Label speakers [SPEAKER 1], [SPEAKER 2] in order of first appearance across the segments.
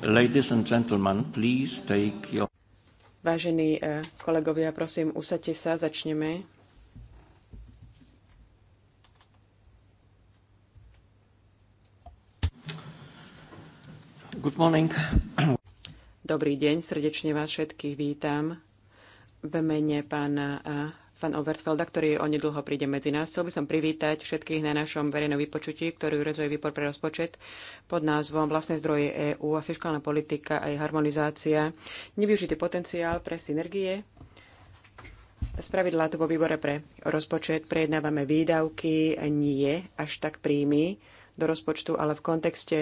[SPEAKER 1] Ladies and gentlemen, please take your...
[SPEAKER 2] Vážení eh, kolegovia, prosím, usadte sa, začneme. Good morning. Dobrý deň, srdečne vás všetkých vítam v mene pána eh, pán Overtfelda, ktorý onedlho príde medzi nás. Chcel by som privítať všetkých na našom verejnom vypočutí, ktorý urezuje výbor pre rozpočet pod názvom Vlastné zdroje EÚ a fiskálna politika a jej harmonizácia. Nevyužitý potenciál pre synergie. Spravidlá tu vo výbore pre rozpočet prejednávame výdavky, nie až tak príjmy do rozpočtu, ale v kontexte,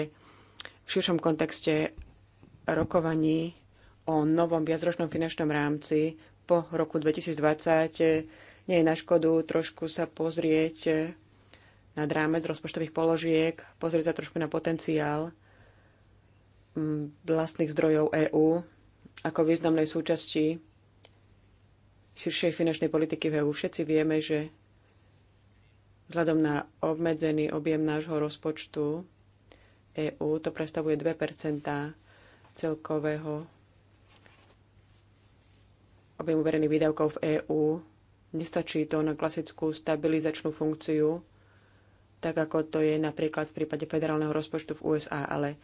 [SPEAKER 2] v širšom kontexte rokovaní o novom viacročnom finančnom rámci po roku 2020 nie je na škodu trošku sa pozrieť na drámec rozpočtových položiek, pozrieť sa trošku na potenciál mm, vlastných zdrojov EÚ ako významnej súčasti širšej finančnej politiky v EÚ. Všetci vieme, že vzhľadom na obmedzený objem nášho rozpočtu EÚ to predstavuje 2 celkového objemu verejných výdavkov v EÚ. Nestačí to na klasickú stabilizačnú funkciu, tak ako to je napríklad v prípade federálneho rozpočtu v USA, ale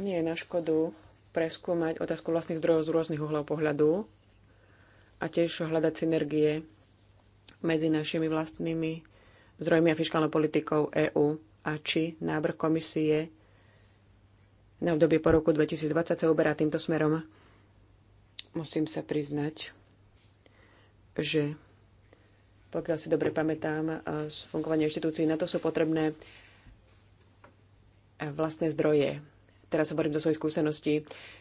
[SPEAKER 2] nie je na škodu preskúmať otázku vlastných zdrojov z rôznych uhlov pohľadu a tiež hľadať synergie medzi našimi vlastnými zdrojmi a fiskálnou politikou EÚ a či návrh komisie na obdobie po roku 2020 sa uberá týmto smerom. Musím sa priznať, že pokiaľ si dobre pamätám, eh, z fungovania inštitúcií na to sú potrebné eh, vlastné zdroje. Teraz hovorím do svojej skúsenosti.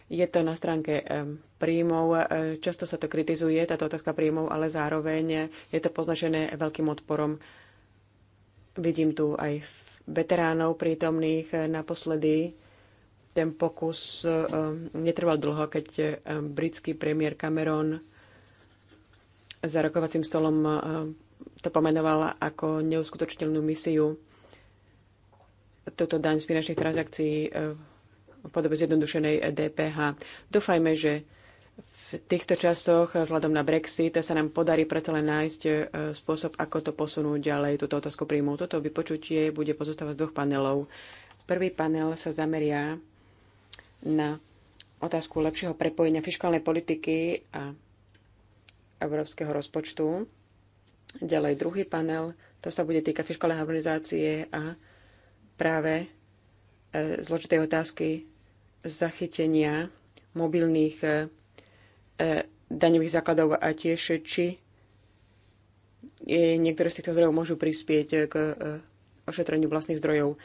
[SPEAKER 2] Je to na stránke eh, príjmov. Často sa to kritizuje, táto otázka príjmov, ale zároveň je to poznačené veľkým odporom. Vidím tu aj veteránov prítomných naposledy ten pokus e, e, netrval dlho, keď e, britský premiér Cameron za rokovacím stolom to pomenovala ako neuskutočnilnú misiu túto daň z finančných transakcií v podobe zjednodušenej DPH. Dúfajme, že v týchto časoch vzhľadom na Brexit sa nám podarí predsa len nájsť spôsob, ako to posunúť ďalej, túto otázku príjmu. Toto vypočutie bude pozostávať z dvoch panelov. Prvý panel sa zameria na otázku lepšieho prepojenia fiskálnej politiky a európskeho rozpočtu. Ďalej druhý panel, to sa bude týka fiskálnej harmonizácie a práve e, zložitej otázky zachytenia mobilných e, e, daňových základov a tiež, či niektoré z týchto zdrojov môžu prispieť k ošetreniu vlastných zdrojov.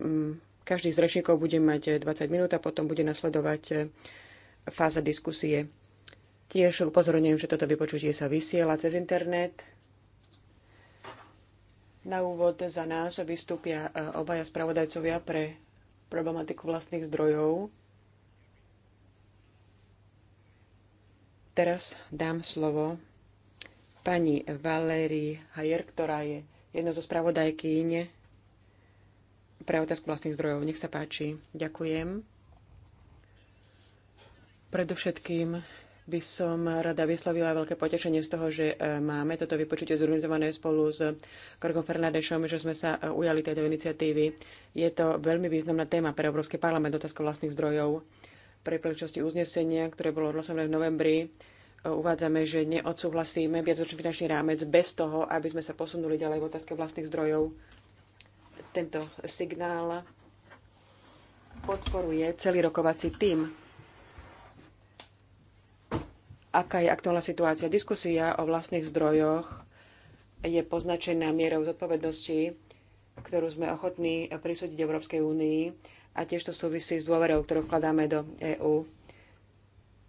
[SPEAKER 2] Mm, každý z rečníkov bude mať 20 eh, minút a potom bude nasledovať eh, fáza diskusie. Tiež upozorňujem, že toto vypočutie sa vysiela cez internet. Na úvod za nás vystúpia eh, obaja spravodajcovia pre problematiku vlastných zdrojov. Teraz dám slovo pani Valérii Hajer, ktorá je jedna zo spravodajkyň pre otázku vlastných zdrojov. Nech sa páči. Ďakujem. Predovšetkým by som rada vyslovila veľké potešenie z toho, že e, máme toto vypočutie zorganizované spolu s Korkom Fernandešom, že sme sa e, ujali tejto iniciatívy. Je to veľmi významná téma pre Európsky parlament, otázka vlastných zdrojov. Pre príležitosti uznesenia, ktoré bolo odhlásené v novembri, e, uvádzame, že neodsúhlasíme viac finančný rámec bez toho, aby sme sa posunuli ďalej v otázke vlastných zdrojov. Tento signál podporuje celý rokovací tým. Aká je aktuálna situácia? Diskusia o vlastných zdrojoch je poznačená mierou zodpovednosti, ktorú sme ochotní prisúdiť Európskej únii a tiež to súvisí s dôverou, ktorú vkladáme do EÚ. Um,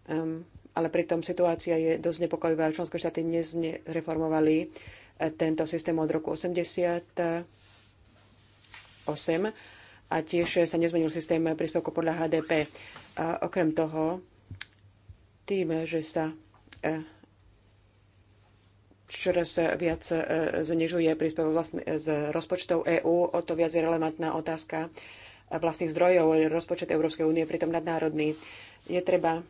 [SPEAKER 2] ehm, ale pritom situácia je dosť nepokojivá. Členské štáty nezreformovali eh, tento systém od roku 80 a tiež sa nezmenil systém príspevku podľa HDP. A okrem toho, tým, že sa e, čoraz viac e, znižuje príspevok vlastne z rozpočtov EÚ, o to viac je relevantná otázka vlastných zdrojov. Rozpočet Európskej únie pritom nadnárodný. Je treba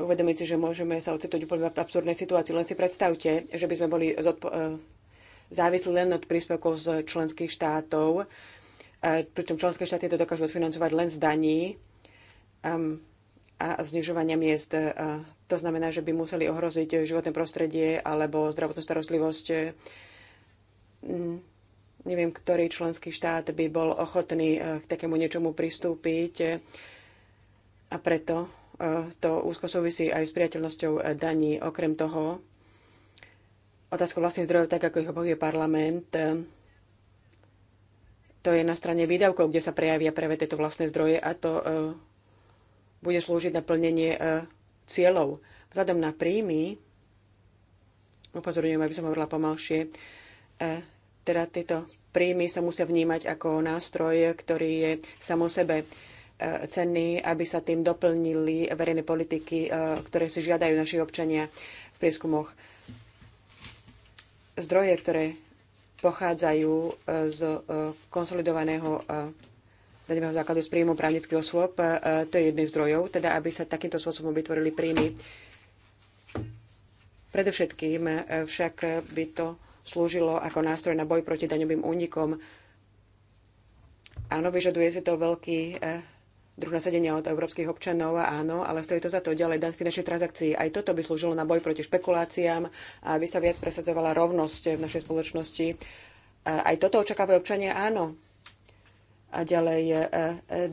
[SPEAKER 2] uvedomiť si, že môžeme sa ocitnúť v absurdnej situácii. Len si predstavte, že by sme boli e, závislí len od príspevkov z členských štátov, e, pričom členské štáty to dokážu odfinancovať len z daní um, a znižovania miest. E, to znamená, že by museli ohroziť životné prostredie alebo zdravotnú starostlivosť. Mm, neviem, ktorý členský štát by bol ochotný e, k takému niečomu pristúpiť a preto to úzko súvisí aj s priateľnosťou daní. Okrem toho, otázku vlastných zdrojov, tak ako ich obhajuje parlament, eh, to je na strane výdavkov, kde sa prejavia práve tieto vlastné zdroje a to eh, bude slúžiť na plnenie eh, cieľov. Vzhľadom na príjmy, upozorňujem, aby som hovorila pomalšie, teda tieto príjmy sa musia vnímať ako nástroj, ktorý je samo sebe cenný, aby sa tým doplnili verejné politiky, ktoré si žiadajú naši občania v prieskumoch zdroje, ktoré pochádzajú e, z e, konsolidovaného e, daňového základu z príjmu právnických osôb, to je jedným zdrojov, teda aby sa takýmto spôsobom vytvorili príjmy. Predovšetkým však by to slúžilo ako nástroj na boj proti daňovým únikom. Áno, vyžaduje si to veľký druh nasadenia od európskych občanov, áno, ale stojí to za to ďalej dať finančných transakcií. Aj toto by slúžilo na boj proti špekuláciám, aby sa viac presadzovala rovnosť v našej spoločnosti. Aj toto očakávajú občania, áno. A ďalej e, e,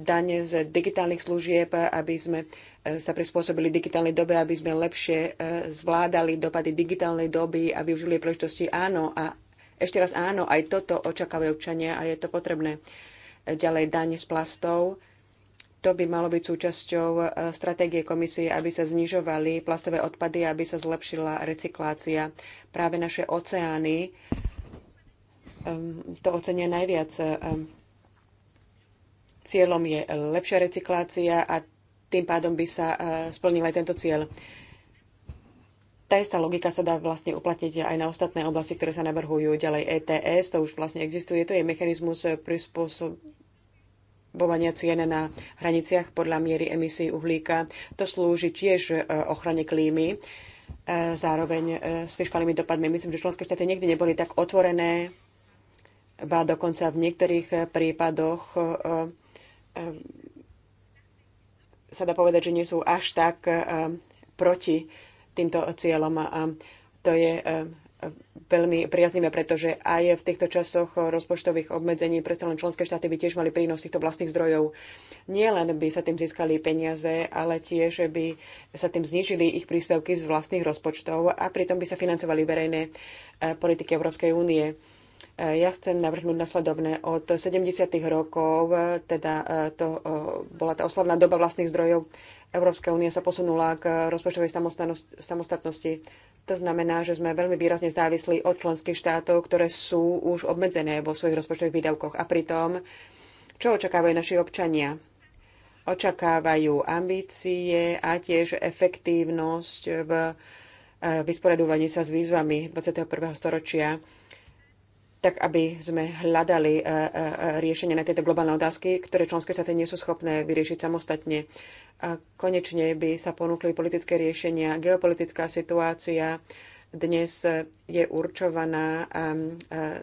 [SPEAKER 2] dane z digitálnych služieb, aby sme e, sa prispôsobili digitálnej dobe, aby sme lepšie zvládali dopady digitálnej doby a využili príležitosti, áno. A ešte raz áno, aj toto očakávajú občania a je to potrebné. Ďalej daň z plastov to by malo byť súčasťou e, stratégie komisie, aby sa znižovali plastové odpady, aby sa zlepšila recyklácia. Práve naše oceány to ocenia najviac. E, cieľom je lepšia recyklácia a tým pádom by sa e, splnil aj tento cieľ. Tá istá logika sa dá vlastne uplatniť aj na ostatné oblasti, ktoré sa navrhujú. Ďalej ETS, to už vlastne existuje, to je mechanizmus prispôsob bovania cien na hraniciach podľa miery emisí uhlíka. To slúži tiež e, ochrane klímy, e, zároveň e, s fiskálnymi dopadmi. Myslím, že členské štáty nikdy neboli tak otvorené, ba dokonca v niektorých prípadoch sa dá povedať, že nie sú až tak proti týmto cieľom. A to je veľmi priaznivé, pretože aj v týchto časoch rozpočtových obmedzení predsa len členské štáty by tiež mali prínos týchto vlastných zdrojov. Nie len by sa tým získali peniaze, ale tiež by sa tým znížili ich príspevky z vlastných rozpočtov a pritom by sa financovali verejné e, politiky Európskej únie. E, ja chcem navrhnúť nasledovné. Od 70. rokov, e, teda to bola tá oslavná doba vlastných zdrojov, Európska únia sa posunula k rozpočtovej samostatnosti to znamená, že sme veľmi výrazne závislí od členských štátov, ktoré sú už obmedzené vo svojich rozpočtových výdavkoch. A pritom, čo očakávajú naši občania? Očakávajú ambície a tiež efektívnosť v e, vysporadovaní sa s výzvami 21. storočia tak aby sme hľadali e, e, riešenie na tieto globálne otázky, ktoré členské štáty nie sú schopné vyriešiť samostatne. A konečne by sa ponúkli politické riešenia. Geopolitická situácia dnes je určovaná um, uh,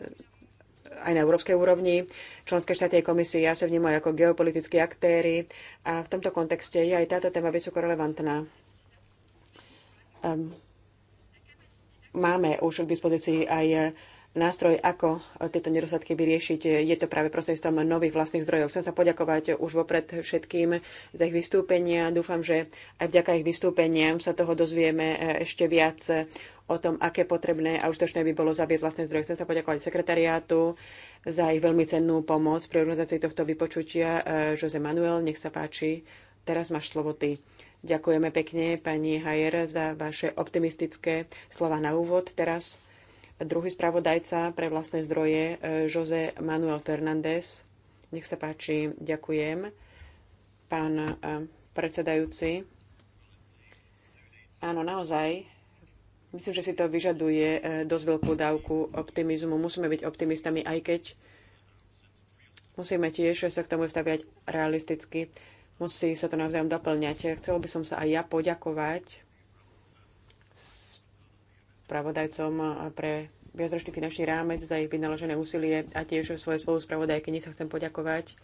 [SPEAKER 2] aj na európskej úrovni. Členské štáty a komisie ja sa vnímajú ako geopolitickí aktéry a v tomto kontexte je aj táto téma vysoko relevantná. Um, máme už k dispozícii aj nástroj, ako e, tieto nedostatky vyriešiť. Je to práve prostredstvom nových vlastných zdrojov. Chcem sa poďakovať už vopred všetkým za ich vystúpenia. Dúfam, že aj vďaka ich vystúpeniam sa toho dozvieme e, ešte viac o tom, aké potrebné a užitočné by bolo zabieť vlastné zdroje. Chcem sa poďakovať sekretariátu za ich veľmi cennú pomoc pri organizácii tohto vypočutia. E, Jose Manuel, nech sa páči. Teraz máš slovo ty. Ďakujeme pekne, pani Hajer, za vaše optimistické slova na úvod. Teraz Druhý spravodajca pre vlastné zdroje, e, Jose Manuel Fernández. Nech sa páči, ďakujem. Pán e, predsedajúci. Áno, naozaj. Myslím, že si to vyžaduje e, dosť veľkú dávku optimizmu. Musíme byť optimistami, aj keď musíme tiež sa k tomu staviať realisticky. Musí sa to navzájom doplňať. Chcel by som sa aj ja poďakovať spravodajcom pre viacročný finančný rámec za ich vynaložené úsilie a tiež svoje spoluspravodajkyni sa chcem poďakovať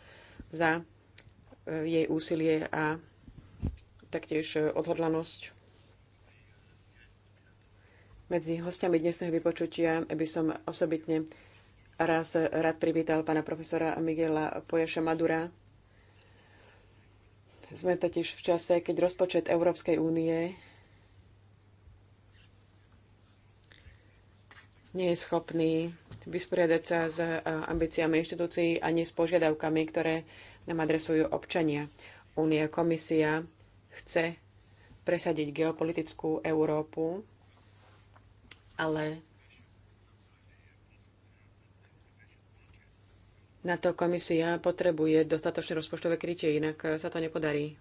[SPEAKER 2] za e, jej úsilie a taktiež e, odhodlanosť. Medzi hostiami dnesného vypočutia by som osobitne raz rád privítal pána profesora Miguela Pojaša Madura. Sme totiž v čase, keď rozpočet Európskej únie nie je schopný vysporiadať sa s eh, ambíciami inštitúcií ani s požiadavkami, ktoré nám adresujú občania. Únia komisia chce presadiť geopolitickú Európu, ale na to komisia potrebuje dostatočné rozpočtové krytie, inak eh, sa to nepodarí.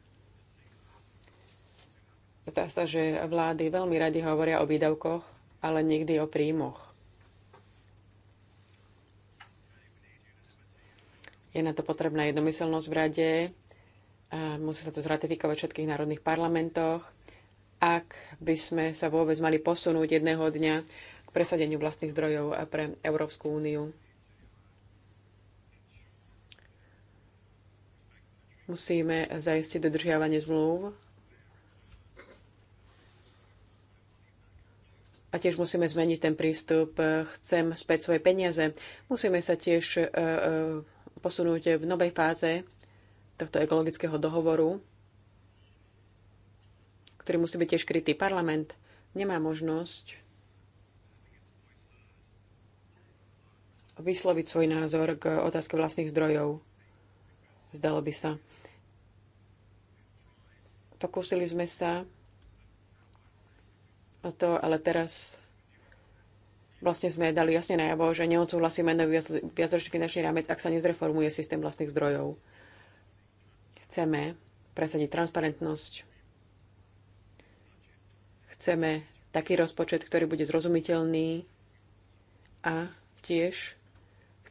[SPEAKER 2] Zdá sa, že vlády veľmi radi hovoria o výdavkoch, ale nikdy o príjmoch. Je na to potrebná jednomyselnosť v rade, musí sa to zratifikovať v všetkých národných parlamentoch. Ak by sme sa vôbec mali posunúť jedného dňa k presadeniu vlastných zdrojov pre Európsku úniu. Musíme zajistiť dodržiavanie zmluv a tiež musíme zmeniť ten prístup. Chcem späť svoje peniaze. Musíme sa tiež e, e, posunúť v novej fáze tohto ekologického dohovoru, ktorý musí byť tiež krytý. Parlament nemá možnosť vysloviť svoj názor k otázke vlastných zdrojov. Zdalo by sa. Pokúsili sme sa o to, ale teraz vlastne sme dali jasne najavo, že neodsúhlasíme na viacročný finančný rámec, ak sa nezreformuje systém vlastných zdrojov. Chceme presadiť transparentnosť. Chceme taký rozpočet, ktorý bude zrozumiteľný a tiež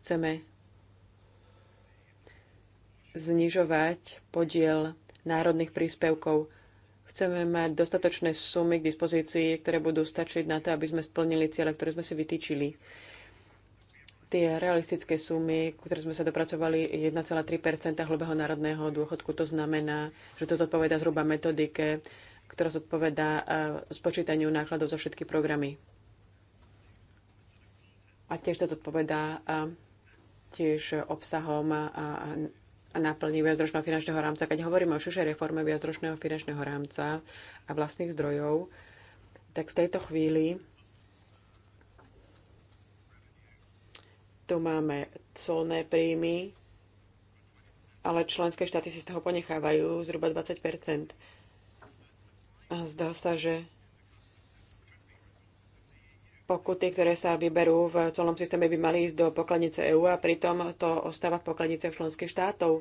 [SPEAKER 2] chceme znižovať podiel národných príspevkov. Chceme mať dostatočné sumy k dispozícii, ktoré budú stačiť na to, aby sme splnili cieľe, ktoré sme si vytýčili. Tie realistické sumy, ktoré sme sa dopracovali, 1,3 hlubého národného dôchodku, to znamená, že to zodpoveda zhruba metodike, ktorá zodpovedá eh, spočítaniu nákladov za všetky programy. A tiež to zodpovedá eh, tiež obsahom a naplní viacročného finančného rámca. Keď hovoríme o šušej reforme viacročného finančného rámca a vlastných zdrojov, tak v tejto chvíli tu máme colné príjmy, ale členské štáty si z toho ponechávajú zhruba 20 A zdá sa, že pokuty, ktoré sa vyberú v celom systéme, by mali ísť do pokladnice EÚ a pritom to ostáva v pokladnice členských štátov.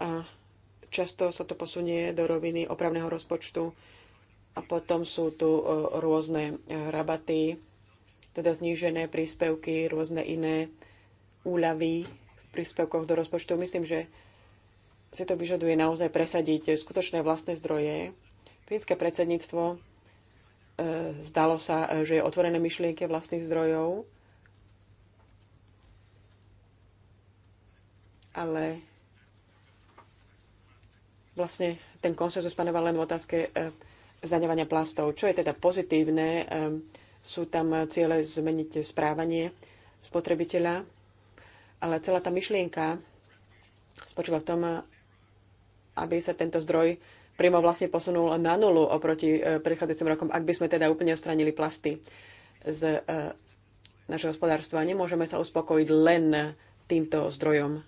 [SPEAKER 2] A často sa to posunie do roviny opravného rozpočtu a potom sú tu e, rôzne e, rabaty, teda znížené príspevky, rôzne iné úľavy v príspevkoch do rozpočtu. Myslím, že si to vyžaduje naozaj presadiť skutočné vlastné zdroje. Fínske predsedníctvo E, zdalo sa, e, že je otvorené myšlienke vlastných zdrojov, ale vlastne ten konsenzus panoval len v otázke e, zdaňovania plastov. Čo je teda pozitívne? Sú tam ciele zmeniť správanie spotrebiteľa, ale celá tá myšlienka spočíva v tom, aby sa tento zdroj priamo vlastne posunul na nulu oproti e, predchádzajúcim rokom, ak by sme teda úplne odstranili plasty z e, našeho hospodárstva. Nemôžeme sa uspokojiť len týmto zdrojom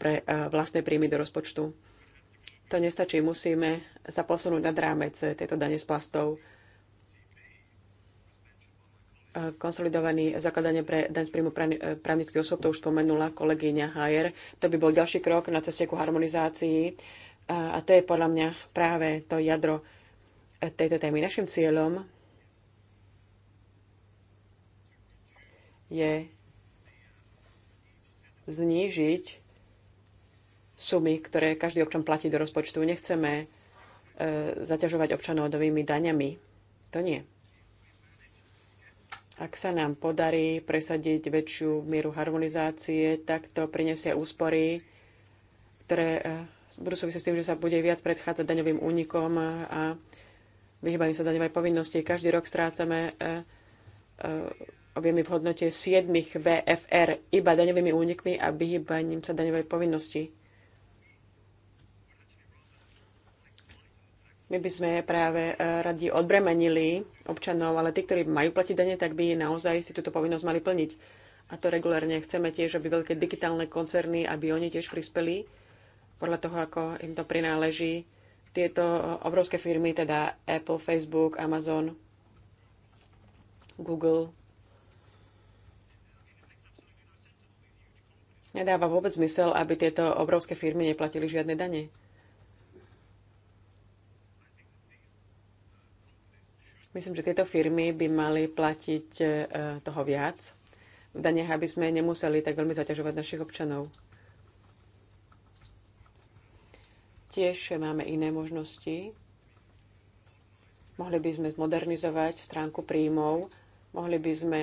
[SPEAKER 2] pre e, vlastné príjmy do rozpočtu. To nestačí, musíme sa posunúť nad rámec tejto dane z plastov. Konsolidovaný zakladanie pre daň z príjmu právnických osôb, to už spomenula kolegyňa Hajer. To by bol ďalší krok na ceste ku harmonizácii a, to je podľa mňa práve to jadro tejto témy. Našim cieľom je znížiť sumy, ktoré každý občan platí do rozpočtu. Nechceme e, zaťažovať občanov novými daňami. To nie. Ak sa nám podarí presadiť väčšiu mieru harmonizácie, tak to prinesie úspory, ktoré e, budú súvisieť s tým, že sa bude viac predchádzať daňovým únikom a vyhýbaním sa daňovej povinnosti. Každý rok strácame e, e, objemy v hodnote 7 VFR iba daňovými únikmi a vyhýbaním sa daňovej povinnosti. My by sme práve e, radi odbremenili občanov, ale tí, ktorí majú platiť dane, tak by naozaj si túto povinnosť mali plniť. A to regulárne chceme tiež, aby veľké digitálne koncerny, aby oni tiež prispeli podľa toho, ako im to prináleží. Tieto obrovské firmy, teda Apple, Facebook, Amazon, Google, Nedáva vôbec zmysel, aby tieto obrovské firmy neplatili žiadne dane. Myslím, že tieto firmy by mali platiť eh, toho viac v daniach, aby sme nemuseli tak veľmi zaťažovať našich občanov. Tiež máme iné možnosti. Mohli by sme modernizovať stránku príjmov, mohli by sme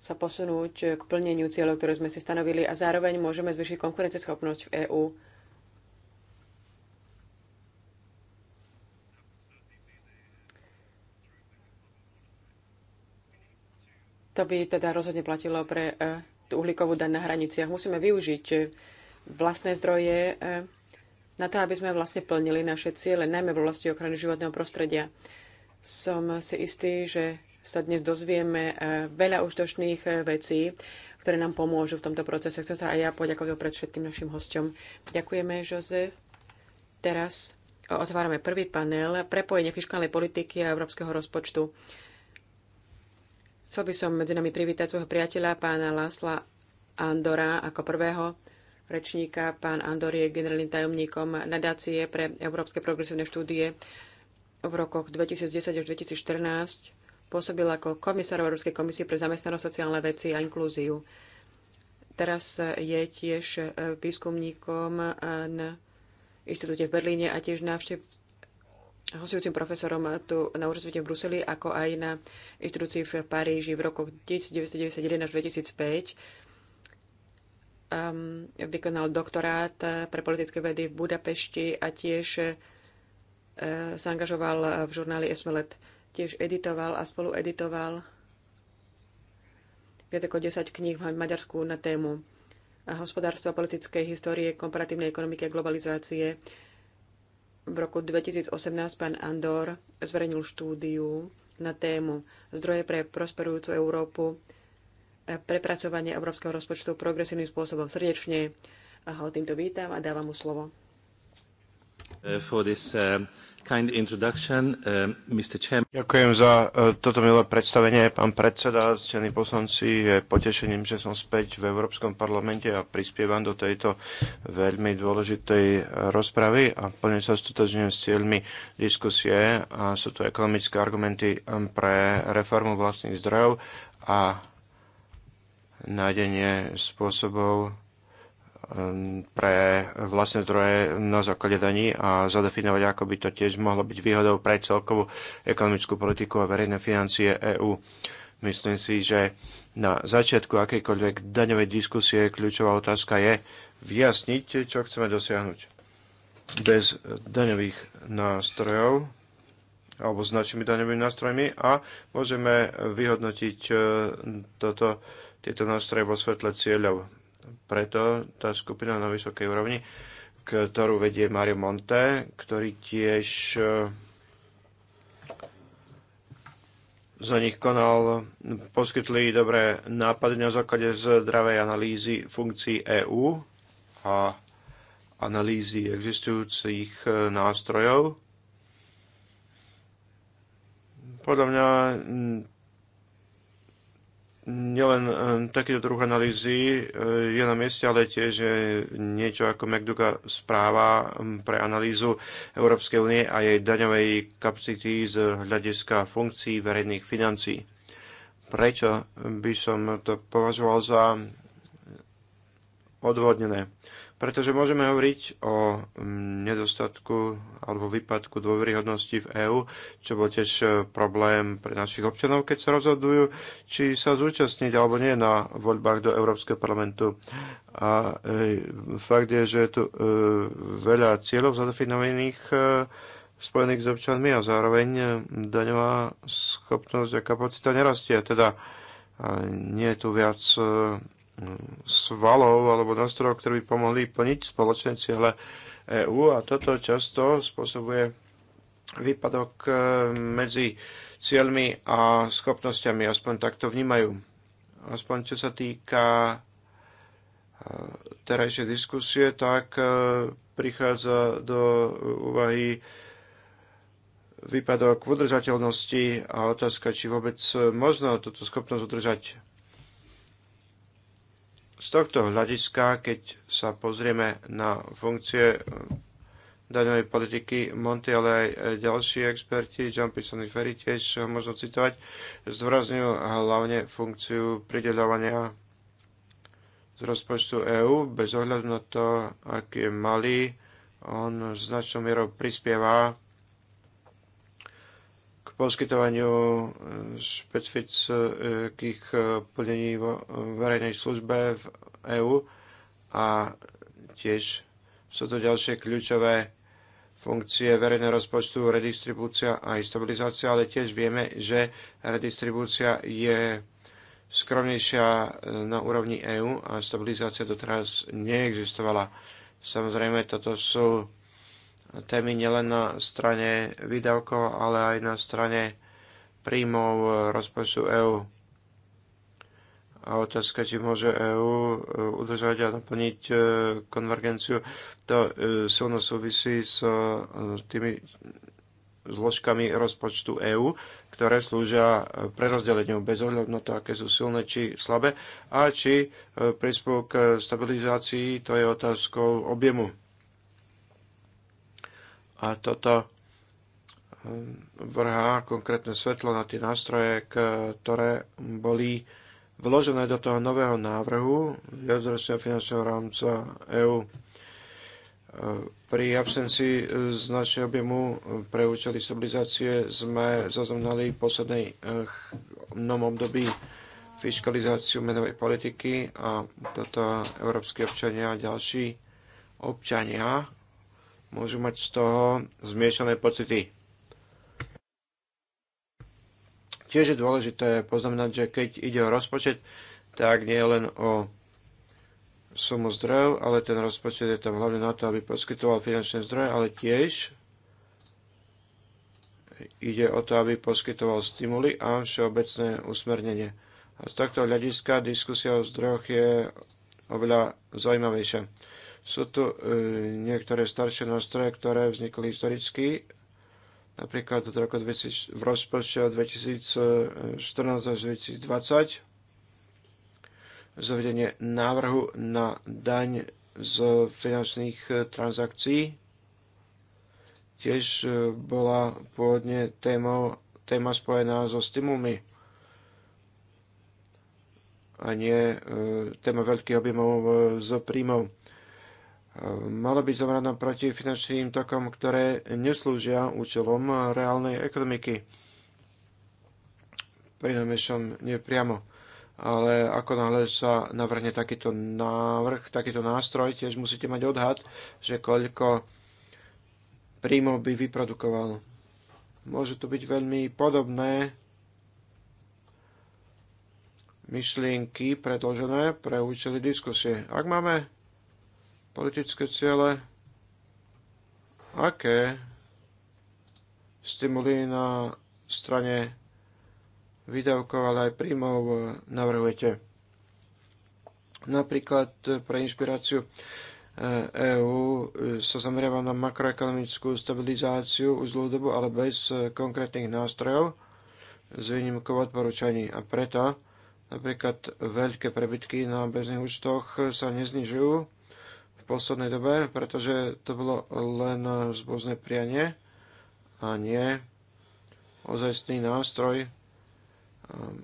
[SPEAKER 2] sa posunúť k plneniu cieľov, ktoré sme si stanovili a zároveň môžeme zvyšiť konkurenceschopnosť v EÚ. To by teda rozhodne platilo pre e, tú uhlíkovú daň na hraniciach. Musíme využiť e, vlastné zdroje e, na to, aby sme vlastne plnili naše ciele, najmä v oblasti ochrany životného prostredia. Som si istý, že sa dnes dozvieme eh, veľa užitočných eh, vecí, ktoré nám pomôžu v tomto procese. Chcem sa aj ja poďakovať pred všetkým našim hosťom. Ďakujeme, Jozef. Teraz otvárame prvý panel prepojenie fiskálnej politiky a európskeho rozpočtu. Chcel by som medzi nami privítať svojho priateľa, pána Lásla Andora, ako prvého rečníka. Pán Andor je generálnym tajomníkom nadácie pre európske progresívne štúdie. V rokoch 2010 až 2014 pôsobil ako komisár Európskej komisie pre zamestnanosť, sociálne veci a inklúziu. Teraz je tiež e, výskumníkom e, na inštitúte v Berlíne a tiež návštev hostujúcim profesorom tu na univerzite v Bruseli, ako aj na inštitúcii v Paríži v rokoch 1991 až 2005 um, vykonal doktorát eh, pre politické vedy v Budapešti a tiež uh, sa angažoval v žurnáli Esmelet. Tiež editoval a spolueditoval viac ako 10 kníh v Maďarsku na tému hospodárstva, politickej histórie, komparatívnej ekonomiky a globalizácie. V roku 2018 pán Andor zverejnil štúdiu na tému Zdroje pre prosperujúcu Európu prepracovanie európskeho rozpočtu progresívnym spôsobom. Srdečne ho týmto vítam a dávam mu slovo.
[SPEAKER 1] Uh, this, uh, uh, Ďakujem za uh, toto milé predstavenie, pán predseda, ctení poslanci. Je potešením, že som späť v Európskom parlamente a prispievam do tejto veľmi dôležitej uh, rozpravy a plne sa stotožňujem s cieľmi diskusie a sú to ekonomické argumenty um, pre reformu vlastných zdrojov a nájdenie spôsobov um, pre vlastné zdroje na základe daní a zadefinovať, ako by to tiež mohlo byť výhodou pre celkovú ekonomickú politiku a verejné financie EÚ. Myslím si, že na začiatku akejkoľvek daňovej diskusie kľúčová otázka je vyjasniť, čo chceme dosiahnuť. Bez daňových nástrojov alebo s našimi daňovými nástrojmi a môžeme vyhodnotiť e, toto tieto nástroje vo svetle cieľov. Preto tá skupina na vysokej úrovni, ktorú vedie Mario Monte, ktorý tiež eh, za nich konal, poskytli dobré nápady na základe zdravej analýzy funkcií EÚ a analýzy existujúcich eh, nástrojov. Podľa mňa hm, nielen e, takýto druh analýzy e, je na mieste, ale tiež niečo ako McDougall správa pre analýzu Európskej únie a jej daňovej kapacity z hľadiska funkcií verejných financí. Prečo by som to považoval za odvodnené? pretože môžeme hovoriť o mm, nedostatku alebo výpadku dôveryhodnosti v EÚ, čo bol tiež e, problém pre našich občanov, keď sa rozhodujú, či sa zúčastniť alebo nie na voľbách do Európskeho parlamentu. A e, fakt je, že je tu e, veľa cieľov zadefinovaných spojených s občanmi a zároveň daňová schopnosť a kapacita nerastie. Teda nie je tu viac svalov alebo nástrojov, ktoré by pomohli plniť spoločné ciele EÚ a toto často spôsobuje výpadok e, medzi cieľmi a schopnosťami, aspoň tak to vnímajú. Aspoň čo sa týka e, terajšej diskusie, tak e, prichádza do úvahy výpadok v udržateľnosti a otázka, či vôbec možno túto schopnosť udržať z tohto hľadiska, keď sa pozrieme na funkcie eh, daňovej politiky Monty, ale aj eh, ďalší experti, John Pisoni Ferry tiež eh, možno citovať, zdôrazňujú hlavne funkciu prideľovania z rozpočtu EÚ, bez ohľadu na to, aký je malý, on značnou mierou prispieva poskytovaniu eh, špecifických eh, plnení vo verejnej službe v EÚ a tiež sú to ďalšie kľúčové funkcie verejného rozpočtu, redistribúcia a stabilizácia, ale tiež vieme, že redistribúcia je skromnejšia eh, na úrovni EÚ a stabilizácia doteraz neexistovala. Samozrejme, toto sú témy nielen na strane výdavkov, ale aj na strane príjmov rozpočtu EÚ. A otázka, či môže EÚ e, udržať a naplniť e, konvergenciu, to e, silno súvisí s tými zložkami rozpočtu EÚ, ktoré slúžia prerozdeleniu bez ohľadu na to, aké sú silné či slabé a či prispôsob k stabilizácii, to je otázkou objemu. A toto hm, vrhá konkrétne svetlo na tie nástroje, ktoré boli vložené do toho nového návrhu viacročného finančného rámca EÚ. E, pri absencii značného objemu pre účely stabilizácie sme zaznamenali v poslednej mnom hm, období fiskalizáciu menovej politiky a toto európsky občania a ďalší občania môžu mať z toho zmiešané pocity. Tiež je dôležité poznamenať, že keď ide o rozpočet, tak nie len o sumu zdrojov, ale ten rozpočet je tam hlavne na to, aby poskytoval finančné zdroje, ale tiež ide o to, aby poskytoval stimuly a všeobecné usmernenie. A z tohto hľadiska diskusia o zdrojoch je oveľa zaujímavejšia. Sú tu e, niektoré staršie nástroje, ktoré vznikli historicky, napríklad od roku 2000, v rozpočte od 2014 až 2020 zavedenie návrhu na daň z finančných e, transakcií tiež e, bola pôvodne téma, téma spojená so stimulmi a nie téma veľkých objemov z príjmov. Ehm, malo byť zameraná proti finančným tokom, ktoré neslúžia účelom reálnej ekonomiky. Pri najmenšom nepriamo. Ale ako náhle sa navrhne takýto návrh, takýto nástroj, tiež musíte mať odhad, že koľko príjmov by vyprodukoval. Môže to byť veľmi podobné myšlienky predložené pre účely diskusie. Ak máme politické ciele, aké stimuli na strane výdavkov, ale aj príjmov navrhujete. Napríklad pre inšpiráciu eh, EÚ eh, sa zameriava na makroekonomickú stabilizáciu už dlhú dobu, ale bez konkrétnych nástrojov s výnimkou odporúčaní. A preto napríklad veľké prebytky na bežných účtoch sa neznižujú, poslednej dobe, pretože to bolo len zbožné prianie a nie ozajstný nástroj um,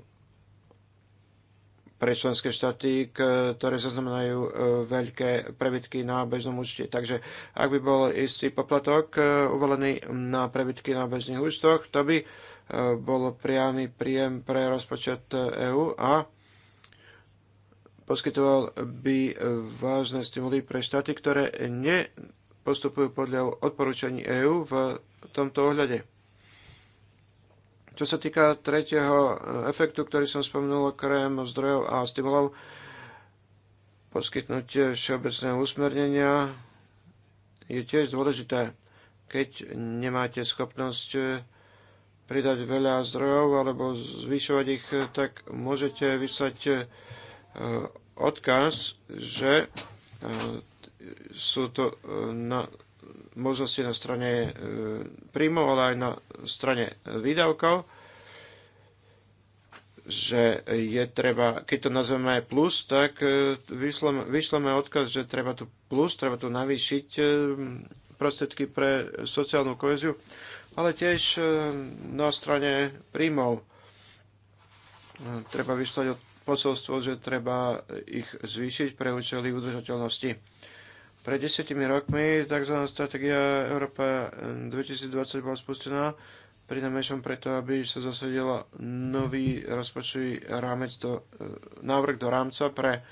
[SPEAKER 1] pre členské štáty, ktoré zaznamenajú uh, veľké prebytky na bežnom účte. Takže ak by bol istý poplatok uh, uvolený na prebytky na bežných účtoch, to by uh, bol priamy príjem pre rozpočet EÚ a poskytoval by vážne stimuly pre štáty, ktoré nepostupujú podľa odporúčaní EÚ v tomto ohľade. Čo sa týka tretieho efektu, ktorý som spomenul, krém zdrojov a stimulov, poskytnutie všeobecného usmernenia je tiež dôležité. Keď nemáte schopnosť pridať veľa zdrojov alebo zvyšovať ich, tak môžete vyslať Eh, odkaz, že eh, sú to eh, na možnosti na strane príjmov, ale aj na strane výdavkov, že je treba, keď to nazveme plus, tak vyšleme, odkaz, že treba tu plus, treba tu navýšiť prostriedky pre sociálnu koheziu, ale tiež na strane príjmov treba vyslať posolstvo, že treba ich zvýšiť pre účely udržateľnosti. Pred desetimi rokmi tzv. stratégia Európa 2020 eh, bola spustená pri najmenšom preto, aby sa zasadil nový rozpočtový rámec do, eh, návrh do rámca pre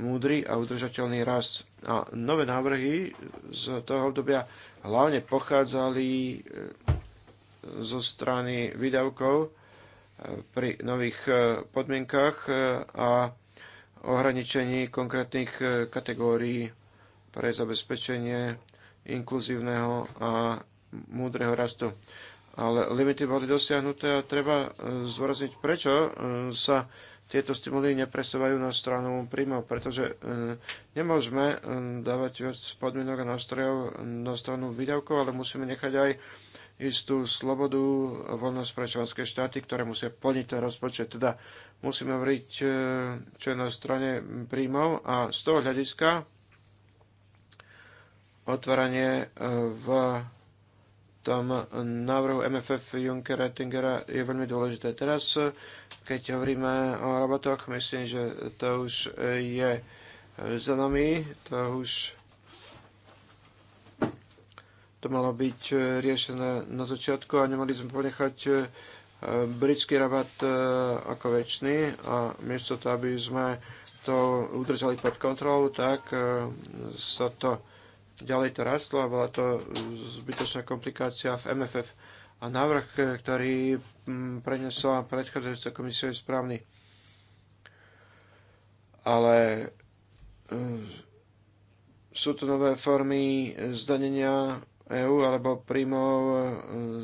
[SPEAKER 1] múdry a udržateľný rast. A nové návrhy z toho obdobia hlavne pochádzali eh, zo strany výdavkov pri nových e, podmienkach e, a ohraničení konkrétnych e, kategórií pre zabezpečenie inkluzívneho a múdreho rastu. Ale limity boli dosiahnuté a treba zvorazniť, prečo sa tieto stimuly nepresúvajú na stranu príjmov, pretože nemôžeme dávať viac podmienok a nástrojov na stranu výdavkov, ale musíme nechať aj istú slobodu, voľnosť pre členské štáty, ktoré musia plniť ten rozpočet. Teda musíme hovoriť, e, čo je na strane príjmov a z toho hľadiska otváranie e, v tom návrhu MFF Junckera Tingera je veľmi dôležité. Teraz, e, keď hovoríme o robotoch, myslím, že to už je za nami, to už to malo byť e, riešené na začiatku a nemali sme ponechať e, britský rabat e, ako väčší a miesto to, aby sme to udržali pod kontrolou, tak sa to ďalej to rastlo a bola to zbytočná komplikácia v MFF. A návrh, ktorý prenesla predchádzajúca komisia, je správny. Ale sú to nové formy zdanenia EÚ alebo príjmov e,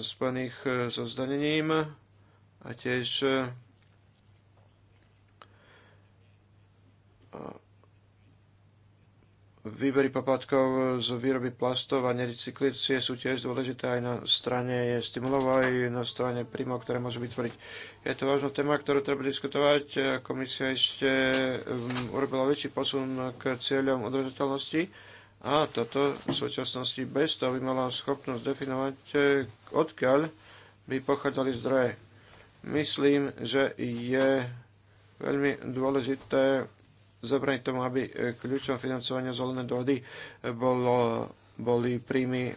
[SPEAKER 1] spojených e, so zdanením a tiež e, Výbery poplatkov z výroby plastov a nerecyklície sú tiež dôležité aj na strane je stimulov, aj na strane príjmov, ktoré môžu vytvoriť. Je to vážna téma, ktorú treba diskutovať. Komisia ešte um, urobila väčší posun k cieľom udržateľnosti a toto v súčasnosti bez toho by mala schopnosť definovať, e, odkiaľ by pochádzali zdroje. Myslím, že je veľmi dôležité zabrať tomu, aby e, kľúčom financovania zelenej dohody bolo, boli príjmy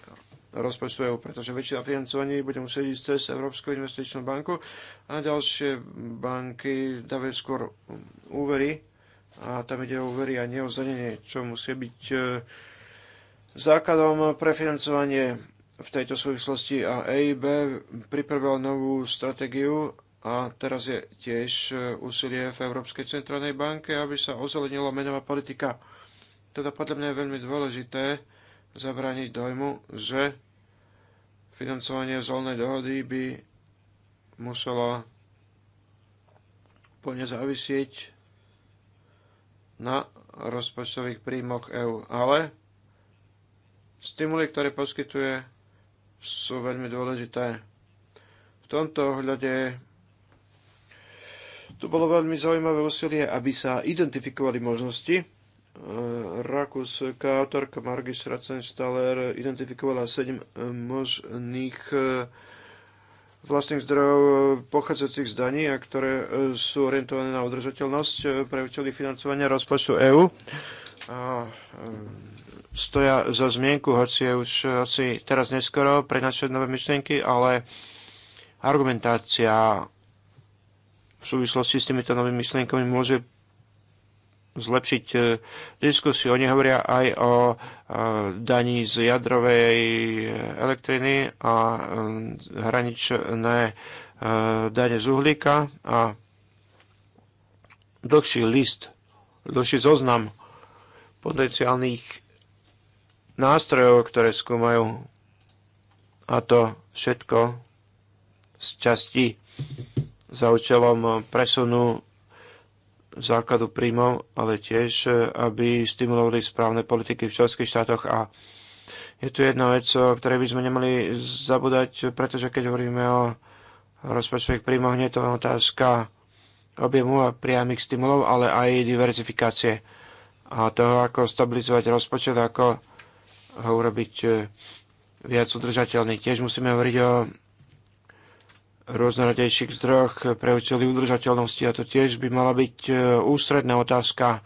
[SPEAKER 1] rozpočtu EU, pretože väčšina financovaní bude musieť ísť cez Európsku investičnú banku a ďalšie banky dávajú skôr úvery a tam ide o úvery a nie o čo musí byť e, základom pre financovanie v tejto súvislosti. A EIB pripravila novú stratégiu a teraz je tiež e, úsilie v Európskej centrálnej banke, aby sa ozelenila menová politika. Teda podľa mňa je veľmi dôležité zabrániť dojmu, že financovanie zolnej dohody by muselo plne závisieť na rozpočtových príjmoch EÚ. Ale stimuly, ktoré poskytuje, sú veľmi dôležité. V tomto ohľade tu bolo veľmi zaujímavé úsilie, aby sa identifikovali možnosti. E, rakúska autorka Margis Ratzenstaller identifikovala 7 možných e, z vlastných zdrojov e, pochádzajúcich z daní a ktoré e, sú orientované na udržateľnosť e, pre účely financovania rozpočtu EÚ. Stoja za zmienku, hoci je už asi teraz neskoro prenašať nové myšlienky, ale argumentácia v súvislosti s týmito novými myšlienkami môže zlepšiť e, diskusiu. Oni hovoria aj o e, daní z jadrovej e, elektriny a hraničné dane z uhlíka a dlhší list, dlhší zoznam potenciálnych nástrojov, ktoré skúmajú a to všetko z časti za účelom presunu základu príjmov, ale tiež, e, aby stimulovali správne politiky v členských štátoch a je tu jedna vec, o ktorej by sme nemali zabúdať, pretože keď hovoríme o rozpočtových príjmoch, nie je to otázka objemu a priamých stimulov, ale aj diverzifikácie a toho, ako stabilizovať rozpočet, ako ho urobiť e, viac udržateľný. Tiež musíme hovoriť o rôznorodejších zdroch pre účely udržateľnosti a to tiež by mala byť e, ústredná otázka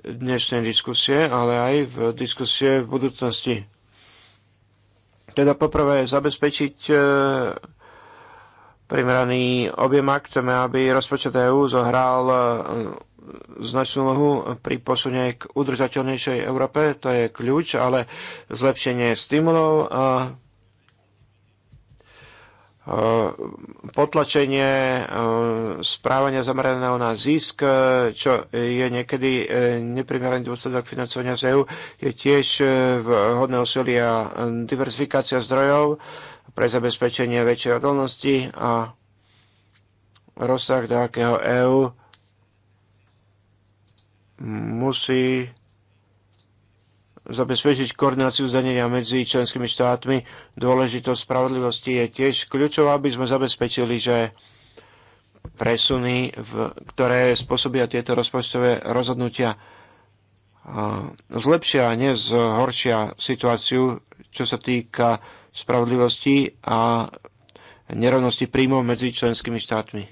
[SPEAKER 1] dnešnej diskusie, ale aj v diskusie v budúcnosti. Teda poprvé zabezpečiť e, primeraný objem ak chceme, aby rozpočet EÚ zohral e, značnú lohu pri posune k udržateľnejšej Európe, to je kľúč, ale zlepšenie stimulov a Eh, potlačenie eh, správania zameraného na zisk, eh, čo je niekedy neprimeraný dôsledok financovania z EU, je tiež vhodné úsilie a diverzifikácia zdrojov pre zabezpečenie väčšej odolnosti a rozsah, do akého EU musí zabezpečiť koordináciu zdanenia medzi členskými štátmi. Dôležitosť spravodlivosti je tiež kľúčová, aby sme zabezpečili, že presuny, v, ktoré spôsobia tieto rozpočtové rozhodnutia, zlepšia a nezhoršia situáciu, čo sa týka spravodlivosti a nerovnosti príjmov medzi členskými štátmi.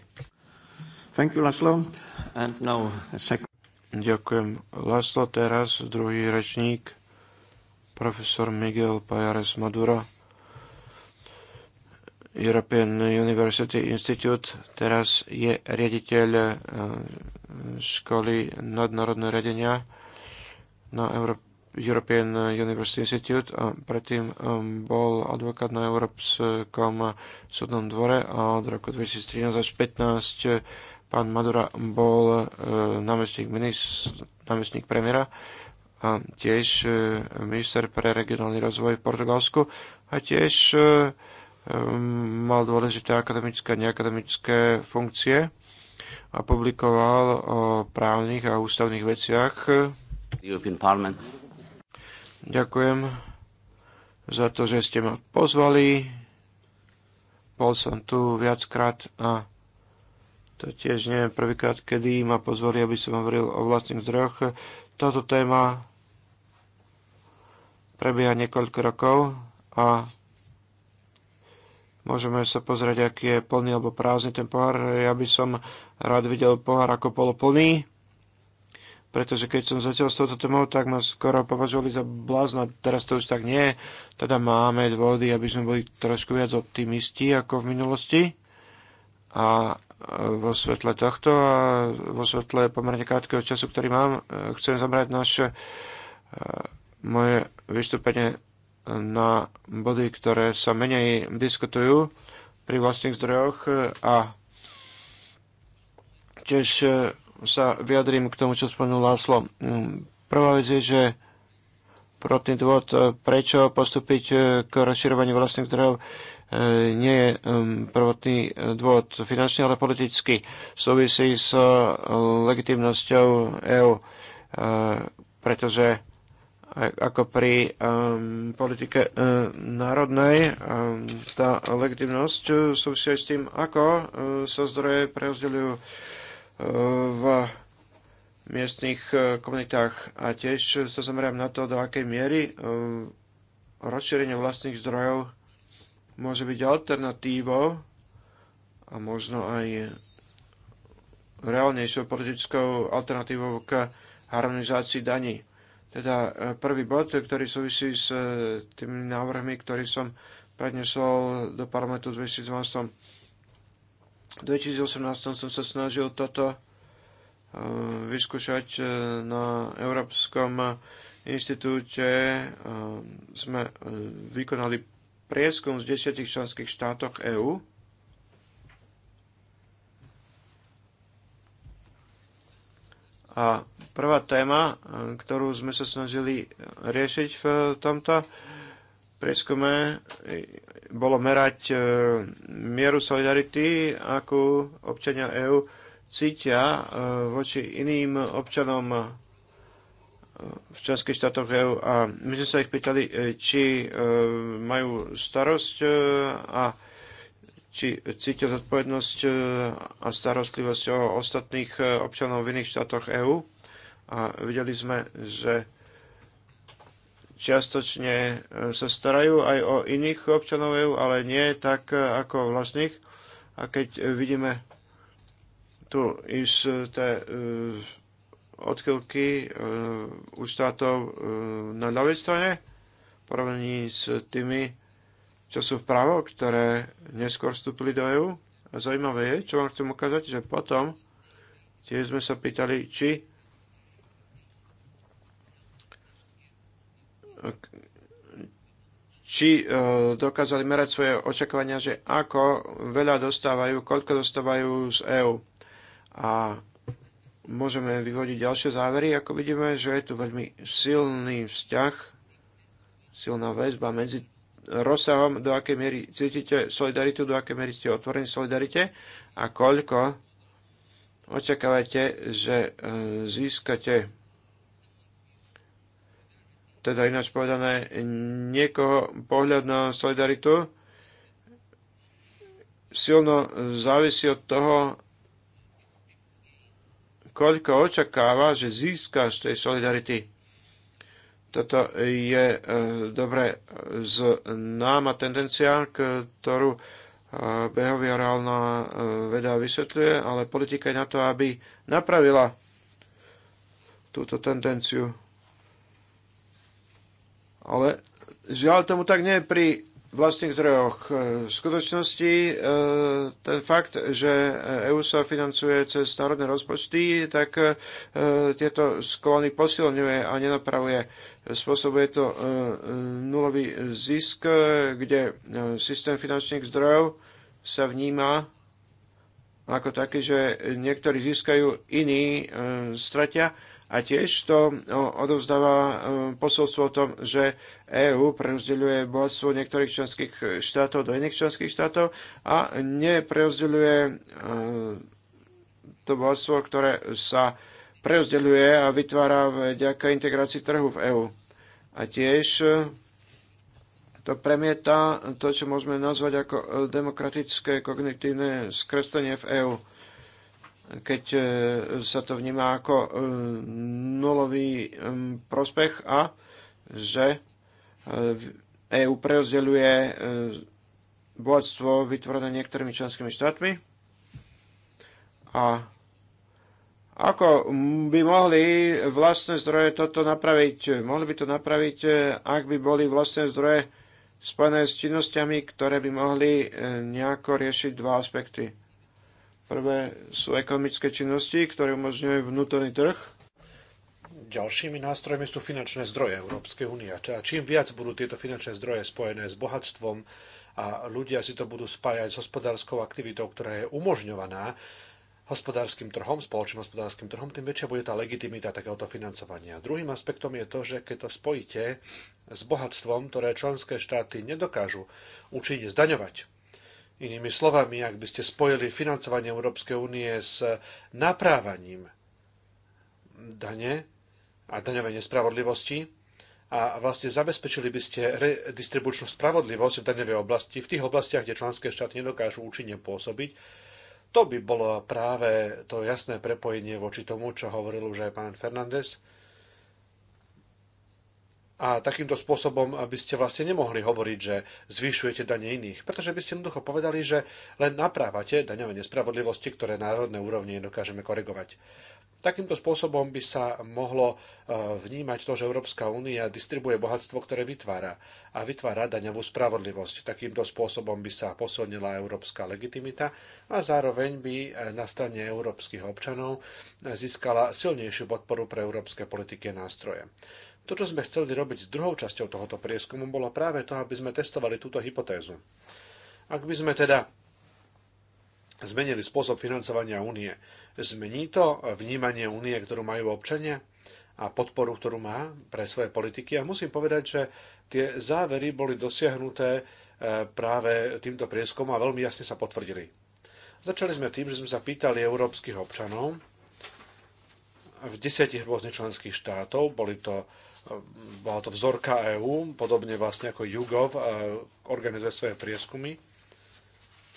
[SPEAKER 1] Thank you, Laszlo. And now a second. Ďakujem. Laslo teraz, druhý rečník profesor Miguel Pajares Maduro, European University Institute, teraz je riaditeľ eh, školy nadnárodného riadenia na European University Institute a predtým eh, bol advokát na Európskom súdnom dvore a od roku 2013 až 2015 eh, pán Madura bol námestník, ministr, námestník premiéra a tiež e, minister pre regionálny rozvoj v Portugalsku a tiež e, e, mal dôležité akademické a neakademické funkcie a publikoval o právnych a ústavných veciach. Ďakujem za to, že ste ma pozvali. Bol som tu viackrát a to tiež neviem prvýkrát, kedy ma pozvali, aby som hovoril o vlastných zdrojoch. Táto téma prebieha niekoľko rokov a môžeme sa pozrieť, aký je plný alebo prázdny ten pohár. Ja by som rád videl pohár ako poloplný, pretože keď som začal s touto témou, tak ma skoro považovali za blázna. Teraz to už tak nie Teda máme dôvody, aby sme boli trošku viac optimisti ako v minulosti. A vo svetle tohto a vo svetle pomerne krátkeho času, ktorý mám, chcem zamerať naše moje vystúpenie na body, ktoré sa menej diskutujú pri vlastných zdrojoch a tiež sa vyjadrím k tomu, čo spomenul Láslo. Prvá vec je, že prvotný dôvod, prečo postúpiť k rozširovaniu vlastných zdrojov, nie je um, prvotný dôvod finančný, ale politický. Súvisí s uh, legitimnosťou EÚ, uh, pretože ako pri um, politike um, národnej. Um, tá legitimnosť eh, súvisí s tým, ako uh, sa zdroje preozdeľujú uh, v miestnych uh, komunitách. A tiež sa zameriam na to, do akej miery rozšírenie vlastných zdrojov môže byť alternatívou a možno aj reálnejšou politickou alternatívou k harmonizácii daní teda e, prvý bod, ktorý súvisí s e, tými návrhmi, ktorý som prednesol do parlamentu v 2012. V 2018 som sa snažil toto e, vyskúšať na Európskom inštitúte. Sme vykonali prieskum z desiatich členských štátoch EÚ A prvá téma, e, ktorú sme sa snažili e, riešiť v e, tomto prieskume, bolo merať mieru solidarity, akú občania EÚ cítia voči iným občanom v členských štátoch EÚ. A my sme sa ich pýtali, či majú starosť a či cítil zodpovednosť e, a starostlivosť o ostatných e, občanov v iných štátoch EÚ. A videli sme, že čiastočne e, sa starajú aj o iných občanov EÚ, ale nie tak ako vlastných. A keď vidíme tu tie odchylky u štátov na ľavej strane, porovnaní s tými, čo sú vpravo, ktoré neskôr vstúpili do EÚ. A zaujímavé je, čo vám chcem ukázať, že potom tiež sme sa pýtali, či či e, dokázali merať svoje očakávania, že ako veľa dostávajú, koľko dostávajú z EÚ. A môžeme vyvodiť ďalšie závery, ako vidíme, že je tu veľmi silný vzťah, silná väzba medzi rozsahom, do akej miery cítite solidaritu, do akej miery ste otvorení solidarite a koľko očakávate, že e, získate teda ináč povedané, niekoho pohľad na solidaritu silno závisí od toho, koľko očakáva, že z tej solidarity. Toto je e, dobre známa tendencia, ktorú e, behaviorálna e, veda vysvetľuje, ale politika je na to, aby napravila túto tendenciu. Ale žiaľ tomu tak nie pri vlastných zdrojoch. E, v skutočnosti e, ten fakt, že EU e sa financuje cez národné rozpočty, tak tieto sklony posilňuje a nenapravuje. Spôsobuje to nulový zisk, kde systém finančných zdrojov sa vníma ako taký, že niektorí získajú, iní stratia a tiež to odovzdáva e, posolstvo o tom, že EÚ prerozdeľuje bohatstvo niektorých členských štátov do iných členských štátov a neprerozdeľuje e, to bohatstvo, ktoré sa prerozdeľuje a vytvára vďaka integrácii trhu v EÚ. A tiež e, to premieta to, čo môžeme nazvať ako demokratické kognitívne skreslenie v EÚ keď e, sa to vníma ako e, nulový e, prospech a že EU prerozdeľuje bohatstvo vytvorené niektorými členskými štátmi a ako by mohli vlastné zdroje toto napraviť? Mohli by to napraviť, ak by boli vlastné zdroje spojené s činnosťami, ktoré by mohli nejako riešiť dva aspekty Prvé sú ekonomické činnosti, ktoré umožňujú vnútorný trh.
[SPEAKER 3] Ďalšími nástrojmi sú finančné zdroje Európskej únie. A čím viac budú tieto finančné zdroje spojené s bohatstvom a ľudia si to budú spájať s hospodárskou aktivitou, ktorá je umožňovaná hospodárskym trhom, spoločným hospodárskym trhom, tým väčšia bude tá legitimita takéhoto financovania. Druhým aspektom je to, že keď to spojíte s bohatstvom, ktoré členské štáty nedokážu účinne zdaňovať, Inými slovami, ak by ste spojili financovanie Európskej únie s naprávaním dane a daňovej nespravodlivosti a vlastne zabezpečili by ste redistribučnú spravodlivosť v daňovej oblasti, v tých oblastiach, kde členské štáty nedokážu účinne pôsobiť, to by bolo práve to jasné prepojenie voči tomu, čo hovoril už aj pán Fernández, a takýmto spôsobom by ste vlastne nemohli hovoriť, že zvyšujete dane iných, pretože by ste jednoducho povedali, že len naprávate daňové nespravodlivosti, ktoré národné úrovne dokážeme korigovať. Takýmto spôsobom by sa mohlo e, vnímať to, že Európska únia distribuje bohatstvo, ktoré vytvára a vytvára daňovú spravodlivosť. Takýmto spôsobom by sa posilnila európska legitimita a zároveň by e, na strane európskych občanov e, získala silnejšiu podporu pre európske politiky a nástroje. To, čo sme chceli robiť s druhou časťou tohoto prieskumu, bolo práve to, aby sme testovali túto hypotézu. Ak by sme teda zmenili spôsob financovania únie, zmení to vnímanie únie, ktorú majú občania a podporu, ktorú má pre svoje politiky. A musím povedať, že tie závery boli dosiahnuté e, práve týmto prieskumom a veľmi jasne sa potvrdili. Začali sme tým, že sme sa pýtali európskych občanov v desiatich rôznych členských štátov. Boli to bola to vzorka EÚ, podobne vlastne ako Jugov e, organizuje svoje prieskumy.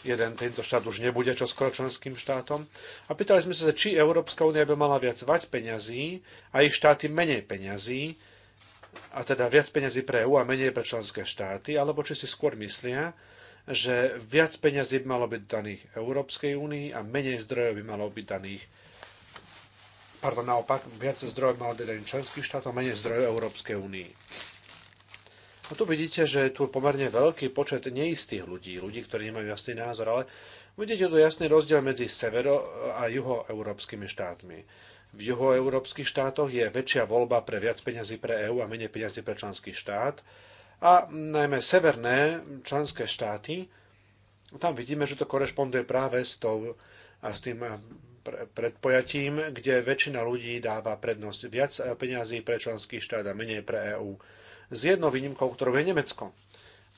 [SPEAKER 3] Jeden tento štát už nebude skoro členským štátom. A pýtali sme sa, či Európska únia by mala viac vať peňazí a ich štáty menej peňazí, a teda viac peňazí pre EÚ a menej pre členské štáty, alebo či si skôr myslia, že viac peňazí by malo byť daných Európskej únii a menej zdrojov by malo byť daných pardon, naopak, viac zdrojov malo teda členských štátov, menej zdrojov Európskej únii. No tu vidíte, že je tu pomerne veľký počet neistých ľudí, ľudí, ktorí nemajú jasný názor, ale vidíte tu jasný rozdiel medzi severo- a juhoeurópskymi štátmi. V juhoeurópskych štátoch je väčšia voľba pre viac peňazí pre EÚ a menej peňazí pre členský štát. A najmä severné členské štáty, tam vidíme, že to korešponduje práve s tou a s tým predpojatím, kde väčšina ľudí dáva prednosť viac peňazí pre členský štát a menej pre EÚ. S jednou výnimkou, ktorou je Nemecko,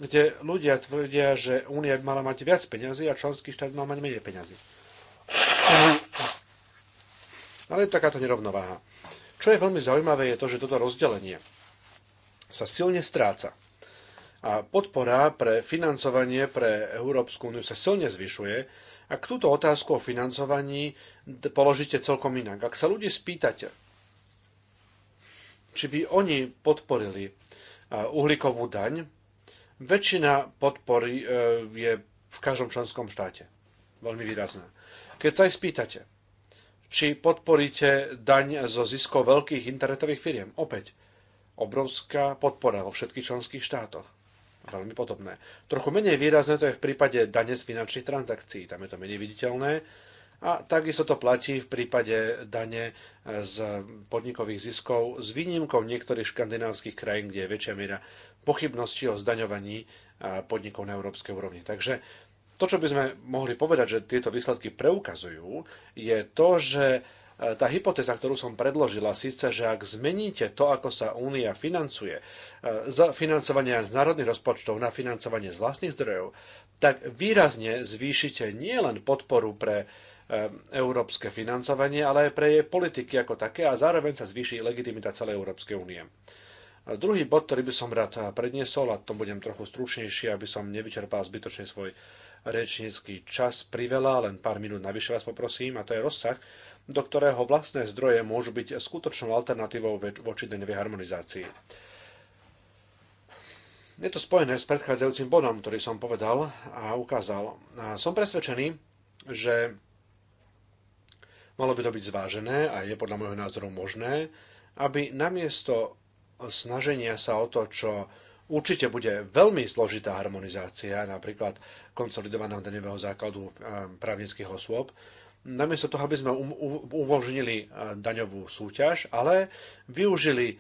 [SPEAKER 3] kde ľudia tvrdia, že Únia by mala mať viac peňazí a členský štát mal mať menej peňazí. Ale je to takáto nerovnováha. Čo je veľmi zaujímavé, je to, že toto rozdelenie sa silne stráca. A podpora pre financovanie pre Európsku úniu sa silne zvyšuje, ak túto otázku o financovaní položíte celkom inak. Ak sa ľudí spýtate, či by oni podporili e, uhlíkovú daň, väčšina podpory e, je v každom členskom štáte. Veľmi výrazná. Keď sa aj spýtate, či podporíte daň zo ziskov veľkých internetových firiem. Opäť, obrovská podpora vo všetkých členských štátoch veľmi podobné. Trochu menej výrazné to je v prípade dane z finančných transakcií, tam je to menej viditeľné. A takisto to platí v prípade dane e, z podnikových ziskov s výnimkou niektorých škandinávskych krajín, kde je väčšia miera pochybnosti o zdaňovaní e, podnikov na európskej úrovni. Takže to, čo by sme mohli povedať, že tieto výsledky preukazujú, je to, že E, tá hypotéza, ktorú som predložila, síce, že ak zmeníte to, ako sa únia financuje, e, z financovania z národných rozpočtov na financovanie z vlastných zdrojov, tak výrazne zvýšite nielen podporu pre e, európske financovanie, ale aj pre jej politiky ako také a zároveň sa zvýši legitimita celej Európskej únie. Druhý bod, ktorý by som rád predniesol, a to budem trochu stručnejší, aby som nevyčerpal zbytočne svoj rečnícky čas priveľa, len pár minút navyše vás poprosím, a to je rozsah, do ktorého vlastné zdroje môžu byť skutočnou alternatívou voči denovej harmonizácii. Je to spojené s predchádzajúcim bodom, ktorý som povedal a ukázal. A som presvedčený, že malo by to byť zvážené a je podľa môjho názoru možné, aby namiesto snaženia sa o to, čo určite bude veľmi zložitá harmonizácia, napríklad konsolidovaného daňového základu eh, právnických osôb, namiesto toho, aby sme um, uvožnili e, daňovú súťaž, ale využili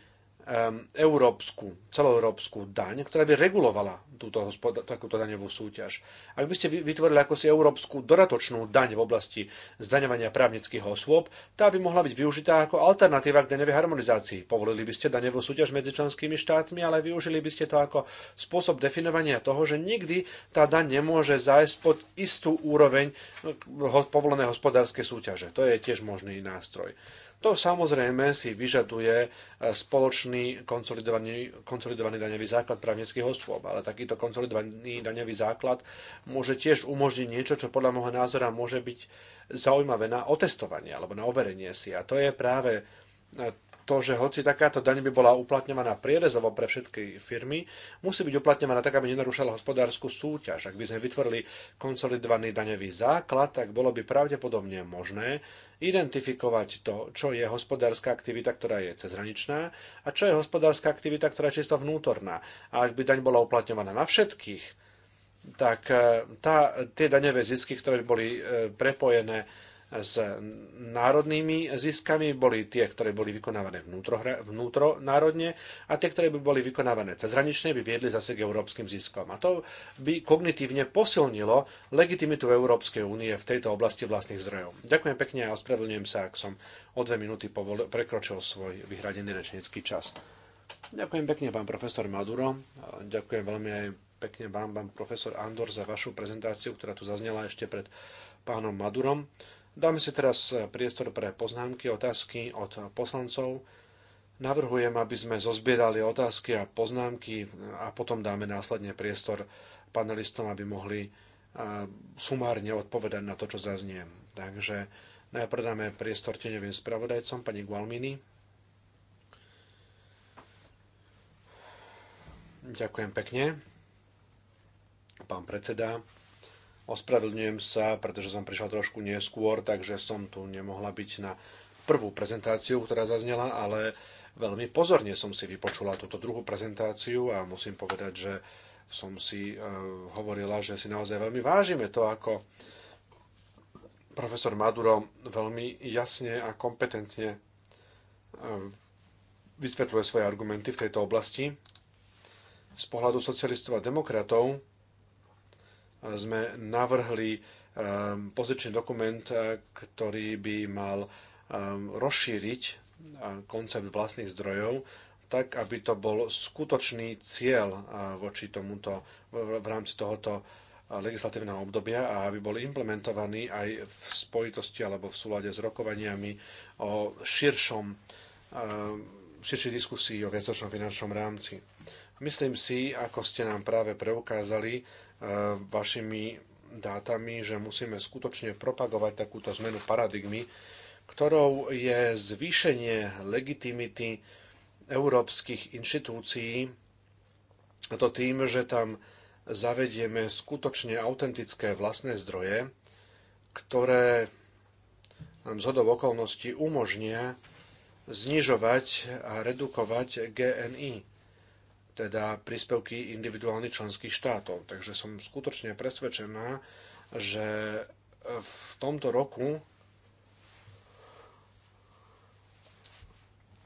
[SPEAKER 3] európsku, celoeurópsku daň, ktorá by regulovala túto, takúto daňovú súťaž. Ak by ste vytvorili akúsi európsku doratočnú daň v oblasti zdaňovania právnických osôb, tá by mohla byť využitá ako alternatíva k daňovej harmonizácii. Povolili by ste daňovú súťaž medzi členskými štátmi, ale využili by ste to ako spôsob definovania toho, že nikdy tá daň nemôže zájsť pod istú úroveň no, povolené hospodárskej súťaže. To je tiež možný nástroj. To samozrejme si vyžaduje e, spoločný konsolidovaný, konsolidovaný daňový základ právnických osôb, ale takýto konsolidovaný daňový základ môže tiež umožniť niečo, čo podľa môjho názora môže byť zaujímavé na otestovanie alebo na overenie si. A to je práve e, to, že hoci takáto daň by bola uplatňovaná prierezovo pre všetky firmy, musí byť uplatňovaná tak, aby nenarušala hospodárskú súťaž. Ak by sme vytvorili konsolidovaný daňový základ, tak bolo by pravdepodobne možné identifikovať to, čo je hospodárska aktivita, ktorá je cezhraničná a čo je hospodárska aktivita, ktorá je čisto vnútorná. A ak by daň bola uplatňovaná na všetkých, tak eh, tá, tie daňové zisky, ktoré by boli eh, prepojené s národnými ziskami boli tie, ktoré boli vykonávané vnútro, vnútronárodne a tie, ktoré by boli vykonávané cezhranične, by viedli zase k európskym ziskom. A to by kognitívne posilnilo legitimitu Európskej únie v tejto oblasti vlastných zdrojov. Ďakujem pekne a ospravedlňujem sa, ak som o dve minúty prekročil svoj vyhradený rečnícky čas. Ďakujem pekne, pán profesor Maduro. Ďakujem veľmi aj pekne vám, pán profesor Andor, za vašu prezentáciu, ktorá tu zaznela ešte pred pánom Madurom. Dáme si teraz eh, priestor pre poznámky, otázky od poslancov. Navrhujem, aby sme zozbierali otázky a poznámky eh, a potom dáme následne priestor panelistom, aby mohli eh, sumárne odpovedať na to, čo zaznie. Takže najprv dáme priestor teňovým spravodajcom, pani Gualmini. Ďakujem pekne. Pán predseda, Ospravedlňujem sa, pretože som prišla trošku neskôr, takže som tu nemohla byť na prvú prezentáciu, ktorá zaznela, ale veľmi pozorne som si vypočula túto druhú prezentáciu a musím povedať, že som si e, hovorila, že si naozaj veľmi vážime to, ako profesor Maduro veľmi jasne a kompetentne e, vysvetľuje svoje argumenty v tejto oblasti. Z pohľadu socialistov a demokratov sme navrhli ehm, pozičný dokument, eh, ktorý by mal ehm, rozšíriť eh, koncept vlastných zdrojov, tak aby to bol skutočný cieľ eh, voči tomuto, v rámci tohoto legislatívneho obdobia a aby bol implementovaný aj v spojitosti alebo v súlade s rokovaniami o širšom, ehm, širšej diskusii o viacročnom finančnom rámci. Myslím si, ako ste nám práve preukázali, E, vašimi dátami, že musíme skutočne propagovať takúto zmenu paradigmy, ktorou je zvýšenie legitimity európskych inštitúcií, a to tým, že tam zavedieme skutočne autentické vlastné zdroje, ktoré nám zhodov okolností umožnia znižovať a redukovať GNI teda príspevky individuálnych členských štátov. Takže som skutočne presvedčená, že v tomto roku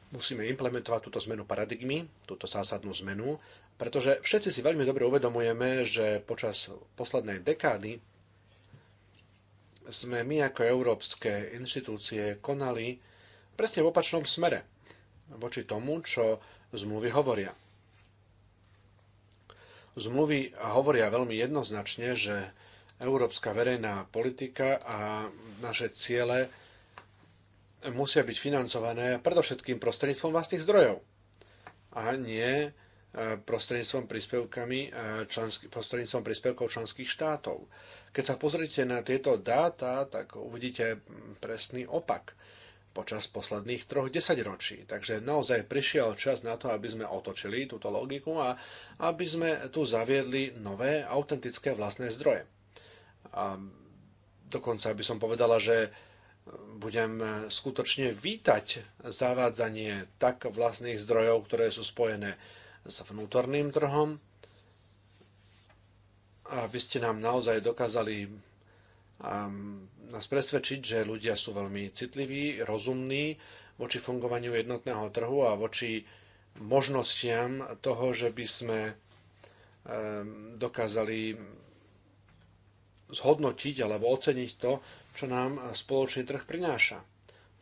[SPEAKER 3] musíme implementovať túto zmenu paradigmy, túto zásadnú zmenu, pretože všetci si veľmi dobre uvedomujeme, že počas poslednej dekády sme my ako európske inštitúcie konali presne v opačnom smere voči tomu, čo zmluvy hovoria. Zmluvy hovoria veľmi jednoznačne, že európska verejná politika a naše ciele musia byť financované predovšetkým prostredníctvom vlastných zdrojov a nie e, prostredníctvom, príspevkami e, prostredníctvom príspevkov členských štátov. Keď sa pozrite na tieto dáta, tak uvidíte presný opak počas posledných troch desaťročí. Takže naozaj prišiel čas na to, aby sme otočili túto logiku a aby sme tu zaviedli nové, autentické vlastné zdroje. A dokonca by som povedala, že budem skutočne vítať zavádzanie tak vlastných zdrojov, ktoré sú spojené s vnútorným trhom, aby ste nám naozaj dokázali nás presvedčiť, že ľudia sú veľmi citliví, rozumní voči fungovaniu jednotného trhu a voči možnostiam toho, že by sme dokázali zhodnotiť alebo oceniť to, čo nám spoločný trh prináša.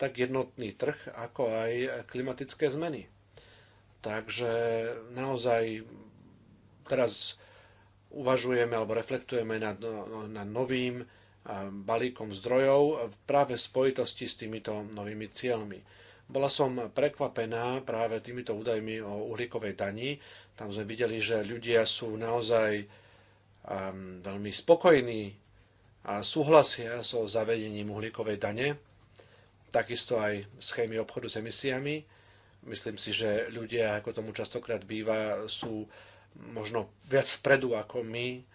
[SPEAKER 3] Tak jednotný trh, ako aj klimatické zmeny. Takže naozaj teraz uvažujeme alebo reflektujeme nad, no, nad novým Um, balíkom zdrojov práve v spojitosti s týmito novými cieľmi. Bola som prekvapená práve týmito údajmi o uhlíkovej dani. Tam sme videli, že ľudia sú naozaj um, veľmi spokojní a súhlasia so zavedením uhlíkovej dane, takisto aj schémy obchodu s emisiami. Myslím si, že ľudia, ako tomu častokrát býva, sú možno viac vpredu ako my, eh,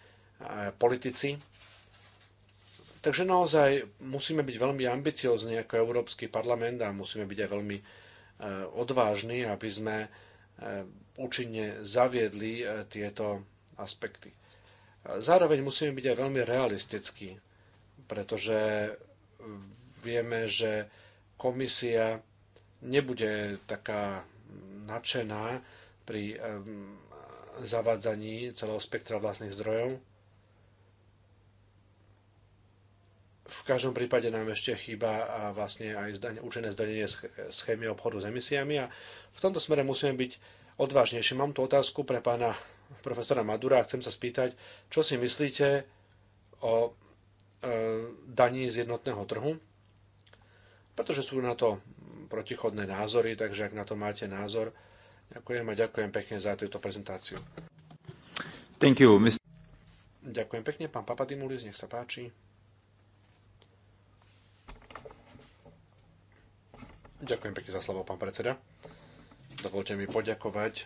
[SPEAKER 3] politici, Takže naozaj musíme byť veľmi ambiciozni ako Európsky parlament a musíme byť aj veľmi e, odvážni, aby sme e, účinne zaviedli e, tieto aspekty. Zároveň musíme byť aj veľmi realistickí, pretože vieme, že komisia nebude taká nadšená pri zavádzaní celého spektra vlastných zdrojov. V každom prípade nám ešte chýba a vlastne aj zdanie, účinné zdanenie schémy obchodu s emisiami a v tomto smere musíme byť odvážnejšie. Mám tu otázku pre pána profesora Madura a chcem sa spýtať, čo si myslíte o e, daní z jednotného trhu, pretože sú na to protichodné názory, takže ak na to máte názor, ďakujem a ďakujem pekne za túto prezentáciu.
[SPEAKER 2] Thank you, Mr.
[SPEAKER 3] Ďakujem pekne, pán Papadimulis, nech sa páči. Ďakujem pekne za slovo, pán predseda. Dovolte mi poďakovať e,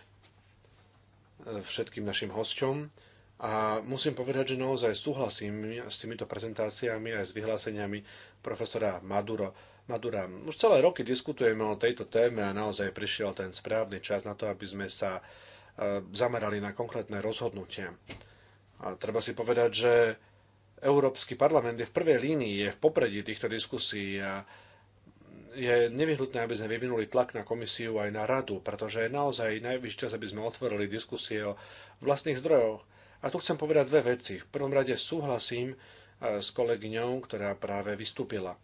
[SPEAKER 3] všetkým našim hosťom. A musím povedať, že naozaj súhlasím s týmito prezentáciami aj s vyhláseniami profesora Maduro. Madura, už celé roky diskutujeme o tejto téme a naozaj prišiel ten správny čas na to, aby sme sa e, zamerali na konkrétne rozhodnutia. A treba si povedať, že Európsky parlament je v prvej línii, je v popredí týchto diskusí a je nevyhnutné, aby sme vyvinuli tlak na komisiu aj na radu, pretože je naozaj najvyšší čas, aby sme otvorili diskusie o vlastných zdrojoch. A tu chcem povedať dve veci. V prvom rade súhlasím e, s kolegyňou, ktorá práve vystúpila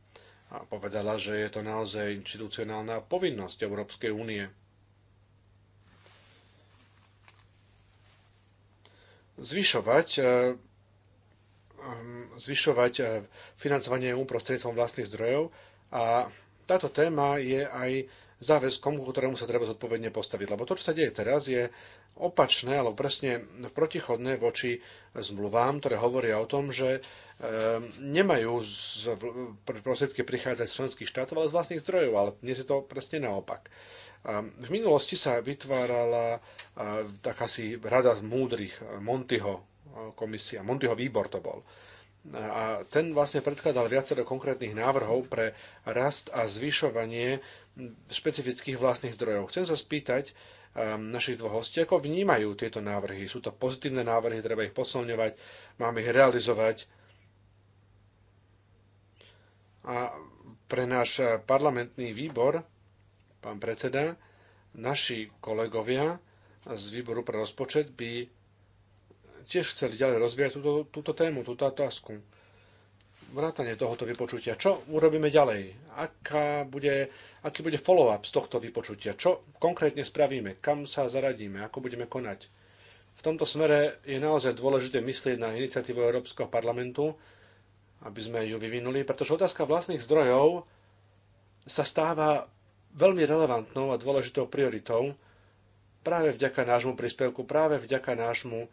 [SPEAKER 3] a povedala, že je to naozaj inštitucionálna povinnosť Európskej únie. Zvyšovať e, e, zvyšovať financovanie EU prostredstvom vlastných zdrojov a táto téma je aj záväzkom, ku ktorému sa treba zodpovedne postaviť. Lebo to, čo sa deje teraz, je opačné, alebo presne protichodné voči zmluvám, ktoré hovoria o tom, že ehm, nemajú z prostriedky prichádzať z členských štátov, ale z vlastných zdrojov. Ale dnes je to presne naopak. V minulosti sa vytvárala taká si rada múdrych Montyho komisia, Montyho výbor to bol a ten vlastne predkladal viacero konkrétnych návrhov pre rast a zvyšovanie špecifických vlastných zdrojov. Chcem sa spýtať ehm, našich dvoch hostí, ako vnímajú tieto návrhy. Sú to pozitívne návrhy, treba ich posilňovať, máme ich realizovať. A pre náš parlamentný výbor, pán predseda, naši kolegovia z výboru pre rozpočet by tiež chceli ďalej rozvíjať túto, túto tému, túto otázku. Vrátanie tohoto vypočutia. Čo urobíme ďalej? Aká bude, aký bude follow-up z tohto vypočutia? Čo konkrétne spravíme? Kam sa zaradíme? Ako budeme konať? V tomto smere je naozaj dôležité myslieť na iniciatívu Európskeho parlamentu, aby sme ju vyvinuli, pretože otázka vlastných zdrojov sa stáva veľmi relevantnou a dôležitou prioritou práve vďaka nášmu príspevku, práve vďaka nášmu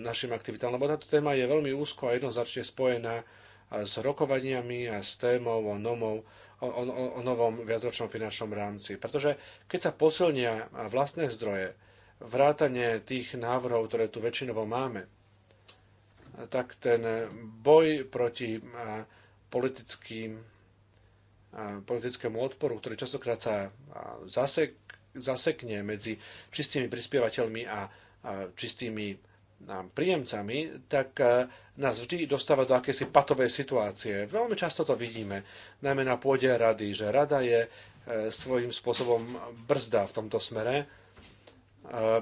[SPEAKER 3] našim aktivitám, lebo táto téma je veľmi úzko a jednoznačne spojená s rokovaniami a s témou o, nomov, o, o, o novom viacročnom finančnom rámci. Pretože keď sa posilnia vlastné zdroje, vrátanie tých návrhov, ktoré tu väčšinovo máme, tak ten boj proti politickým, politickému odporu, ktorý častokrát sa zasek, zasekne medzi čistými prispievateľmi a čistými príjemcami, tak eh, nás vždy dostáva do akési patovej situácie. Veľmi často to vidíme, najmä na pôde rady, že rada je eh, svojím spôsobom brzda v tomto smere, eh,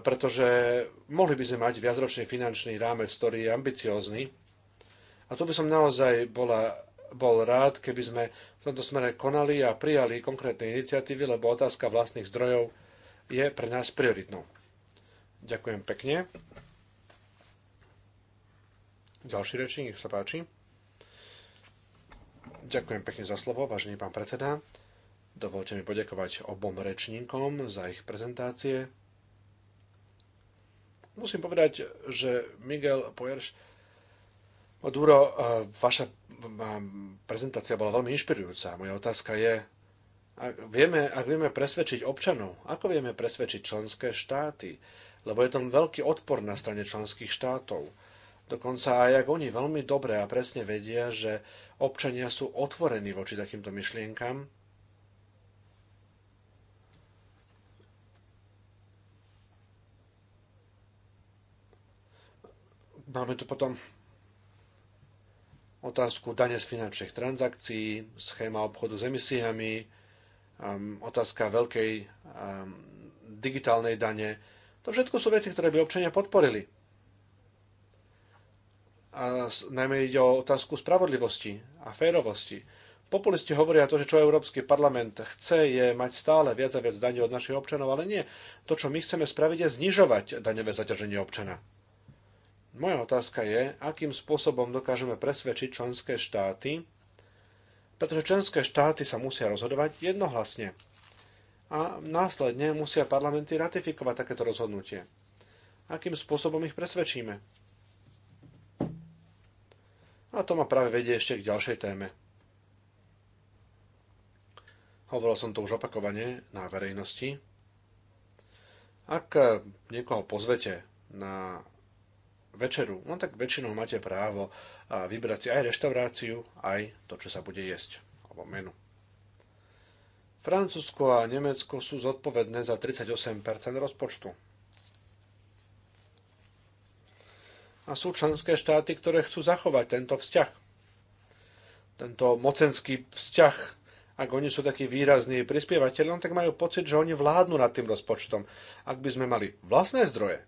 [SPEAKER 3] pretože mohli by sme mať viacročný finančný rámec, ktorý je ambiciózny. A tu by som naozaj bola, bol rád, keby sme v tomto smere konali a prijali konkrétne iniciatívy, lebo otázka vlastných zdrojov je pre nás prioritnou. Ďakujem pekne. Ďalší rečník, nech sa páči. Ďakujem pekne za slovo, vážený pán predseda. Dovolte mi poďakovať obom rečníkom za ich prezentácie. Musím povedať, že Miguel Pojerš Maduro, eh, vaša eh, prezentácia bola veľmi inšpirujúca. Moja otázka je, ak vieme, ak vieme presvedčiť občanov, ako vieme presvedčiť členské štáty? Lebo je tam veľký odpor na strane členských štátov Dokonca aj ak oni veľmi dobre a presne vedia, že občania sú otvorení voči takýmto myšlienkam, Máme tu potom otázku dane z finančných transakcií, schéma obchodu s emisiami, um, otázka veľkej um, digitálnej dane. To všetko sú veci, ktoré by občania podporili. A najmä ide o otázku spravodlivosti a férovosti. Populisti hovoria to, že čo Európsky parlament chce, je mať stále viac a viac daní od našich občanov, ale nie. To, čo my chceme spraviť, je znižovať daňové zaťaženie občana. Moja otázka je, akým spôsobom dokážeme presvedčiť členské štáty, pretože členské štáty sa musia rozhodovať jednohlasne a následne musia parlamenty ratifikovať takéto rozhodnutie. Akým spôsobom ich presvedčíme? A to ma práve vedie ešte k ďalšej téme. Hovoril som to už opakovane na verejnosti. Ak niekoho pozvete na večeru, no tak väčšinou máte právo vybrať si aj reštauráciu, aj to, čo sa bude jesť, alebo menu. Francúzsko a Nemecko sú zodpovedné za 38% rozpočtu a sú členské štáty, ktoré chcú zachovať tento vzťah. Tento mocenský vzťah, ak oni sú takí výrazní prispievateľom, no tak majú pocit, že oni vládnu nad tým rozpočtom. Ak by sme mali vlastné zdroje,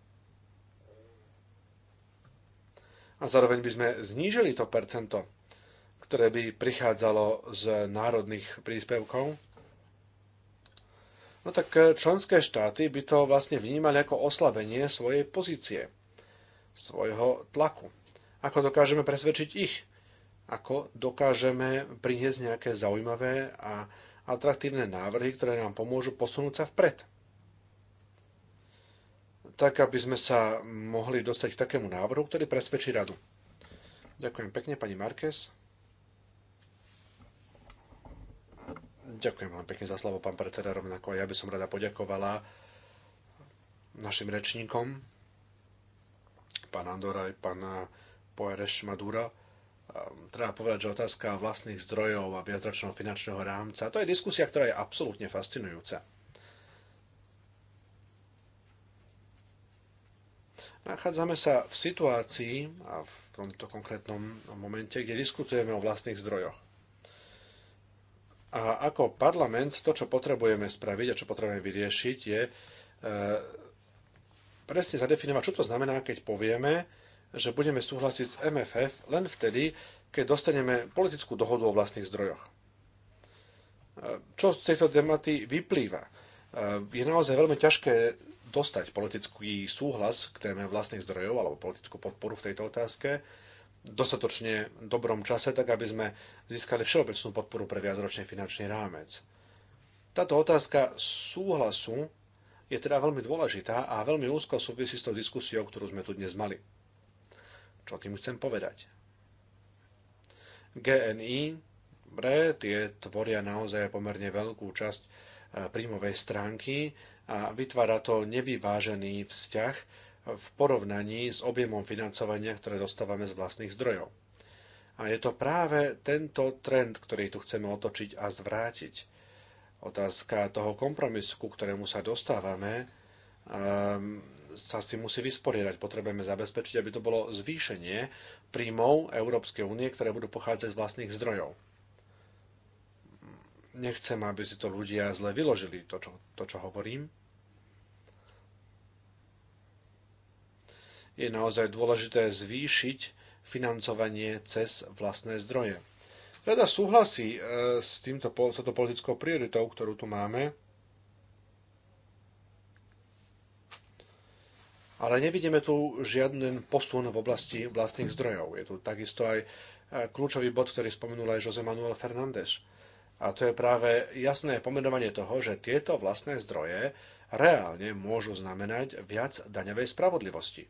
[SPEAKER 3] a zároveň by sme znížili to percento, ktoré by prichádzalo z národných príspevkov, no tak eh, členské štáty by to vlastne vnímali ako oslabenie svojej pozície svojho tlaku. Ako dokážeme presvedčiť ich? Ako dokážeme priniesť nejaké zaujímavé a atraktívne návrhy, ktoré nám pomôžu posunúť sa vpred? Tak, aby sme sa mohli dostať k takému návrhu, ktorý presvedčí radu. Ďakujem pekne, pani markes. Ďakujem vám pekne za slovo, pán predseda, rovnako ja by som rada poďakovala našim rečníkom, pán Andora aj pán eh, Poereš Maduro. Ehm, treba povedať, že otázka vlastných zdrojov a viacročného finančného rámca, to je diskusia, ktorá je absolútne fascinujúca. Nachádzame sa v situácii a v tomto konkrétnom momente, kde diskutujeme o vlastných zdrojoch. A ako parlament to, čo potrebujeme spraviť a čo potrebujeme vyriešiť, je eh, presne zadefinovať, čo to znamená, keď povieme, že budeme súhlasiť s MFF len vtedy, keď dostaneme politickú dohodu o vlastných zdrojoch. Čo z tejto debaty vyplýva? Je naozaj veľmi ťažké dostať politický súhlas k téme vlastných zdrojov alebo politickú podporu v tejto otázke dostatočne dobrom čase, tak aby sme získali všeobecnú podporu pre viacročný finančný rámec. Táto otázka súhlasu je teda veľmi dôležitá a veľmi úzko súvisí s tou diskusiou, ktorú sme tu dnes mali. Čo tým chcem povedať? GNI, bre, tie tvoria naozaj pomerne veľkú časť e, príjmovej stránky a vytvára to nevyvážený vzťah v porovnaní s objemom financovania, ktoré dostávame z vlastných zdrojov. A je to práve tento trend, ktorý tu chceme otočiť a zvrátiť otázka toho kompromisu, ku ktorému sa dostávame, ehm, sa si musí vysporiadať. Potrebujeme zabezpečiť, aby to bolo zvýšenie príjmov Európskej únie, ktoré budú pochádzať z vlastných zdrojov. Nechcem, aby si to ľudia zle vyložili, to čo, to, čo hovorím. Je naozaj dôležité zvýšiť financovanie cez vlastné zdroje teda súhlasí e, s týmto, s touto politickou prioritou, ktorú tu máme, ale nevidíme tu žiaden posun v oblasti vlastných zdrojov. Je tu takisto aj e, kľúčový bod, ktorý spomenul aj Jose Manuel Fernández. A to je práve jasné pomenovanie toho, že tieto vlastné zdroje reálne môžu znamenať viac daňovej spravodlivosti.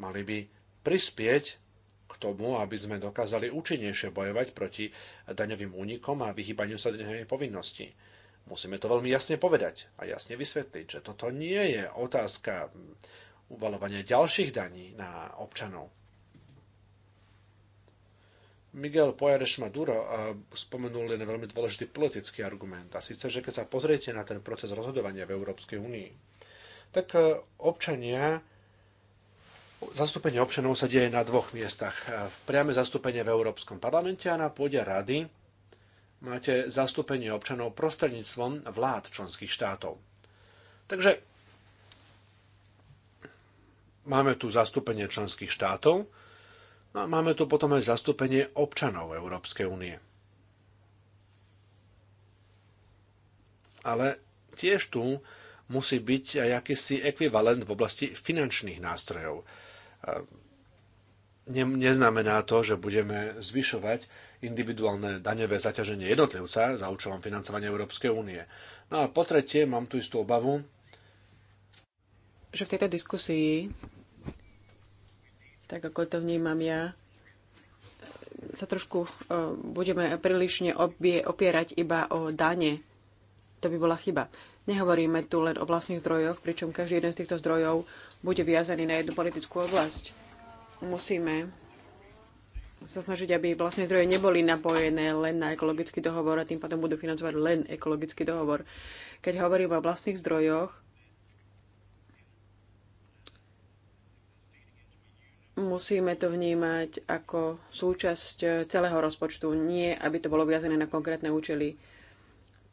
[SPEAKER 3] Mali by prispieť k tomu, aby sme dokázali účinnejšie bojovať proti daňovým únikom a vyhýbaniu sa daňovej povinnosti. Musíme to veľmi jasne povedať a jasne vysvetliť, že toto nie je otázka uvalovania ďalších daní na občanov. Miguel Poireš Maduro eh, spomenul jeden veľmi dôležitý politický argument a síce, že keď sa pozriete na ten proces rozhodovania v Európskej únii, tak eh, občania Zastúpenie občanov sa deje na dvoch miestach. E, priame zastúpenie v Európskom parlamente a na pôde rady máte zastúpenie občanov prostredníctvom vlád členských štátov. Takže máme tu zastúpenie členských štátov a máme tu potom aj zastúpenie občanov Európskej únie. Ale tiež tu musí byť aj akýsi ekvivalent v oblasti finančných nástrojov neznamená to, že budeme zvyšovať individuálne daňové zaťaženie jednotlivca za účelom financovania Európskej únie. No a po tretie, mám tu istú obavu,
[SPEAKER 2] že v tejto diskusii, tak ako to vnímam ja, sa trošku e, budeme prílišne opierať iba o dane. To by bola chyba. Nehovoríme tu len o vlastných zdrojoch, pričom každý jeden z týchto zdrojov bude viazaný na jednu politickú oblasť. Musíme sa snažiť, aby vlastné zdroje neboli napojené len na ekologický dohovor a tým potom budú financovať len ekologický dohovor. Keď hovorím o vlastných zdrojoch, musíme to vnímať ako súčasť celého rozpočtu, nie aby to bolo viazené na konkrétne účely.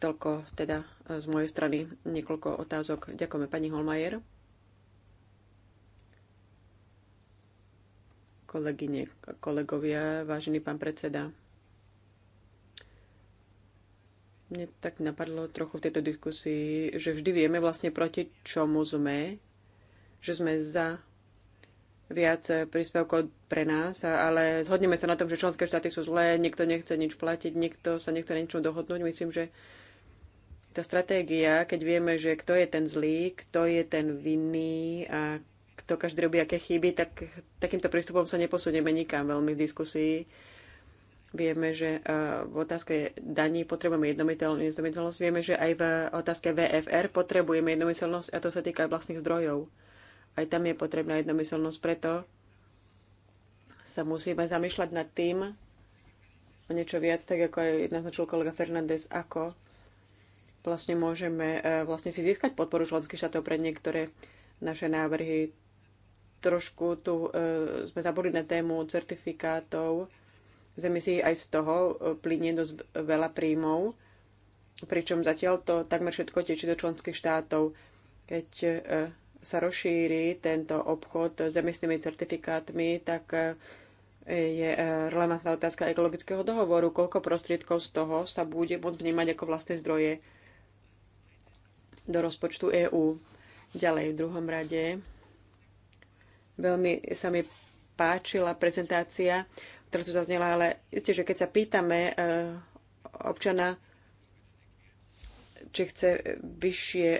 [SPEAKER 2] Toľko teda z mojej strany niekoľko otázok. Ďakujeme pani Holmajer. Kolegyne, kolegovia, vážený pán predseda. Mne tak napadlo trochu v tejto diskusii, že vždy vieme vlastne proti čomu sme, že sme za viac príspevkov pre nás, ale zhodneme sa na tom, že členské štáty sú zlé, niekto nechce nič platiť, niekto sa nechce na ničom dohodnúť. Myslím, že tá stratégia, keď vieme, že kto je ten zlý, kto je ten vinný a kto každý robí aké chyby, tak takýmto prístupom sa neposunieme nikam veľmi v diskusii. Vieme, že e, v otázke daní potrebujeme jednomyselnosť. Vieme, že aj v otázke VFR potrebujeme jednomyselnosť a to sa týka vlastných zdrojov. Aj tam je potrebná jednomyselnosť, preto sa musíme zamýšľať nad tým, o niečo viac, tak ako aj naznačil kolega Fernández, ako vlastne môžeme e, vlastne si získať podporu členských štátov pre niektoré naše návrhy. Trošku tu e, sme zabudli na tému certifikátov z emisí aj z toho e, plinie dosť veľa príjmov, pričom zatiaľ to takmer všetko tečie do členských štátov. Keď sa rozšíri tento obchod s emisnými certifikátmi, tak je relevantná otázka ekologického dohovoru, koľko prostriedkov z toho sa bude môcť vnímať ako vlastné zdroje do rozpočtu EÚ. Ďalej, v druhom rade, veľmi sa mi páčila prezentácia, ktorá tu zaznela, ale isté, že keď sa pýtame e, občana, či chce vyššie e,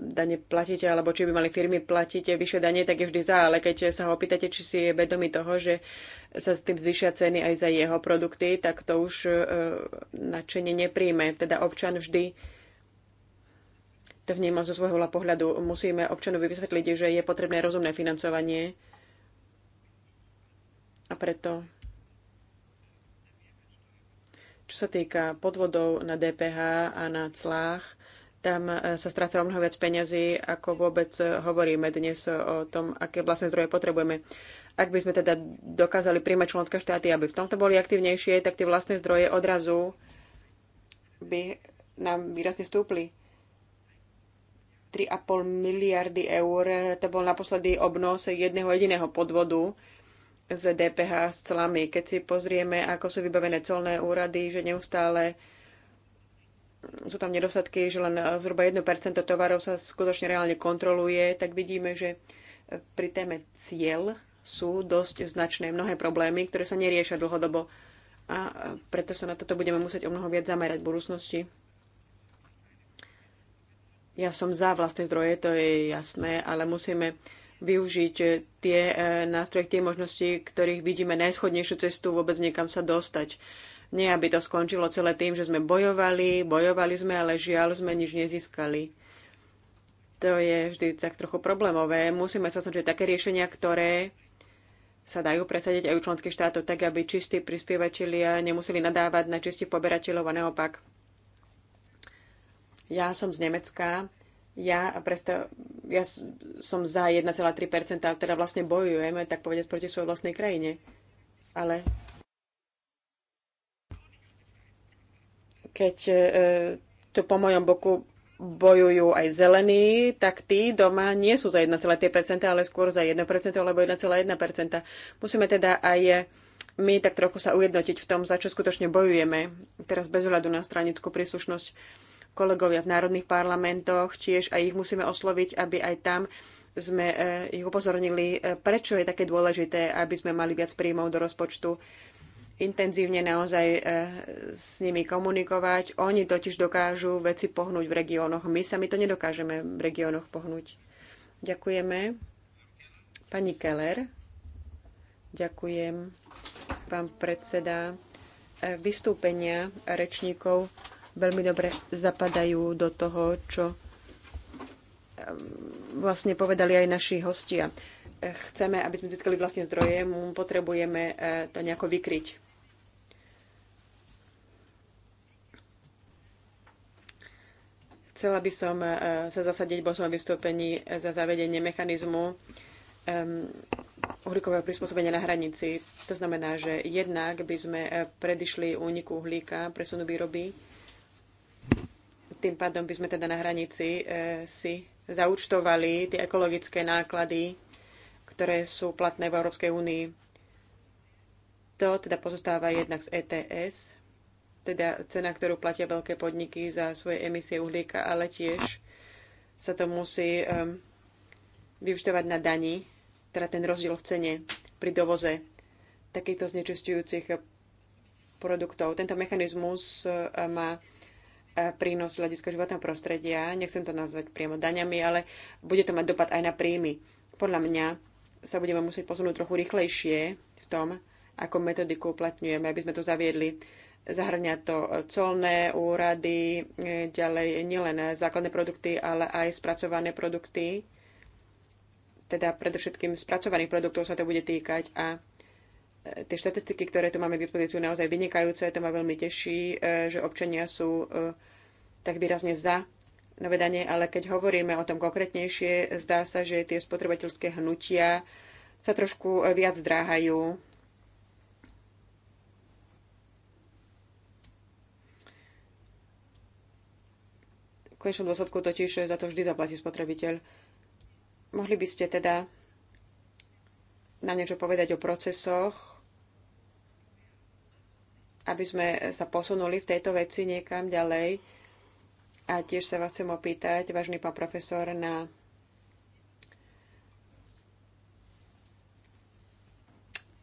[SPEAKER 2] dane platiť, alebo či by mali firmy platiť vyššie dane, tak je vždy za. Ale keď sa ho opýtate, či si je vedomý toho, že sa s tým zvýšia ceny aj za jeho produkty, tak to už e, nadšenie nepríjme. Teda občan vždy to vnímam zo svojho pohľadu. Musíme občanovi vysvetliť, že je potrebné rozumné financovanie a preto čo sa týka podvodov na DPH a na clách, tam e, sa stráca o mnoho viac peňazí, ako vôbec hovoríme dnes o tom, aké vlastné zdroje potrebujeme. Ak by sme teda dokázali príjmať členské štáty, aby v tomto boli aktívnejšie, tak tie vlastné zdroje odrazu by nám výrazne stúpli. 3,5 miliardy eur. To bol naposledy obnos jedného jediného podvodu z DPH s clami. Keď si pozrieme, ako sú vybavené colné úrady, že neustále sú tam nedostatky, že len zhruba 1% tovarov sa skutočne reálne kontroluje, tak vidíme, že pri téme cieľ sú dosť značné mnohé problémy, ktoré sa neriešia dlhodobo a preto sa na toto budeme musieť o mnoho viac zamerať v budúcnosti. Ja som za vlastné zdroje, to je jasné, ale musíme využiť tie e, nástroje, tie možnosti, ktorých vidíme najschodnejšiu cestu vôbec niekam sa dostať. Nie, aby to skončilo celé tým, že sme bojovali, bojovali sme, ale žiaľ sme nič nezískali. To je vždy tak trochu problémové. Musíme sa snažiť také riešenia, ktoré sa dajú presadiť aj u členských štátov tak, aby čistí prispievateľia nemuseli nadávať na čistých poberateľov a naopak. Ja som z Nemecka. Ja, presta- ja som za 1,3%, teda vlastne bojujeme, tak povedať, proti svojej vlastnej krajine. Ale keď e, to po mojom boku bojujú aj zelení, tak tí doma nie sú za 1,3%, ale skôr za 1% alebo 1,1%. Musíme teda aj my tak trochu sa ujednotiť v tom, za čo skutočne bojujeme, teraz bez hľadu na stranickú príslušnosť kolegovia v národných parlamentoch, tiež aj ich musíme osloviť, aby aj tam sme e, ich upozornili, e, prečo je také dôležité, aby sme mali viac príjmov do rozpočtu. Intenzívne naozaj e, s nimi komunikovať. Oni totiž dokážu veci pohnúť v regiónoch. My sami to nedokážeme v regiónoch pohnúť. Ďakujeme. Pani Keller. Ďakujem, pán predseda. Vystúpenia rečníkov veľmi dobre zapadajú do toho, čo vlastne povedali aj naši hostia. E, chceme, aby sme získali vlastne zdroje, potrebujeme e, to nejako vykryť. Chcela by som e, sa zasadiť v svojom vystúpení za zavedenie mechanizmu uhlíkového prispôsobenia na hranici. To znamená, že jednak by sme predišli úniku uhlíka, presunu výroby, tým pádom by sme teda na hranici e, si zaučtovali tie ekologické náklady, ktoré sú platné v Európskej únii. To teda pozostáva jednak z ETS, teda cena, ktorú platia veľké podniky za svoje emisie uhlíka, ale tiež sa to musí um, vyučtovať na daní, teda ten rozdiel v cene pri dovoze takýchto znečistujúcich produktov. Tento mechanizmus e, má prínos z hľadiska životného prostredia. Nechcem to nazvať priamo daňami, ale bude to mať dopad aj na príjmy. Podľa mňa sa budeme musieť posunúť trochu rýchlejšie v tom, ako metodiku uplatňujeme, aby sme to zaviedli. Zahrňa to colné úrady, e, ďalej nielen základné produkty, ale aj spracované produkty. Teda predovšetkým spracovaných produktov sa to bude týkať a E, tie štatistiky, ktoré tu máme k dispozíciu, naozaj vynikajúce. To ma veľmi teší, e, že občania sú e, tak výrazne za nové ale keď hovoríme o tom konkrétnejšie, zdá sa, že tie spotrebateľské hnutia sa trošku viac zdráhajú. V konečnom dôsledku totiž za to vždy zaplatí spotrebiteľ. Mohli by ste teda na niečo povedať o procesoch, aby sme sa posunuli v tejto veci niekam ďalej. A tiež sa vás chcem opýtať, vážny pán profesor, na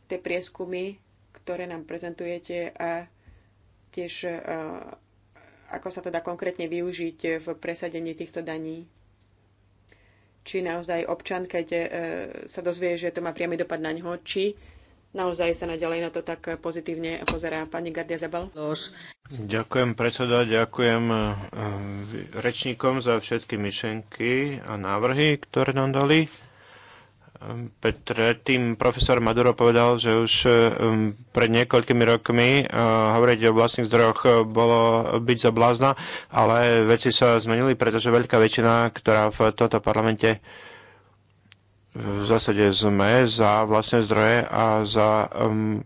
[SPEAKER 2] tie prieskumy, ktoré nám prezentujete a tiež e, ako sa teda konkrétne využiť v presadení týchto daní. Či naozaj občan, keď e, sa dozvie, že to má priamy dopad na ňoho, či naozaj sa naďalej na to tak pozitívne pozerá pani Gardia Zabal.
[SPEAKER 1] Ďakujem predseda, ďakujem eh, rečníkom za všetky myšlenky a návrhy, ktoré nám dali. Ehm, Predtým profesor Maduro povedal, že už ehm, pred niekoľkými rokmi eh, hovoriť o vlastných zdrojoch eh, bolo byť za blázna, ale veci sa zmenili, pretože veľká väčšina, ktorá v toto parlamente v zásade sme za vlastné zdroje a za um,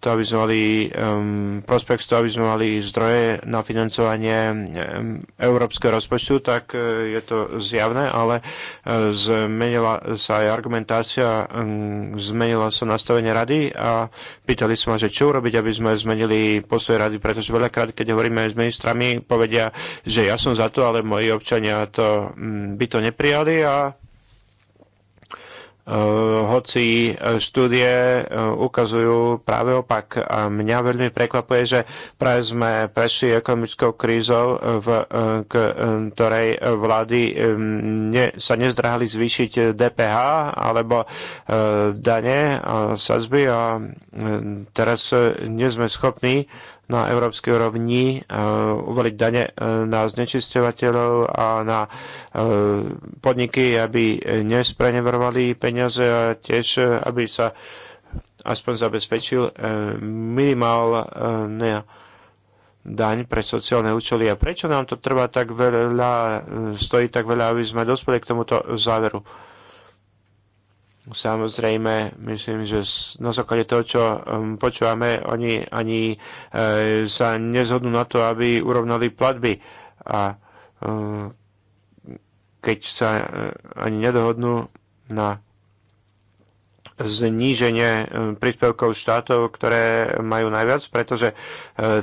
[SPEAKER 1] to, aby sme mali um, prospekt, to, aby sme mali zdroje na financovanie um, európskeho rozpočtu, tak uh, je to zjavné, ale uh, zmenila sa aj argumentácia, um, zmenila sa nastavenie rady a pýtali sme, že čo urobiť, aby sme zmenili postoj rady, pretože veľakrát, keď hovoríme s ministrami, povedia, že ja som za to, ale moji občania to um, by to neprijali a E, hoci e, štúdie e, ukazujú práve opak. A mňa veľmi prekvapuje, že práve sme prešli ekonomickou krízou, v ktorej vlády ne, sa nezdrahali zvýšiť DPH alebo dane a sazby a teraz nie sme schopní na európskej úrovni e, uvoliť dane e, na znečisťovateľov a na e, podniky, aby nespreneverovali peniaze a tiež, aby sa aspoň zabezpečil minimálne daň pre sociálne účely. A prečo nám to trvá tak veľa, stojí tak veľa, aby sme dospeli k tomuto záveru? Samozrejme, myslím, že na základe toho, čo um, počúvame, oni ani e, sa nezhodnú na to, aby urovnali platby. A e, keď sa e, ani nedohodnú na zníženie príspevkov štátov, ktoré majú najviac, pretože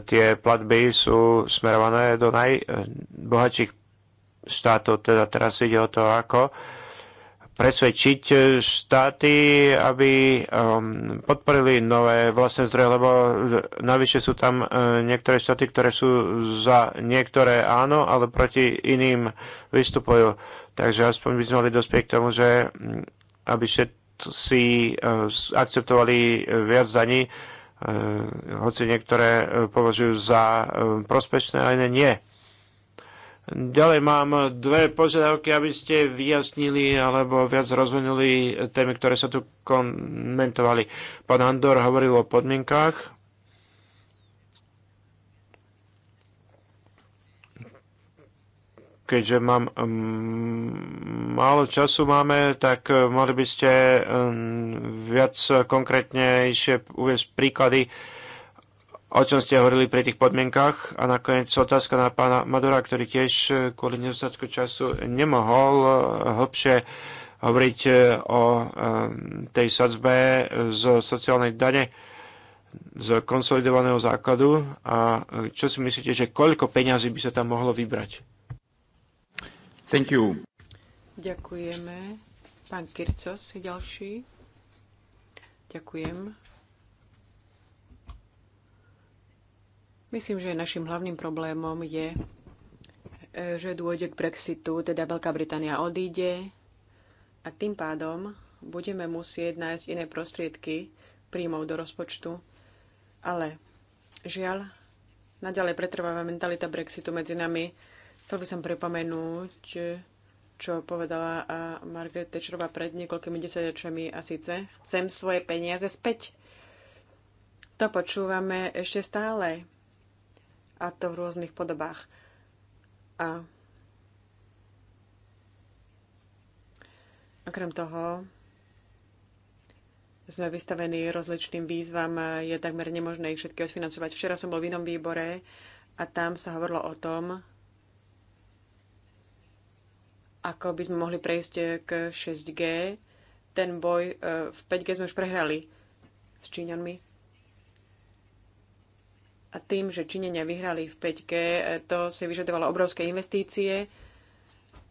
[SPEAKER 1] tie platby sú smerované do najbohatších štátov. Teda teraz ide o to, ako presvedčiť e, štáty, aby um, podporili nové vlastné zdroje, lebo e, navyše sú tam e, niektoré štáty, ktoré sú za niektoré áno, ale proti iným vystupujú. Takže aspoň by sme mali dospieť k tomu, že mm, aby všetci akceptovali viac daní, hoci niektoré považujú za prospešné, a iné nie. Ďalej mám dve požiadavky, aby ste vyjasnili alebo viac rozvinuli témy, ktoré sa tu komentovali. Pán Andor hovoril o podmienkách. Keďže mám mm, málo času máme, tak eh, mohli by ste eh, viac konkrétnejšie uviezť príklady uh, o čom ste hovorili pri tých podmienkách. A nakoniec otázka na pána Madura, ktorý tiež eh, kvôli nedostatku času nemohol eh, hlbšie hovoriť eh, o tej sadzbe z sociálnej dane z konsolidovaného základu a čo si myslíte, že koľko peňazí by sa tam mohlo vybrať? Thank you.
[SPEAKER 2] Ďakujeme. Pán Kircos je ďalší. Ďakujem. Myslím, že našim hlavným problémom je, e, že dôjde k Brexitu, teda Veľká Británia odíde a tým pádom budeme musieť nájsť iné prostriedky príjmov do rozpočtu. Ale žiaľ, naďalej pretrváva mentalita Brexitu medzi nami. Chcel by som pripomenúť, čo povedala Margaret Thatcherová pred niekoľkými desaťročiami a síce chcem svoje peniaze späť. To počúvame ešte stále a to v rôznych podobách. A okrem toho sme vystavení rozličným výzvam, je takmer nemožné ich všetky odfinancovať. Včera som bol v inom výbore a tam sa hovorilo o tom, ako by sme mohli prejsť k 6G. Ten boj e, v 5G sme už prehrali s Číňanmi. A tým, že činenia vyhrali v 5G, e, to si vyžadovalo obrovské investície,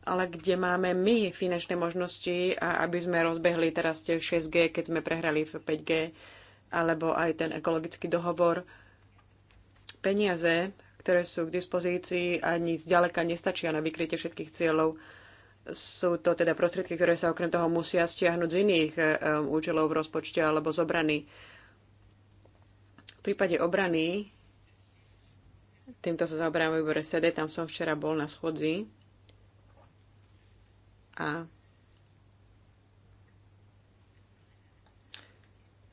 [SPEAKER 2] ale kde máme my finančné možnosti, aby sme rozbehli teraz tie 6G, keď sme prehrali v 5G, alebo aj ten ekologický dohovor. Peniaze, ktoré sú k dispozícii, ani zďaleka nestačia na vykrytie všetkých cieľov. Sú to teda prostriedky, ktoré sa okrem toho musia stiahnuť z iných e, e, účelov v rozpočte alebo z obrany. V prípade obrany Týmto sa zaoberám výbore sede, tam som včera bol na schodzi. A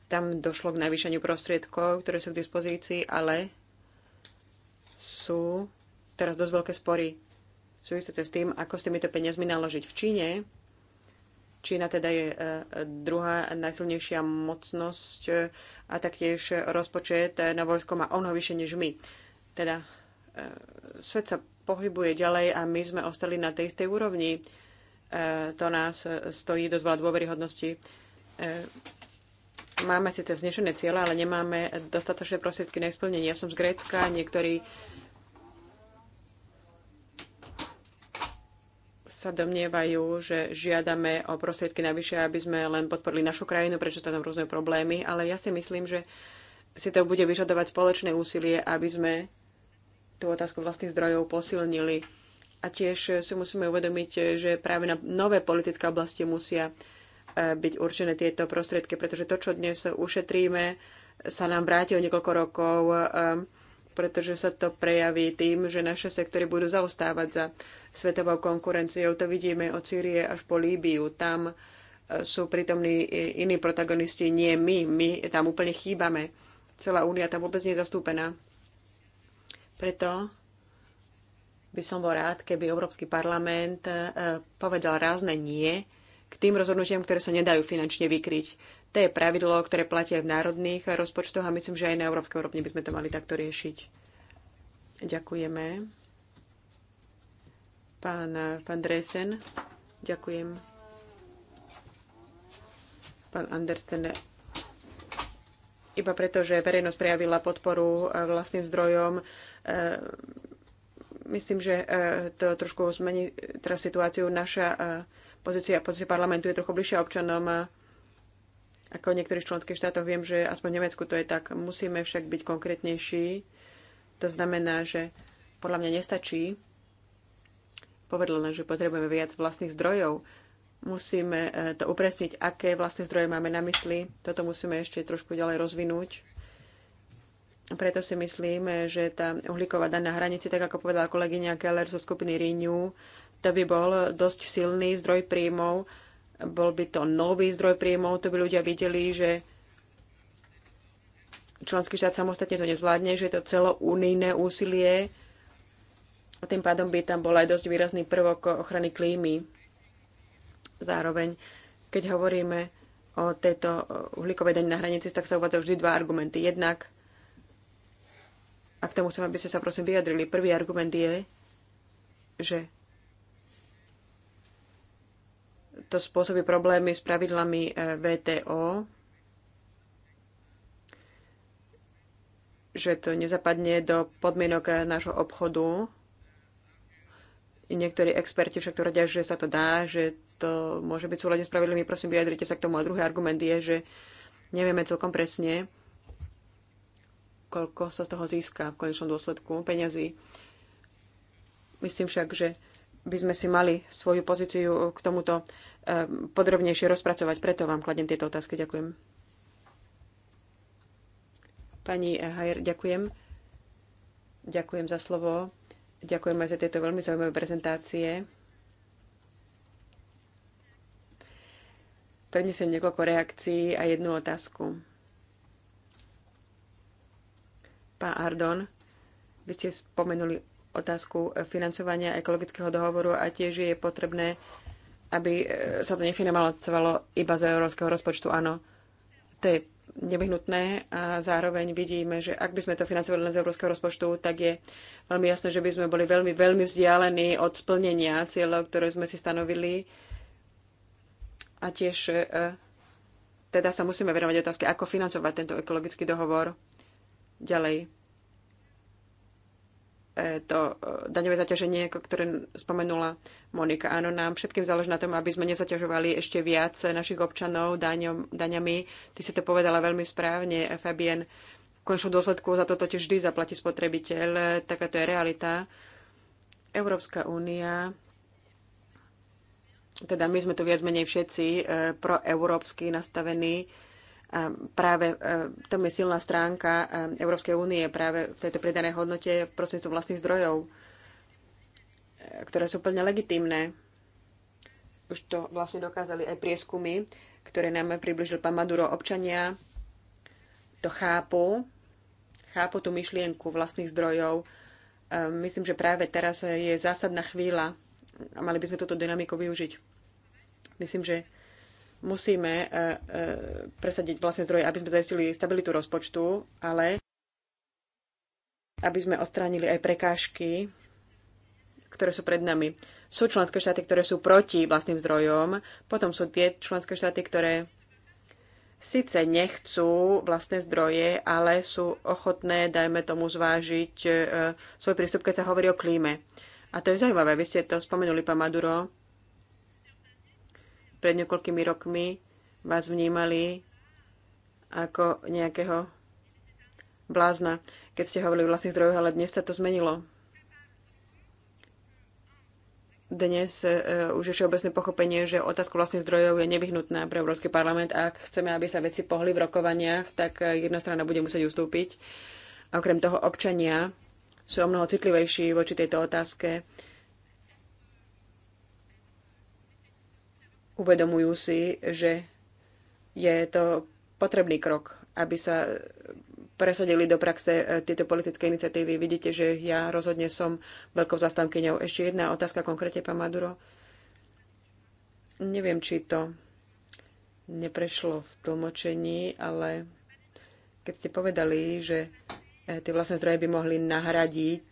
[SPEAKER 2] tam došlo k navýšeniu prostriedkov, ktoré sú k dispozícii, ale sú teraz dosť veľké spory súvisiace s tým, ako s týmito peniazmi naložiť v Číne. Čína teda je e, druhá najsilnejšia mocnosť e, a taktiež rozpočet e, na vojsko má o mnoho vyššie než my. Teda Svet sa pohybuje ďalej a my sme ostali na tej istej úrovni. E, to nás e, stojí dosť veľa dôveryhodnosti. E, máme síce znešené ciele, ale nemáme dostatočné prostriedky na splnenie. Ja som z Grécka, niektorí sa domnievajú, že žiadame o prostriedky navyše, aby sme len podporili našu krajinu, prečo tam rôzne problémy, ale ja si myslím, že si to bude vyžadovať spoločné úsilie, aby sme tú otázku vlastných zdrojov posilnili. A tiež si musíme uvedomiť, že práve na nové politické oblasti musia e, byť určené tieto prostriedky, pretože to, čo dnes ušetríme, sa nám vráti o niekoľko rokov, e, pretože sa to prejaví tým, že naše sektory budú zaostávať za svetovou konkurenciou. To vidíme od Sýrie až po Líbiu. Tam e, sú prítomní iní protagonisti, nie my. My tam úplne chýbame. Celá únia tam vôbec nie je zastúpená. Preto by som bol rád, keby Európsky parlament e, povedal rázne nie k tým rozhodnutiam, ktoré sa nedajú finančne vykryť. To je pravidlo, ktoré platia aj v národných rozpočtoch a myslím, že aj na európskej úrovni by sme to mali takto riešiť. Ďakujeme. Pán, pán Dresen, ďakujem. Pán Andersen, iba preto, že verejnosť prejavila podporu e, vlastným zdrojom, E, myslím, že e, to trošku zmení teraz situáciu. Naša e, pozícia, pozícia parlamentu je trochu bližšia občanom ako v niektorých členských štátoch. Viem, že aspoň v Nemecku to je tak. Musíme však byť konkrétnejší. To znamená, že podľa mňa nestačí povedlo len, že potrebujeme viac vlastných zdrojov. Musíme to upresniť, aké vlastné zdroje máme na mysli. Toto musíme ešte trošku ďalej rozvinúť. Preto si myslím, že tá uhlíková daň na hranici, tak ako povedala kolegyňa Keller zo skupiny Renew, to by bol dosť silný zdroj príjmov. Bol by to nový zdroj príjmov, to by ľudia videli, že členský štát samostatne to nezvládne, že je to celounijné úsilie. A tým pádom by tam bol aj dosť výrazný prvok ochrany klímy. Zároveň, keď hovoríme o tejto uhlíkovej daň na hranici, tak sa uvádzajú vždy dva argumenty. Jednak a k tomu chcem, aby ste sa prosím vyjadrili. Prvý argument je, že to spôsobí problémy s pravidlami e, VTO, že to nezapadne do podmienok e, nášho obchodu. Niektorí experti však tvrdia, že sa to dá, že to môže byť súľadne s pravidlami. Prosím, vyjadrite sa k tomu. A druhý argument je, že nevieme celkom presne, koľko sa z toho získa v konečnom dôsledku peňazí. Myslím však, že by sme si mali svoju pozíciu k tomuto eh, podrobnejšie rozpracovať. Preto vám kladem tieto otázky. Ďakujem. Pani Hajer, ďakujem. Ďakujem za slovo. Ďakujem aj za tieto veľmi zaujímavé prezentácie. Prednesem niekoľko reakcií a jednu otázku. Pán Ardon, vy ste spomenuli otázku financovania ekologického dohovoru a tiež je potrebné, aby e, sa to nefinancovalo iba z európskeho rozpočtu. Áno, to je nevyhnutné a zároveň vidíme, že ak by sme to financovali len z európskeho rozpočtu, tak je veľmi jasné, že by sme boli veľmi, veľmi vzdialení od splnenia cieľov, ktoré sme si stanovili. A tiež e, e, teda sa musíme venovať otázke, ako financovať tento ekologický dohovor. Ďalej, e, to e, daňové zaťaženie, ktoré spomenula Monika. Áno, nám všetkým záleží na tom, aby sme nezaťažovali ešte viac našich občanov daňom, daňami. Ty si to povedala veľmi správne, e, Fabien. V končnom dôsledku za to totiž vždy zaplatí spotrebiteľ. Taká to je realita. Európska únia, teda my sme tu viac menej všetci proeurópsky nastavení, práve e, v je silná stránka e, Európskej únie, práve v tejto pridanej hodnote prostredníctvom vlastných zdrojov, e, ktoré sú plne legitimné. Už to vlastne dokázali aj prieskumy, ktoré nám približil pán Maduro. Občania to chápu, chápu tú myšlienku vlastných zdrojov. Myslím, že práve teraz je zásadná chvíľa a mali by sme túto dynamiku využiť. Myslím, že Musíme e, e, presadiť vlastné zdroje, aby sme zaistili stabilitu rozpočtu, ale aby sme odstránili aj prekážky, ktoré sú pred nami. Sú členské štáty, ktoré sú proti vlastným zdrojom, potom sú tie členské štáty, ktoré síce nechcú vlastné zdroje, ale sú ochotné, dajme tomu, zvážiť e, svoj prístup, keď sa hovorí o klíme. A to je zaujímavé, vy ste to spomenuli, pán Maduro pred niekoľkými rokmi vás vnímali ako nejakého blázna, keď ste hovorili o vlastných zdrojoch, ale dnes sa to zmenilo. Dnes e, už je všeobecné pochopenie, že otázka vlastných zdrojov je nevyhnutná pre Európsky parlament a ak chceme, aby sa veci pohli v rokovaniach, tak e, jedna strana bude musieť ustúpiť. A okrem toho občania sú o mnoho citlivejší voči tejto otázke Uvedomujú si, že je to potrebný krok, aby sa presadili do praxe e, tieto politické iniciatívy. Vidíte, že ja rozhodne som veľkou zastankyňou. Ešte jedna otázka konkrétne, pán Maduro. Neviem, či to neprešlo v tlmočení, ale keď ste povedali, že e, tie vlastné zdroje by mohli nahradiť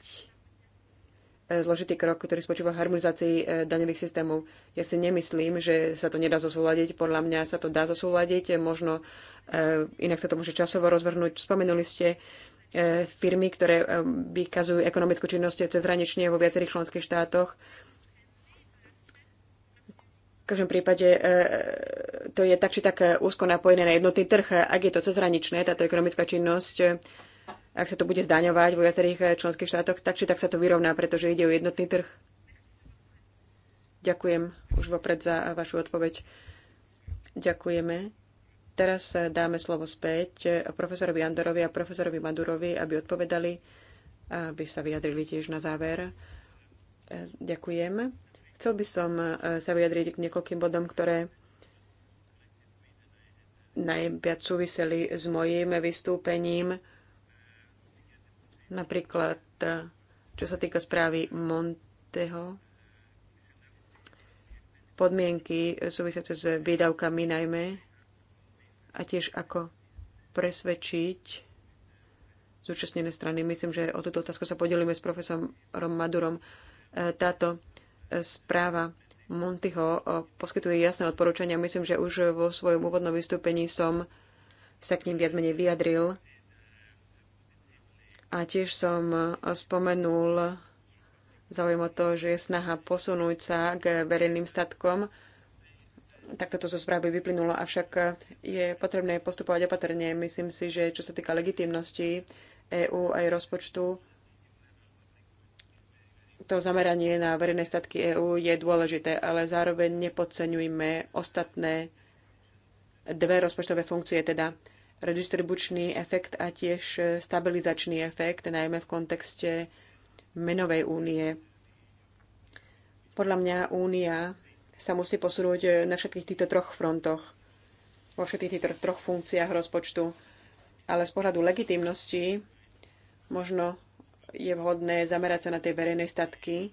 [SPEAKER 2] zložitý krok, ktorý spočíva v harmonizácii e, daňových systémov. Ja si nemyslím, že sa to nedá zosúľadiť. Podľa mňa sa to dá zosúľadiť. Možno e, inak sa to môže časovo rozvrhnúť. Spomenuli ste e, firmy, ktoré vykazujú ekonomickú činnosť cezhranične vo viacerých členských štátoch. V každom prípade to je tak či tak úzko napojené na jednotný trh. Ak je to cezhraničné, táto ekonomická činnosť, ak sa to bude zdaňovať vo viacerých eh, členských štátoch, tak či tak sa to vyrovná, pretože ide o jednotný trh. Ďakujem už vopred za eh, vašu odpoveď. Ďakujeme. Teraz eh, dáme slovo späť profesorovi Andorovi a profesorovi Madurovi, aby odpovedali, aby sa vyjadrili tiež na záver. Ďakujem. Chcel by som sa vyjadriť k niekoľkým bodom, ktoré najviac súviseli s mojím vystúpením Napríklad, eh, čo sa týka správy Monteho, podmienky súvisiace s výdavkami najmä a tiež ako presvedčiť zúčastnené strany. Myslím, že o túto otázku sa podelíme s profesorom Madurom. Eh, táto eh, správa Montyho poskytuje jasné odporúčania. Myslím, že už vo svojom úvodnom vystúpení som sa k ním viac menej vyjadril. A tiež som spomenul záujem o to, že je snaha posunúť sa k verejným statkom. tak toto zo správy vyplynulo, avšak je potrebné postupovať opatrne. Myslím si, že čo sa týka legitimnosti EÚ aj rozpočtu, to zameranie na verejné statky EÚ je dôležité, ale zároveň nepodceňujme ostatné dve rozpočtové funkcie, teda redistribučný efekt a tiež stabilizačný efekt, najmä v kontexte menovej únie. Podľa mňa únia sa musí posunúť na všetkých týchto troch frontoch, vo všetkých týchto troch funkciách rozpočtu. Ale z pohľadu legitimnosti možno je vhodné zamerať sa na tie verejné statky.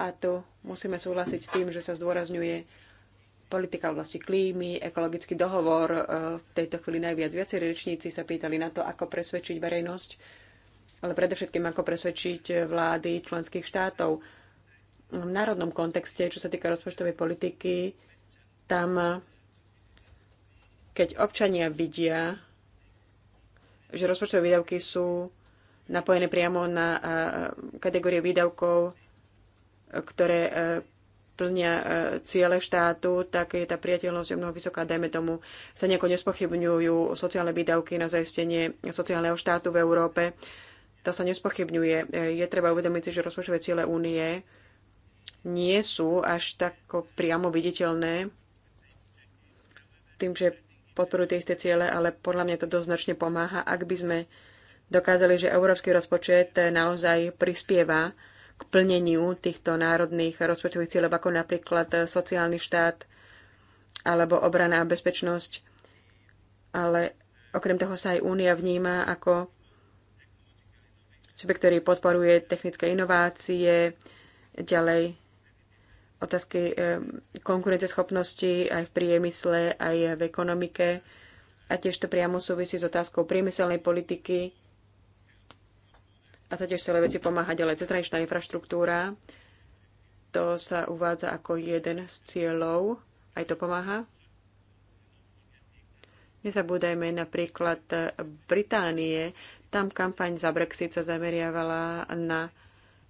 [SPEAKER 2] A tu musíme súhlasiť s tým, že sa zdôrazňuje politika v oblasti klímy, ekologický dohovor e, v tejto chvíli najviac. viacej rečníci sa pýtali na to, ako presvedčiť verejnosť, ale predovšetkým ako presvedčiť vlády členských štátov. V národnom kontexte, čo sa týka rozpočtovej politiky, tam, keď občania vidia, že rozpočtové výdavky sú napojené priamo na e, kategórie výdavkov, ktoré e, plnia e, ciele štátu, tak je tá priateľnosť o mnoho vysoká. Dajme tomu, sa nejako nespochybňujú sociálne výdavky na zaistenie sociálneho štátu v Európe. To sa nespochybňuje. E, je treba uvedomiť si, že rozpočtové ciele únie nie sú až tak priamo viditeľné tým, že podporujú tie isté ciele, ale podľa mňa to dosť značne pomáha, ak by sme dokázali, že európsky rozpočet naozaj prispieva k plneniu týchto národných rozpočtových cieľov, ako napríklad sociálny štát alebo obrana a bezpečnosť. Ale okrem toho sa aj Únia vníma ako subjekt, ktorý podporuje technické inovácie, ďalej otázky eh, konkurenceschopnosti aj v priemysle, aj v ekonomike. A tiež to priamo súvisí s otázkou priemyselnej politiky, a to tiež celé veci pomáhať ďalej. Cezhraničná infraštruktúra, to sa uvádza ako jeden z cieľov, aj to pomáha. Nezabúdajme napríklad Británie, tam kampaň za Brexit sa zameriavala na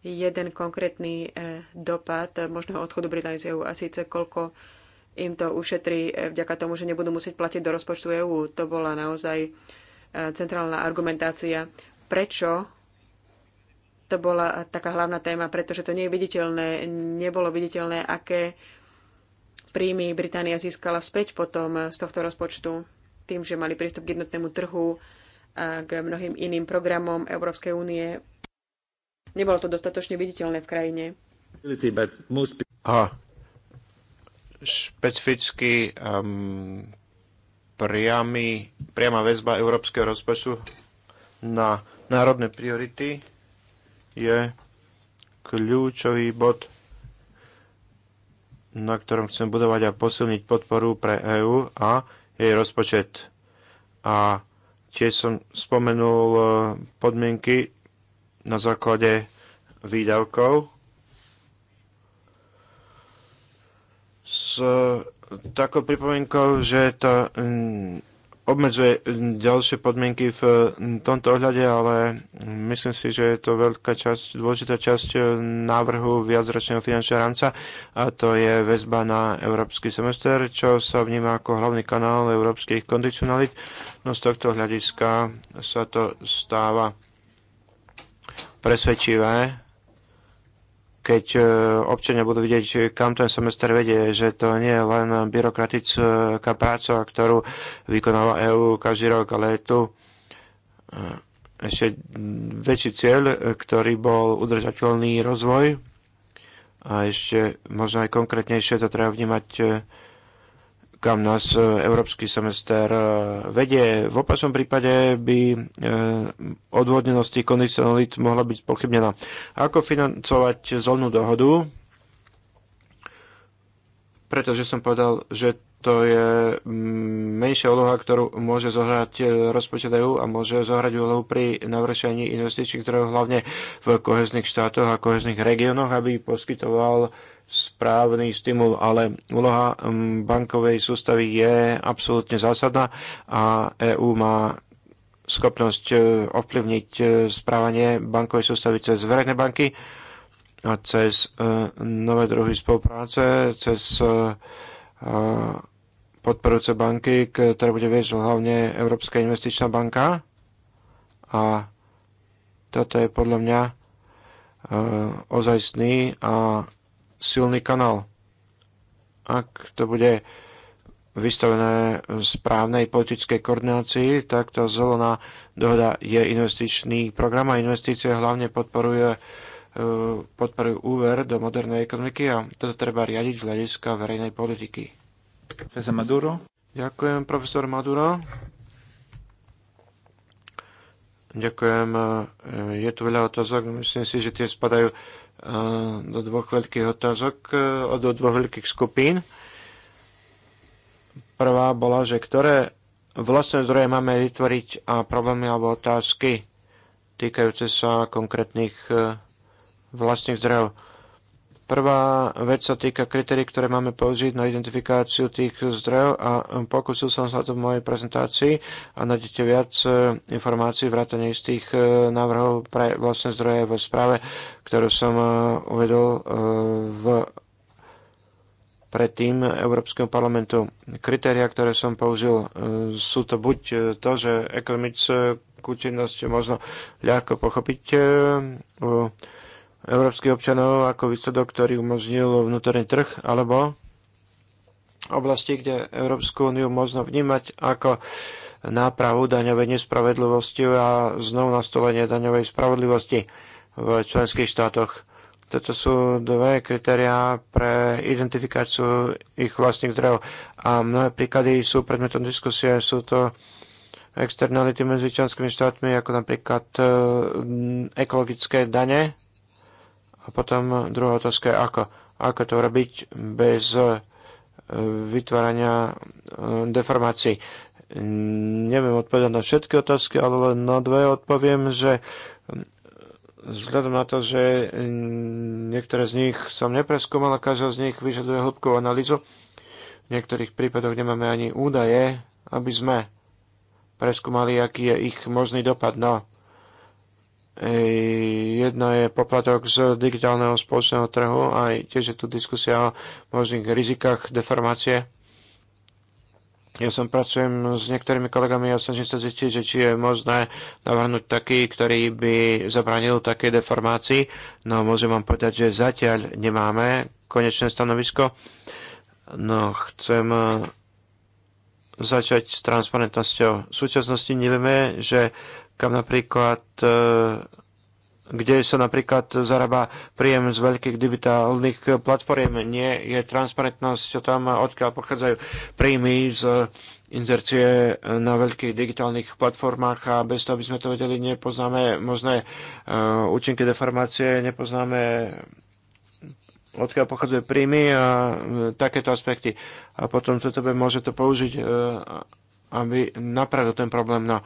[SPEAKER 2] jeden konkrétny eh, dopad možného odchodu Británie z EU a síce koľko im to ušetrí eh, vďaka tomu, že nebudú musieť platiť do rozpočtu EÚ. To bola naozaj eh, centrálna argumentácia, prečo to bola taká hlavná téma, pretože to nie je viditeľné, nebolo viditeľné, aké príjmy Británia získala späť potom z tohto rozpočtu, tým, že mali prístup k jednotnému trhu a k mnohým iným programom Európskej únie. Nebolo to dostatočne viditeľné v krajine.
[SPEAKER 3] A
[SPEAKER 1] špecificky um, priamy, priama väzba európskeho rozpočtu na národné priority je kľúčový bod, na ktorom chcem budovať a posilniť podporu pre EÚ a jej rozpočet. A tiež som spomenul e, podmienky na základe výdavkov s takou pripomienkou, že to mm, obmedzuje eh, ďalšie podmienky v eh, tomto ohľade, ale myslím si, že je to veľká časť, dôležitá časť eh, návrhu viacročného finančného rámca a to je väzba na európsky semester, čo sa vníma ako hlavný kanál európskych kondicionalit. No z tohto hľadiska sa to stáva presvedčivé keď e, občania budú vidieť, kam ten semester vedie, že to nie je len byrokratická práca, ktorú vykonáva EÚ každý rok, ale je tu e, ešte väčší cieľ, ktorý bol udržateľný rozvoj a ešte možno aj konkrétnejšie to treba vnímať e, kam nás e, európsky semester e, vedie. V opačnom prípade by e, odvodnenosti kondicionalit mohla byť pochybnená. Ako financovať zónu dohodu? Pretože som povedal, že to je menšia úloha, ktorú môže zohrať rozpočet EU a môže zohrať úlohu pri navršení investičných zdrojov, hlavne v kohezných štátoch a kohezných regiónoch, aby poskytoval uh, správny stimul, ale úloha bankovej sústavy je absolútne zásadná a EÚ má schopnosť e, ovplyvniť e, správanie bankovej sústavy cez verejné banky a cez e, nové druhy spolupráce, cez podporujúce banky, ktoré bude viesť hlavne Európska investičná banka. A toto je podľa mňa ozajstný a silný kanál. Ak to bude vystavené správnej politickej koordinácii, tak tá zelená dohoda je investičný program a investície hlavne podporuje e, podporujú úver do modernej ekonomiky a toto treba riadiť z hľadiska verejnej politiky. Profesor Maduro. Ďakujem, profesor Maduro. Ďakujem. E, je tu veľa otázok. Myslím si, že tie spadajú do dvoch veľkých otázok, e, do dvoch veľkých skupín. Prvá bola, že ktoré vlastné zdroje máme vytvoriť a problémy alebo otázky týkajúce sa konkrétnych e, vlastných zdrojov Prvá vec sa týka kritérií, ktoré máme použiť na identifikáciu tých zdrojov a pokusil som sa to v mojej prezentácii a nájdete viac e, informácií vrátane z tých e, návrhov pre vlastné zdroje v správe, ktorú som e, uvedol v predtým Európskeho parlamentu. Kritéria, ktoré som použil, sú to buď to, že ekonomickú činnosť možno ľahko pochopiť európskych občanov ako výsledok, ktorý umožnil vnútorný trh, alebo oblasti, kde Európsku úniu možno vnímať ako nápravu daňovej nespravedlivosti a znovu nastolenie daňovej spravodlivosti v členských štátoch. Toto sú dve kritériá pre identifikáciu ich vlastných zdrojov. A mnohé príklady sú predmetom diskusie. Sú to externality medzi členskými štátmi, ako napríklad e, ekologické dane, a potom druhá otázka je ako. Ako to robiť bez e, vytvárania e, deformácií. Neviem odpovedať na všetky otázky, ale na dve odpoviem, že e, vzhľadom na to, že niektoré z nich som nepreskúmal a každá z nich vyžaduje hĺbkovú analýzu, v niektorých prípadoch nemáme ani údaje, aby sme preskúmali, aký je ich možný dopad. No, Jedno je poplatok z digitálneho spoločného trhu a tiež je tu diskusia o možných rizikách deformácie. Ja som pracujem s niektorými kolegami a snažím sa zistiť, že či je možné navrhnúť taký, ktorý by zabranil také deformácii. No môžem vám povedať, že zatiaľ nemáme konečné stanovisko. No chcem e, začať s transparentnosťou. V súčasnosti nevieme, že kam napríklad e, kde sa napríklad zarába príjem z veľkých digitálnych platform. Nie je transparentnosť tam, odkiaľ pochádzajú príjmy z inzercie na veľkých digitálnych platformách a bez toho, aby sme to vedeli, nepoznáme možné e, účinky deformácie, nepoznáme odkiaľ pochádzajú príjmy a e, takéto aspekty. A potom CCB môže to použiť, aby napravil ten problém. No,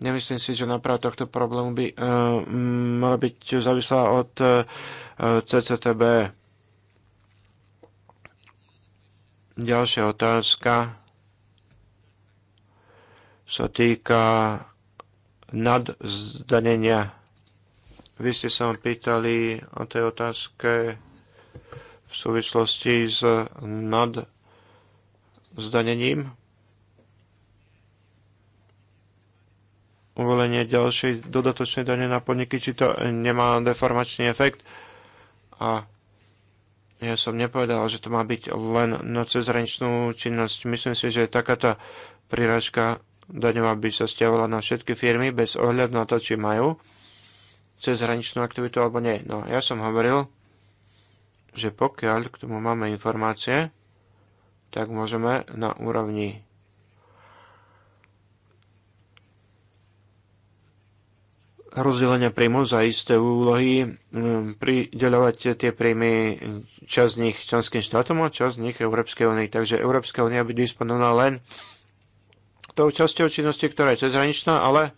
[SPEAKER 1] Nemyslím si, že náprava tohto problému by e, mala byť závislá od e, CCTB. Ďalšia otázka sa týka nadzdanenia. Vy ste sa vám pýtali o tej otázke v súvislosti s nadzdanením. uvolenie ďalšej dodatočnej dane na podniky, či to nemá deformačný efekt. A ja som nepovedal, že to má byť len na cezhraničnú činnosť. Myslím si, že takáto príražka daňová by sa stiahovala na všetky firmy bez ohľadu na to, či majú cezhraničnú aktivitu alebo nie. No, ja som hovoril, že pokiaľ k tomu máme informácie, tak môžeme na úrovni rozdelenia príjmu za isté úlohy um, prideľovať tie príjmy časť z nich členským štátom a časť z nich Európskej únii. Takže Európska únia by disponovala len tou časťou činnosti, ktorá je cezhraničná, ale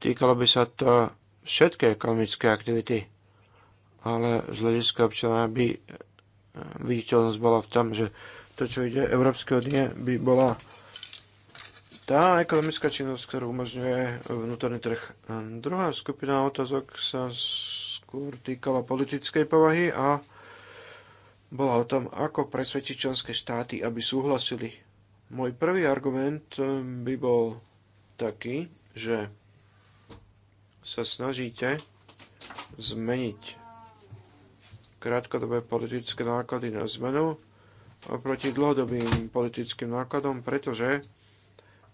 [SPEAKER 1] týkalo by sa to všetké ekonomické aktivity. Ale z hľadiska občana by um, viditeľnosť bola v tom, že to, čo ide Európskej únie, by bola tá ekonomická činnosť, ktorú umožňuje eh, vnútorný trh. Hm, druhá skupina otázok sa skôr týkala politickej povahy a bola o tom, ako presvedčiť členské štáty, aby súhlasili. Môj prvý argument hm, by bol taký, že sa snažíte zmeniť krátkodobé politické náklady na zmenu oproti dlhodobým politickým nákladom, pretože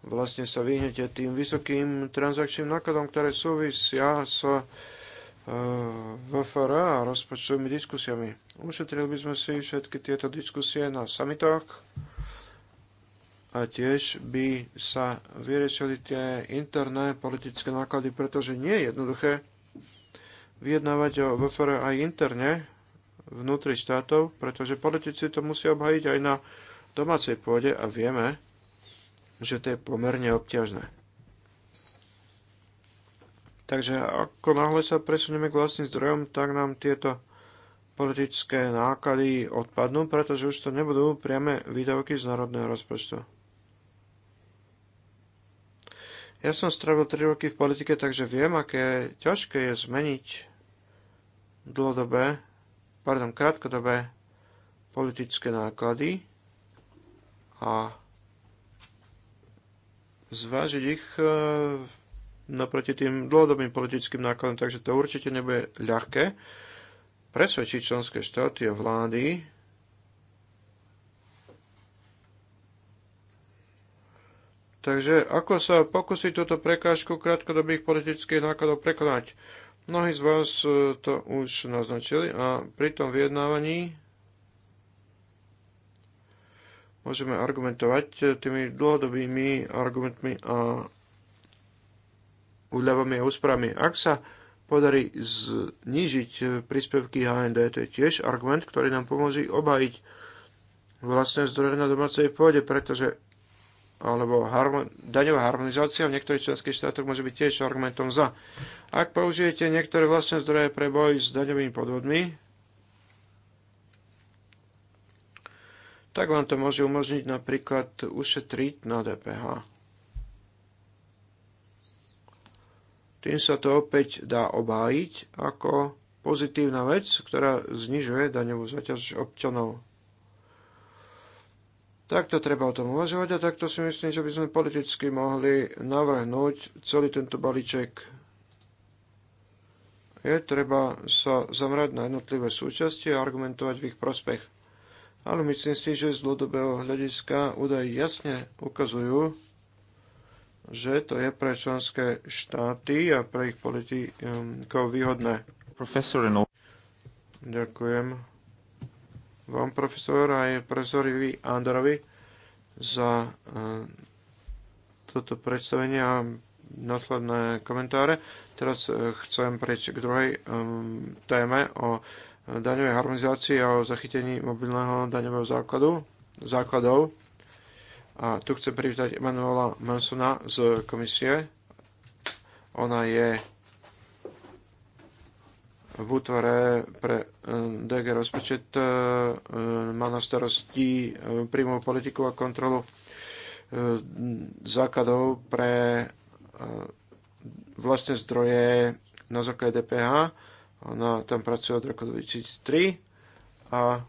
[SPEAKER 1] vlastne sa vyhnete tým vysokým transakčným nákladom, ktoré súvisia s e, VFR a rozpočtovými diskusiami. Ušetrili by sme si všetky tieto diskusie na samitoch a tiež by sa vyriešili tie interné politické náklady, pretože nie je jednoduché vyjednávať o VFR aj interne vnútri štátov, pretože politici to musia obhajiť aj na domácej pôde a vieme, že to je pomerne obťažné. Takže ako náhle sa presuneme k vlastným zdrojom, tak nám tieto politické náklady odpadnú, pretože už to nebudú priame výdavky z národného rozpočtu. Ja som strávil 3 roky v politike, takže viem, aké ťažké je zmeniť dlhodobé, pardon, krátkodobé politické náklady a zvážiť ich e, naproti tým dlhodobým politickým nákladom, takže to určite nebude ľahké presvedčiť členské štáty a vlády, Takže ako sa pokúsiť túto prekážku krátkodobých politických nákladov prekonať? Mnohí z vás e, to už naznačili a pri tom vyjednávaní môžeme argumentovať e, tými dlhodobými argumentmi a úľavami a úsporami. Ak sa podarí znížiť e, príspevky HND, to je tiež argument, ktorý nám pomôže obhajiť vlastné zdroje na domácej pôde, pretože alebo harmon, daňová harmonizácia v niektorých členských štátoch môže byť tiež argumentom za. Ak použijete niektoré vlastné zdroje pre boj s daňovými podvodmi, tak vám to môže umožniť napríklad ušetriť na DPH. Tým sa to opäť dá obájiť ako pozitívna vec, ktorá znižuje daňovú zaťaž občanov. Takto treba o tom uvažovať a takto si myslím, že by sme politicky mohli navrhnúť celý tento balíček. Je treba sa zamerať na jednotlivé súčasti a argumentovať v ich prospech ale myslím si, že z dlhodobého hľadiska údaj jasne ukazujú, že to je pre členské štáty a pre ich politikov výhodné. Profesor, no. Ďakujem vám, profesor, aj profesorovi Andorovi za eh, toto predstavenie a následné komentáre. Teraz eh, chcem prejsť k druhej eh, téme o daňovej harmonizácii a o zachytení mobilného daňového základu, základov. A tu chcem privítať Emanuela Mansona z komisie. Ona je v útvare pre eh, DG rozpočet eh, má na starosti eh, príjmovú politiku a kontrolu základov pre vlastné zdroje na základe DPH ona tam pracuje od roku 2003 a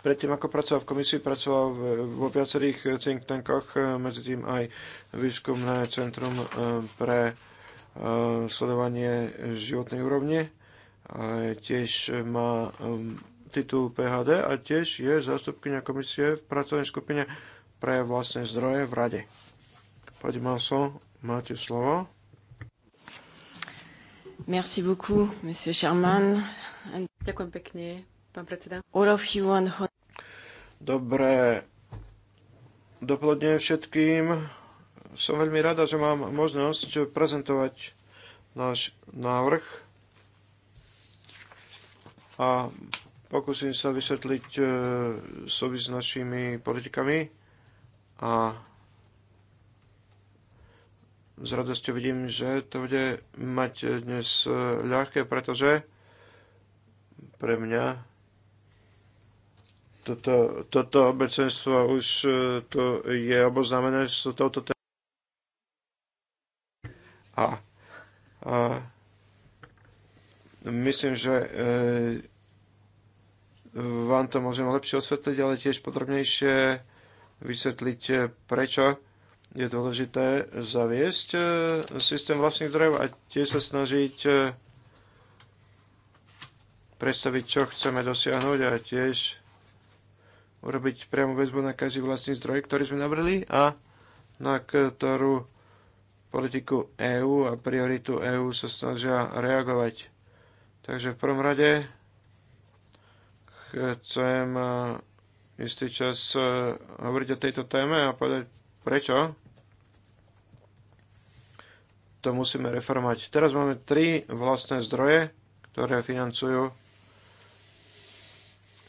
[SPEAKER 1] predtým ako pracovala v komisii, pracovala vo viacerých think tankoch, eh, medzi tým aj výskumné centrum eh, pre eh, sledovanie životnej úrovne. Tiež má titul PHD a tiež je zástupkynia komisie v pracovnej skupine pre vlastné zdroje v rade. Pani Maso, máte slovo.
[SPEAKER 2] Merci beaucoup, monsieur Sherman. Ďakujem pekne, pán predseda. All of you
[SPEAKER 1] Dobré dopoludne všetkým. Som veľmi rada, že mám možnosť prezentovať náš návrh a pokúsim sa vysvetliť eh, súvisť s našimi politikami a s radosťou vidím, že to bude mať dnes ľahké, pretože pre mňa toto, toto obecenstvo už to je oboznamené s touto témou. A, a myslím, že e, vám to môžem lepšie osvetliť, ale tiež podrobnejšie vysvetliť, e, prečo je dôležité zaviesť e, systém vlastných zdrojov a tiež sa snažiť e, predstaviť, čo chceme dosiahnuť a tiež urobiť priamu väzbu na každý vlastný zdroj, ktorý sme navrli a na ktorú politiku EÚ a prioritu EÚ sa snažia reagovať. Takže v prvom rade chcem e, istý čas hovoriť o tejto téme a povedať Prečo? To musíme reformovať. Teraz máme tri vlastné zdroje, ktoré financujú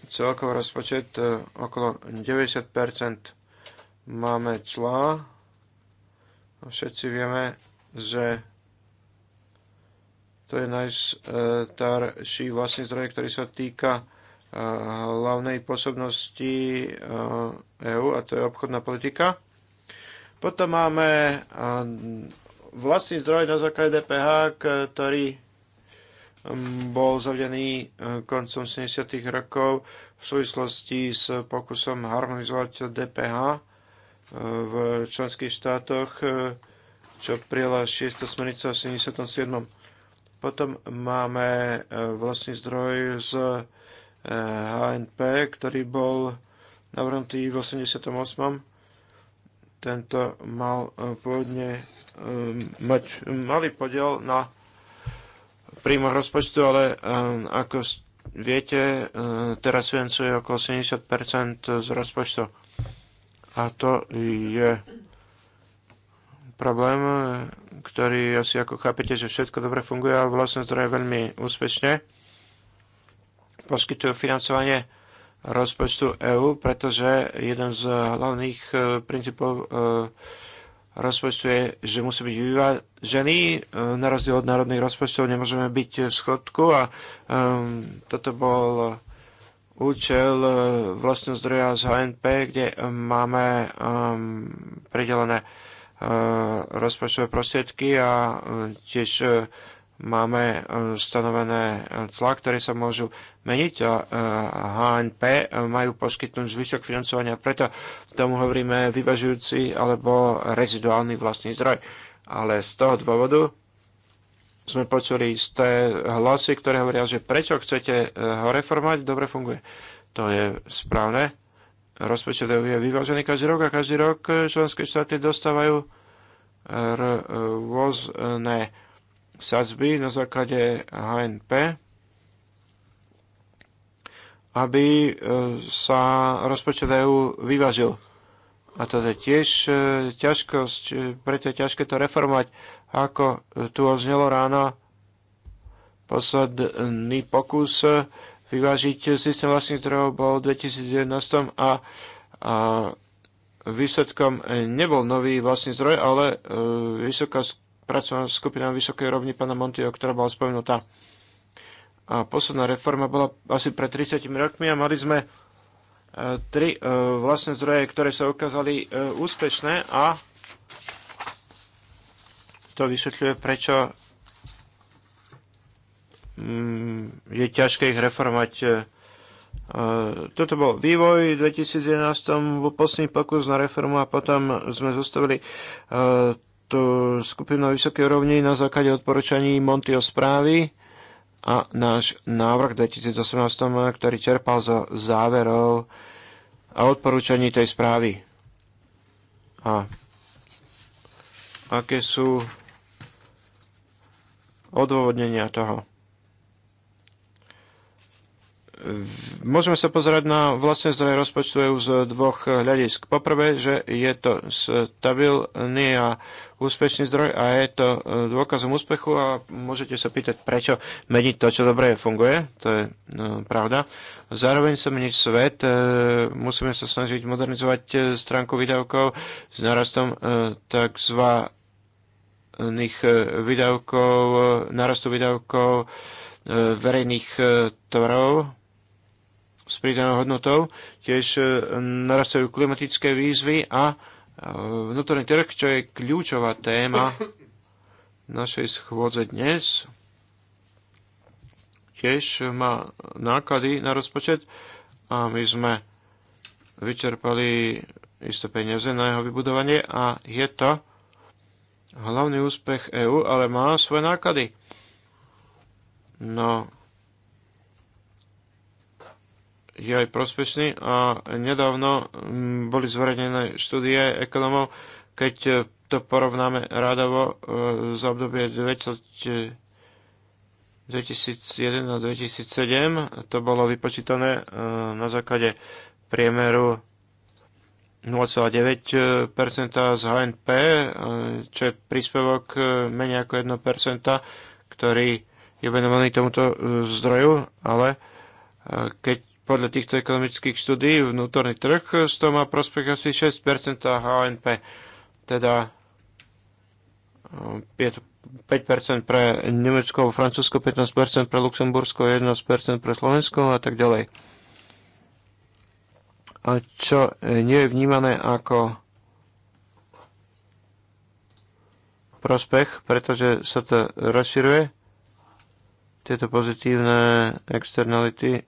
[SPEAKER 1] celkový rozpočet e, okolo 90%. Máme clá. Všetci vieme, že to je najstarší vlastný zdroj, ktorý sa týka e, hlavnej pôsobnosti EÚ e a to je obchodná politika. Potom máme vlastný zdroj na základe DPH, ktorý bol zavedený e, koncom 70. rokov v súvislosti s pokusom harmonizovať DPH e, v členských štátoch, e, čo prijela 6. smernica v 77. Potom máme vlastný zdroj z HNP, ktorý bol navrhnutý v 88 tento mal e, pôvodne e, mať malý podiel na príjmoch rozpočtu, ale e, ako viete, teraz financuje okolo 70% z rozpočtu. A to je problém, ktorý asi ako chápete, že všetko dobre funguje a vlastné zdroje veľmi úspešne poskytujú financovanie rozpočtu EÚ, pretože jeden z hlavných e, princípov e, rozpočtu je, že musí byť vyvážený. E, na rozdiel od národných rozpočtov nemôžeme byť v schodku a um, toto bol účel vlastného zdroja z HNP, kde máme um, pridelené uh, rozpočtové prostriedky a tiež uh, máme stanovené clá, ktoré sa môžu meniť a HNP majú poskytnúť zvyšok financovania. Preto tomu hovoríme vyvažujúci alebo reziduálny vlastný zdroj. Ale z toho dôvodu sme počuli isté hlasy, ktoré hovoria, že prečo chcete e, ho reformovať, dobre funguje. To je správne. Rozpočet e je vyvážený každý rok a každý rok e, členské štáty dostávajú rôzne sadzby na základe HNP aby e, sa rozpočet EU vyvážil. A to je tiež e, ťažkosť, e, preto je ťažké to reformovať. Ako tu oznelo ráno, posledný pokus vyvážiť systém vlastných zdrojov bol v 2011 a, a výsledkom nebol nový vlastný zdroj, ale vysoká pracovná skupina vysokej rovni pána Montio, ktorá bola spomenutá. A posledná reforma bola asi pred 30 rokmi a mali sme e, tri e, vlastné zdroje, ktoré sa ukázali e, úspešné a to vysvetľuje, prečo mm, je ťažké ich reformať. Toto bol vývoj v 2011, bol posledný pokus na reformu a potom sme zostavili tú skupinu na vysokej úrovni na základe odporúčaní Montyho správy a náš návrh 2018, ktorý čerpal zo záverov a odporúčaní tej správy. A aké sú odôvodnenia toho? Môžeme sa pozerať na vlastné zdroje rozpočtu EU z dvoch hľadisk. Poprvé, že je to stabilný a úspešný zdroj a je to e, dôkazom úspechu a môžete sa pýtať, prečo meniť to, čo dobre funguje. To je no, pravda. Zároveň sa meniť svet. E, musíme sa snažiť modernizovať stránku výdavkov s narastom tzv. výdavkov, narastu výdavkov verejných tvarov, s pridanou hodnotou, tiež e, narastajú klimatické výzvy a e, vnútorný trh, čo je kľúčová téma našej schôdze dnes, tiež má náklady na rozpočet a my sme vyčerpali isté peniaze na jeho vybudovanie a je to hlavný úspech EÚ, ale má svoje náklady. No, je aj prospešný a nedávno mm, boli zverejnené štúdie ekonomov, keď e, to porovnáme rádovo e, z obdobie 2001 a 2007, to bolo vypočítané e, na základe priemeru 0,9% z HNP, čo je príspevok menej ako 1%, ktorý je venovaný tomuto zdroju, ale keď podľa týchto ekonomických štúdí vnútorný trh z toho má prospech asi 6% HNP. Teda 5% eh, pre Nemecko, Francúzsko, 15% pre Luxembursko, 11% pre Slovensko a tak ďalej. A čo eh, nie je vnímané ako prospech, pretože sa to rozširuje, tieto pozitívne externality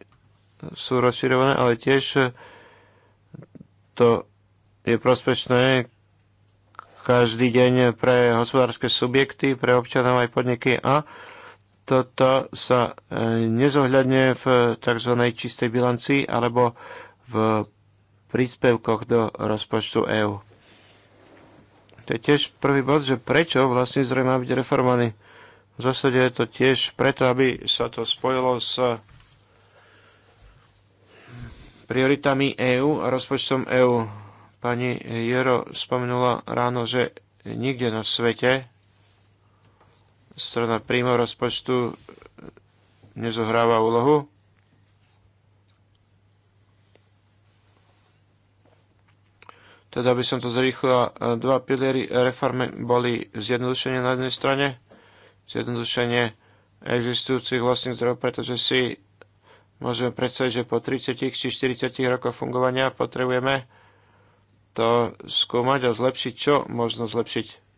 [SPEAKER 1] sú rozširované, ale tiež to je prospešné každý deň pre hospodárske subjekty, pre občanov aj podniky a toto sa e, nezohľadne v tzv. čistej bilanci alebo v príspevkoch do rozpočtu EÚ. To je tiež prvý bod, že prečo vlastne zdroj má byť reformovaný. V zásade je to tiež preto, aby sa to spojilo s prioritami EÚ a rozpočtom EÚ. Pani Jero spomenula ráno, že nikde na svete strana príjmov rozpočtu nezohráva úlohu. Teda by som to zrýchla. Dva piliery reformy boli zjednodušenie na jednej strane, zjednodušenie existujúcich vlastných zdrojov, pretože si môžeme predstaviť, že po 30 či 40 rokoch fungovania potrebujeme to skúmať a zlepšiť, čo možno zlepšiť.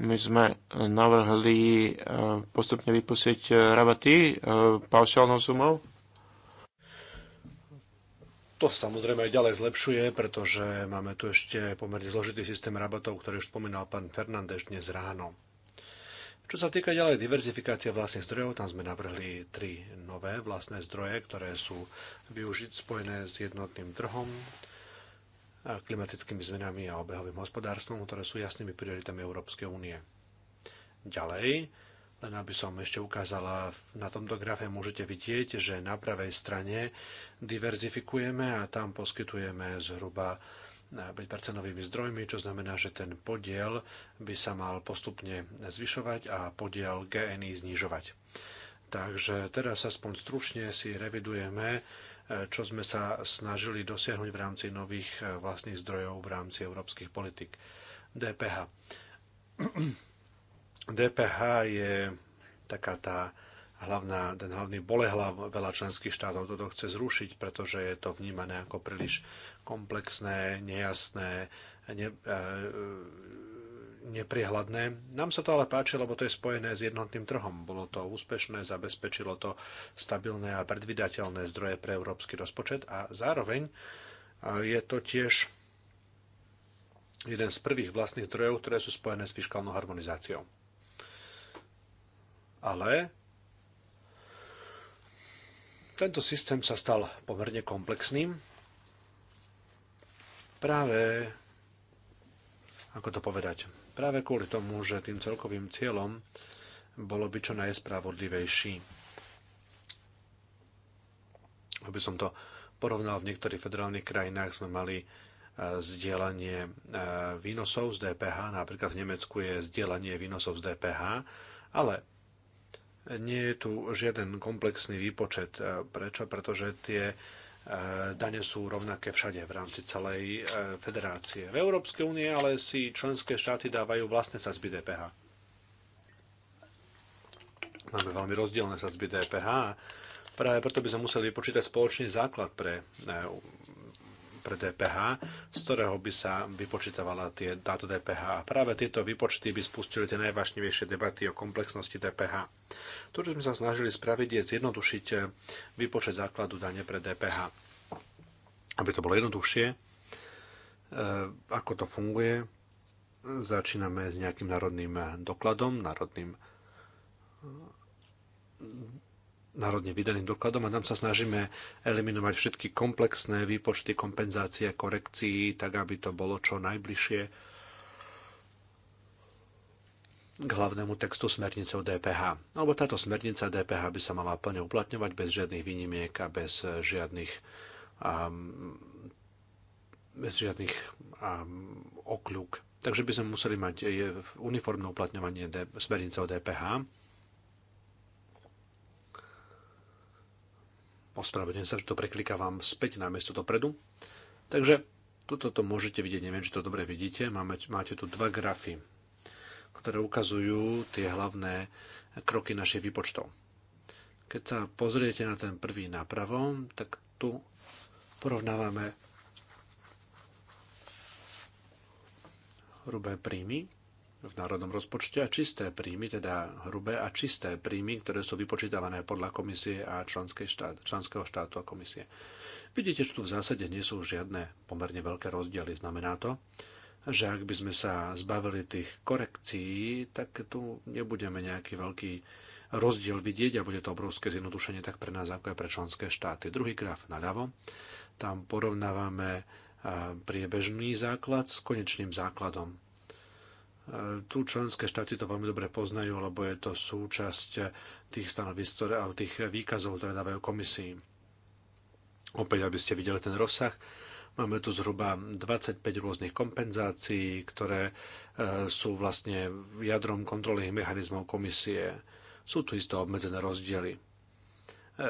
[SPEAKER 1] My sme navrhli e, postupne vypustiť e, rabaty e, paušálnou sumou.
[SPEAKER 3] To samozrejme aj ďalej zlepšuje, pretože máme tu ešte pomerne zložitý systém rabatov, ktorý už spomínal pán Fernández dnes ráno. Čo sa týka ďalej diverzifikácie vlastných zdrojov, tam sme navrhli tri nové vlastné zdroje, ktoré sú využiť spojené s jednotným trhom, a klimatickými zmenami a obehovým hospodárstvom, ktoré sú jasnými prioritami Európskej únie. Ďalej, len aby som ešte ukázala, na tomto grafe môžete vidieť, že na pravej strane diverzifikujeme a tam poskytujeme zhruba 5-percenovými zdrojmi, čo znamená, že ten podiel by sa mal postupne zvyšovať a podiel GNI znižovať. Takže teraz aspoň stručne si revidujeme, e, čo sme sa snažili dosiahnuť v rámci nových e, vlastných zdrojov v rámci európskych politik. DPH. DPH je taká tá hlavná, ten hlavný bolehlav veľa členských štátov toto chce zrušiť, pretože je to vnímané ako príliš komplexné, nejasné, ne, e, e neprihľadné. Nám sa to ale páči, lebo to je spojené s jednotným trhom. Bolo to úspešné, zabezpečilo to stabilné a predvydateľné zdroje pre európsky rozpočet a zároveň e, je to tiež jeden z prvých vlastných zdrojov, ktoré sú spojené s fiskálnou harmonizáciou. Ale tento systém sa stal pomerne komplexným. Práve, ako to povedať, práve kvôli tomu, že tým celkovým cieľom bolo by čo najspravodlivejší. Aby som to porovnal, v niektorých federálnych krajinách sme mali e, zdieľanie e, výnosov z DPH, napríklad v Nemecku je zdieľanie výnosov z DPH, ale nie je tu žiaden komplexný výpočet. E, Prečo? Pretože tie e, dane sú rovnaké všade v rámci celej e, federácie. V Európskej únie ale si členské štáty dávajú vlastné sadzby DPH. Máme veľmi rozdielne sazby DPH, práve preto by sme museli počítať spoločný základ pre pre DPH, z ktorého by sa vypočítavala tie, táto DPH. A práve tieto výpočty by spustili tie najvážnejšie debaty o komplexnosti DPH. To, čo sme sa snažili spraviť, je zjednodušiť eh, výpočet základu dane pre DPH. Aby to bolo jednoduchšie, eh, ako to funguje, začíname s nejakým národným dokladom, národným národne vydaným dokladom a tam sa snažíme eliminovať všetky komplexné výpočty kompenzácie a korekcií, tak aby to bolo čo najbližšie k hlavnému textu smernice o DPH. Alebo táto smernica DPH by sa mala plne uplatňovať bez žiadnych výnimiek a bez žiadnych um, bez žiadnych um, okľúk. Takže by sme museli mať uniformné uplatňovanie smernice o DPH Ospravedlňujem sa, že to preklikávam späť na miesto dopredu. Takže toto to môžete vidieť, neviem, či to dobre vidíte. Máme, máte tu dva grafy, ktoré ukazujú tie hlavné kroky našich výpočtov. Keď sa pozriete na ten prvý napravo, tak tu porovnávame hrubé príjmy v národnom rozpočte a čisté príjmy, teda hrubé a čisté príjmy, ktoré sú vypočítavané podľa komisie a štát, členského štátu a komisie. Vidíte, že tu v zásade nie sú žiadne pomerne veľké rozdiely. Znamená to, že ak by sme sa zbavili tých korekcií, tak tu nebudeme nejaký veľký rozdiel vidieť a bude to obrovské zjednodušenie tak pre nás, ako aj pre členské štáty. Druhý graf naľavo, tam porovnávame priebežný základ s konečným základom E, tu členské štáty to veľmi dobre poznajú, lebo je to súčasť tých stanovisk a tých výkazov, ktoré dávajú komisii. Opäť, aby ste videli ten rozsah, máme tu zhruba 25 rôznych kompenzácií, ktoré e, sú vlastne jadrom kontrolných mechanizmov komisie. Sú tu isto obmedzené rozdiely. E,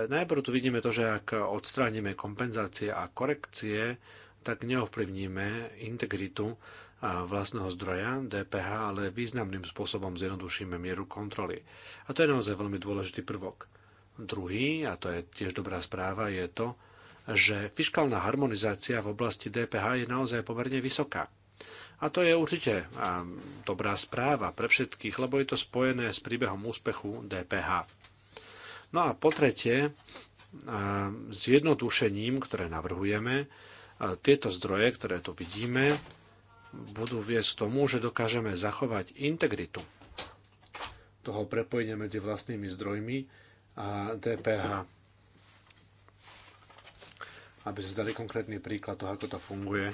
[SPEAKER 3] najprv tu vidíme to, že ak odstránime kompenzácie a korekcie, tak neovplyvníme integritu vlastného zdroja DPH, ale významným spôsobom zjednodušíme mieru kontroly. A to je naozaj veľmi dôležitý prvok. Druhý, a to je tiež dobrá správa, je to, že fiskálna harmonizácia v oblasti DPH je naozaj pomerne vysoká. A to je určite dobrá správa pre všetkých, lebo je to spojené s príbehom úspechu DPH. No a po tretie, zjednodušením, ktoré navrhujeme, tieto zdroje, ktoré tu vidíme, budú viesť tomu, že dokážeme zachovať integritu toho prepojenia medzi vlastnými zdrojmi a DPH. Aby sme zdali konkrétny príklad toho, ako to funguje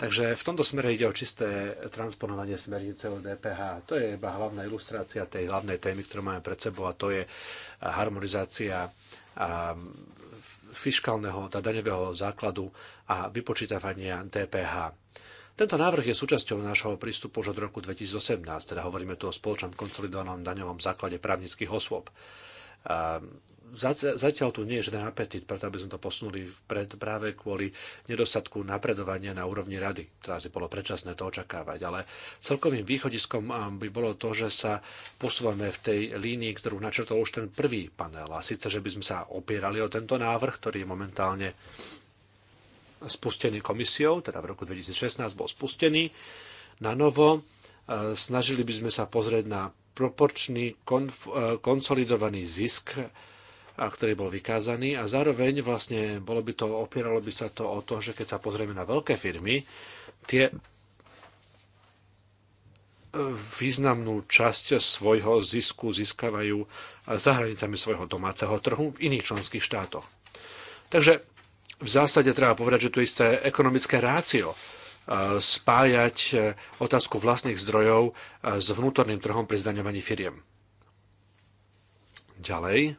[SPEAKER 3] Takže v tomto smere ide o čisté transponovanie smernice o DPH. To je iba hlavná ilustrácia tej hlavnej témy, ktorú máme pred sebou a to je harmonizácia fiskálneho, teda daňového základu a vypočítavania DPH. Tento návrh je súčasťou nášho prístupu už od roku 2018, teda hovoríme tu o spoločnom konsolidovanom daňovom základe právnických osôb zatiaľ tu nie je žiaden apetit, preto aby sme to posunuli vpred práve kvôli nedostatku napredovania na úrovni rady. Teraz je bolo predčasné to očakávať, ale celkovým východiskom by bolo to, že sa posúvame v tej línii, ktorú načrtol už ten prvý panel. A síce, že by sme sa opierali o tento návrh, ktorý je momentálne spustený komisiou, teda v roku 2016 bol spustený na novo. Snažili by sme sa pozrieť na proporčný konf- e, konsolidovaný zisk a ktorý bol vykázaný a zároveň vlastne bolo by to, opieralo by sa to o to, že keď sa pozrieme na veľké firmy, tie významnú časť svojho zisku získavajú za hranicami svojho domáceho trhu v iných členských štátoch. Takže v zásade treba povedať, že tu isté ekonomické rácio spájať e, otázku vlastných zdrojov e, s vnútorným trhom pri zdaňovaní firiem. Ďalej,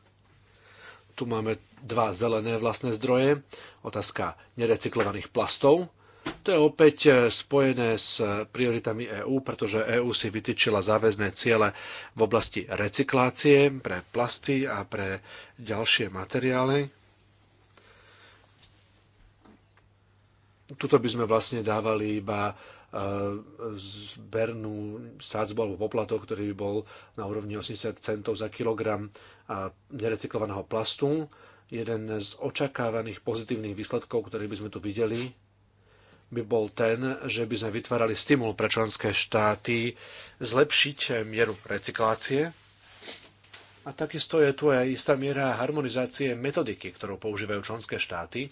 [SPEAKER 3] tu máme dva zelené vlastné zdroje. Otázka nerecyklovaných plastov. To je opäť e, spojené s prioritami EÚ, pretože EÚ si vytýčila záväzné ciele v oblasti recyklácie pre plasty a pre ďalšie materiály. Tuto by sme vlastne dávali iba Eh, zbernú sádzbu alebo poplatok, ktorý by bol na úrovni 80 centov za kilogram nerecyklovaného plastu. Jeden z očakávaných pozitívnych výsledkov, ktorý by sme tu videli, by bol ten, že by sme vytvárali stimul pre členské štáty zlepšiť mieru recyklácie. A takisto je tu aj istá miera harmonizácie metodiky, ktorú používajú členské štáty,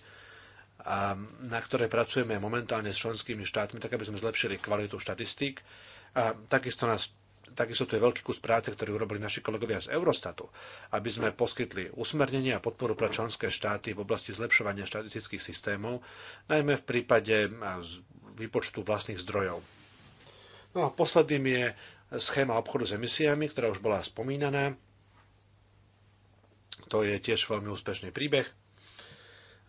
[SPEAKER 3] na ktoré pracujeme momentálne s členskými štátmi, tak aby sme zlepšili kvalitu štatistík. A takisto nás Takisto tu je veľký kus práce, ktorý urobili naši kolegovia z Eurostatu, aby sme poskytli usmernenie a podporu pre členské štáty v oblasti zlepšovania štatistických systémov, najmä v prípade výpočtu vlastných zdrojov. No a posledným je schéma obchodu s emisiami, ktorá už bola spomínaná. To je tiež veľmi úspešný príbeh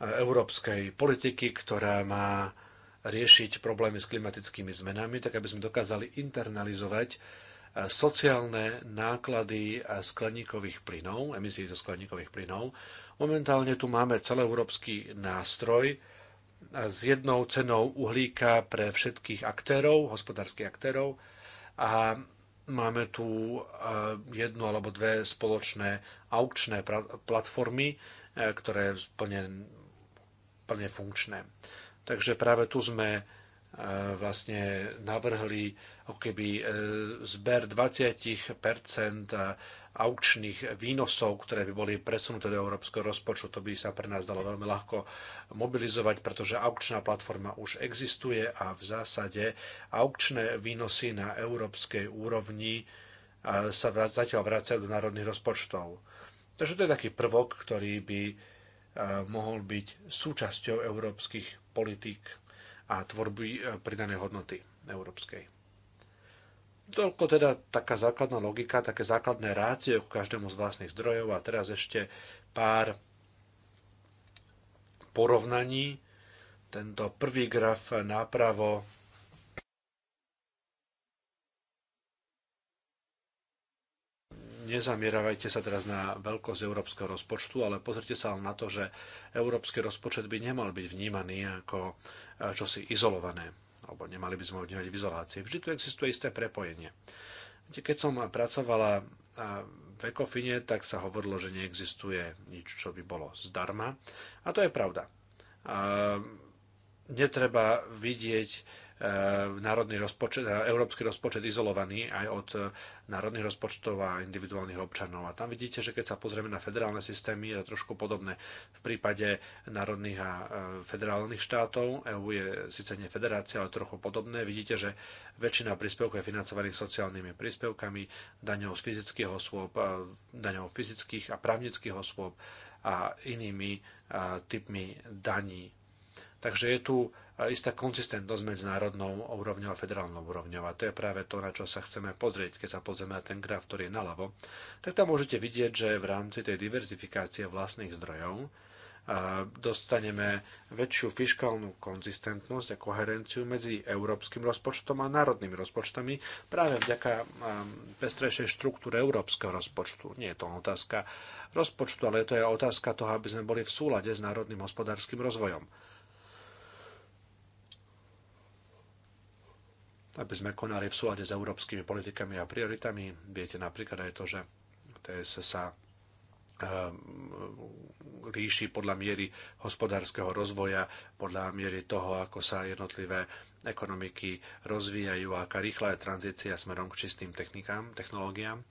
[SPEAKER 3] európskej politiky, ktorá má riešiť problémy s klimatickými zmenami, tak aby sme dokázali internalizovať eh, sociálne náklady eh, skleníkových plynov, emisí zo skleníkových plynov. Momentálne tu máme celoeurópsky nástroj eh, s jednou cenou uhlíka pre všetkých aktérov, hospodárskych aktérov a máme tu jednu alebo dve spoločné aukčné platformy, ktoré plne plne funkčné. Takže práve tu sme e, vlastne navrhli ako keby e, zber 20 e, aukčných výnosov, ktoré by boli presunuté do európskeho rozpočtu. To by sa pre nás dalo veľmi ľahko mobilizovať, pretože aukčná platforma už existuje a v zásade aukčné výnosy na európskej úrovni sa zatiaľ vracajú do národných rozpočtov. Takže to je taký prvok, ktorý by mohol byť súčasťou európskych politík a tvorby e, pridanej hodnoty európskej. Toľko teda taká základná logika, také základné rácie k každému z vlastných zdrojov a teraz ešte pár porovnaní. Tento prvý graf nápravo nezamieravajte sa teraz na veľkosť európskeho rozpočtu, ale pozrite sa na to, že európsky rozpočet by nemal byť vnímaný ako eh, čosi izolované, alebo nemali by sme ho vnímať v izolácii. Vždy tu existuje isté prepojenie. Keď som pracovala eh, v Ekofine, tak sa hovorilo, že neexistuje nič, čo by bolo zdarma. A to je pravda. Netreba vidieť národný rozpočet, eh, európsky rozpočet izolovaný aj od eh, národných rozpočtov a individuálnych občanov. A tam vidíte, že keď sa pozrieme na federálne systémy, je to trošku podobné. V prípade národných a eh, federálnych štátov, EU je síce nie federácia, ale trochu podobné, vidíte, že väčšina príspevkov je financovaných sociálnymi príspevkami, daňou z fyzických osôb, daňou fyzických a právnických osôb a inými typmi daní Takže je tu e, istá konzistentnosť medzi národnou úrovňou a federálnou úrovňou. A to je práve to, na čo sa chceme pozrieť. Keď sa pozrieme na ten graf, ktorý je naľavo, tak tam môžete vidieť, že v rámci tej diverzifikácie vlastných zdrojov e, dostaneme väčšiu fiskálnu konzistentnosť a koherenciu medzi európskym rozpočtom a národnými rozpočtami práve vďaka e, pestrejšej štruktúre európskeho rozpočtu. Nie je to otázka rozpočtu, ale to je otázka toho, aby sme boli v súlade s národným hospodárskym rozvojom. aby sme konali v súlade s európskymi politikami a prioritami. Viete napríklad aj to, že TS sa ehm, líši podľa miery hospodárskeho rozvoja, podľa miery toho, ako sa jednotlivé ekonomiky rozvíjajú, aká rýchla je tranzícia smerom k čistým technikám, technológiám.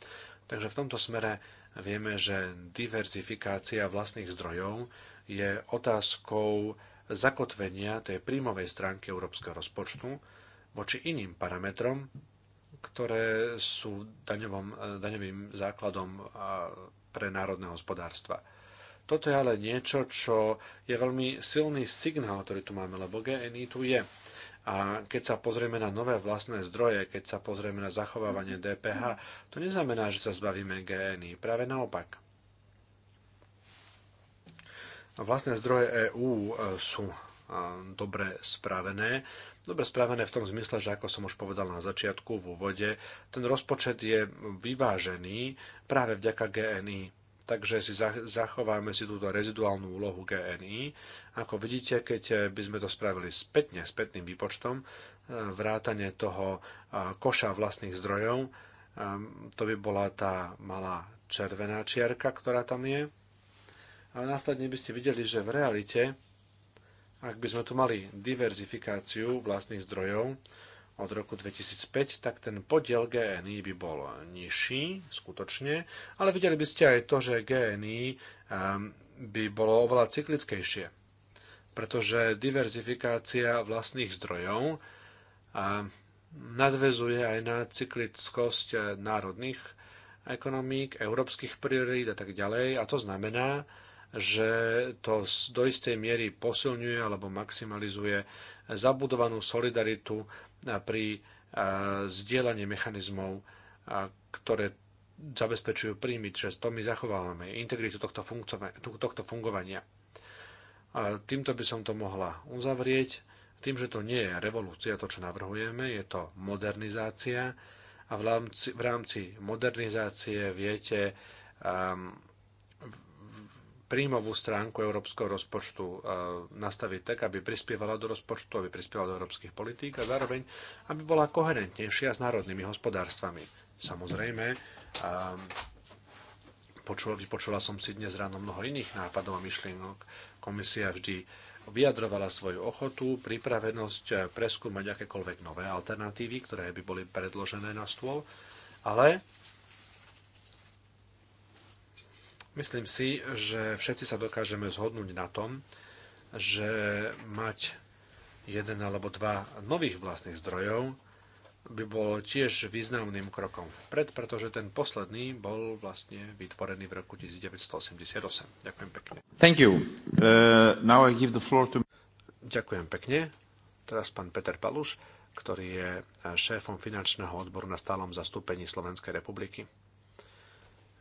[SPEAKER 3] Takže v tomto smere vieme, že diverzifikácia vlastných zdrojov je otázkou zakotvenia tej príjmovej stránky európskeho rozpočtu, voči iným parametrom, ktoré sú daňovom, e, daňovým základom e, pre národné hospodárstva. Toto je ale niečo, čo je veľmi silný signál, ktorý tu máme, lebo GNI tu je. A keď sa pozrieme na nové vlastné zdroje, keď sa pozrieme na zachovávanie DPH, to neznamená, že sa zbavíme GNI. Práve naopak. Vlastné zdroje EÚ e, sú dobre spravené dobre spravené v tom zmysle, že ako som už povedal na začiatku v úvode, ten rozpočet je vyvážený práve vďaka GNI. Takže si zachováme si túto reziduálnu úlohu GNI. Ako vidíte, keď eh, by sme to spravili spätne, spätným výpočtom, eh, vrátanie toho eh, koša vlastných zdrojov, to by bola tá malá červená čiarka, ktorá tam je. A následne by ste videli, že v realite ak by sme tu mali diverzifikáciu vlastných zdrojov od roku 2005, tak ten podiel GNI by bol nižší, skutočne, ale videli by ste aj to, že GNI ehm, by bolo oveľa cyklickejšie, pretože diverzifikácia vlastných zdrojov ehm, nadvezuje aj na cyklickosť eh, národných ekonomík, európskych priorít a tak ďalej. A to znamená, že to do istej miery posilňuje alebo maximalizuje zabudovanú solidaritu e, pri e, zdieľaní mechanizmov, e, ktoré zabezpečujú príjmy, že to my zachovávame, integritu tohto, tohto fungovania. A týmto by som to mohla uzavrieť, tým, že to nie je revolúcia, to, čo navrhujeme, je to modernizácia a v rámci, v rámci modernizácie viete um, príjmovú stránku európskeho rozpočtu eh, nastaviť tak, aby prispievala do rozpočtu, aby prispievala do európskych politík a zároveň, aby bola koherentnejšia s národnými hospodárstvami. Samozrejme, eh, počula, vypočula som si dnes ráno mnoho iných nápadov a myšlienok. Komisia vždy vyjadrovala svoju ochotu, pripravenosť eh, preskúmať akékoľvek nové alternatívy, ktoré by boli predložené na stôl, ale Myslím si, že všetci sa dokážeme zhodnúť na tom, že mať jeden alebo dva nových vlastných zdrojov by bol tiež významným krokom vpred, pretože ten posledný bol vlastne vytvorený v roku 1988. Ďakujem pekne. Thank you.
[SPEAKER 1] Uh, now I give the floor to...
[SPEAKER 3] Ďakujem pekne. Teraz pán Peter Paluš, ktorý je šéfom finančného odboru na stálom zastúpení Slovenskej republiky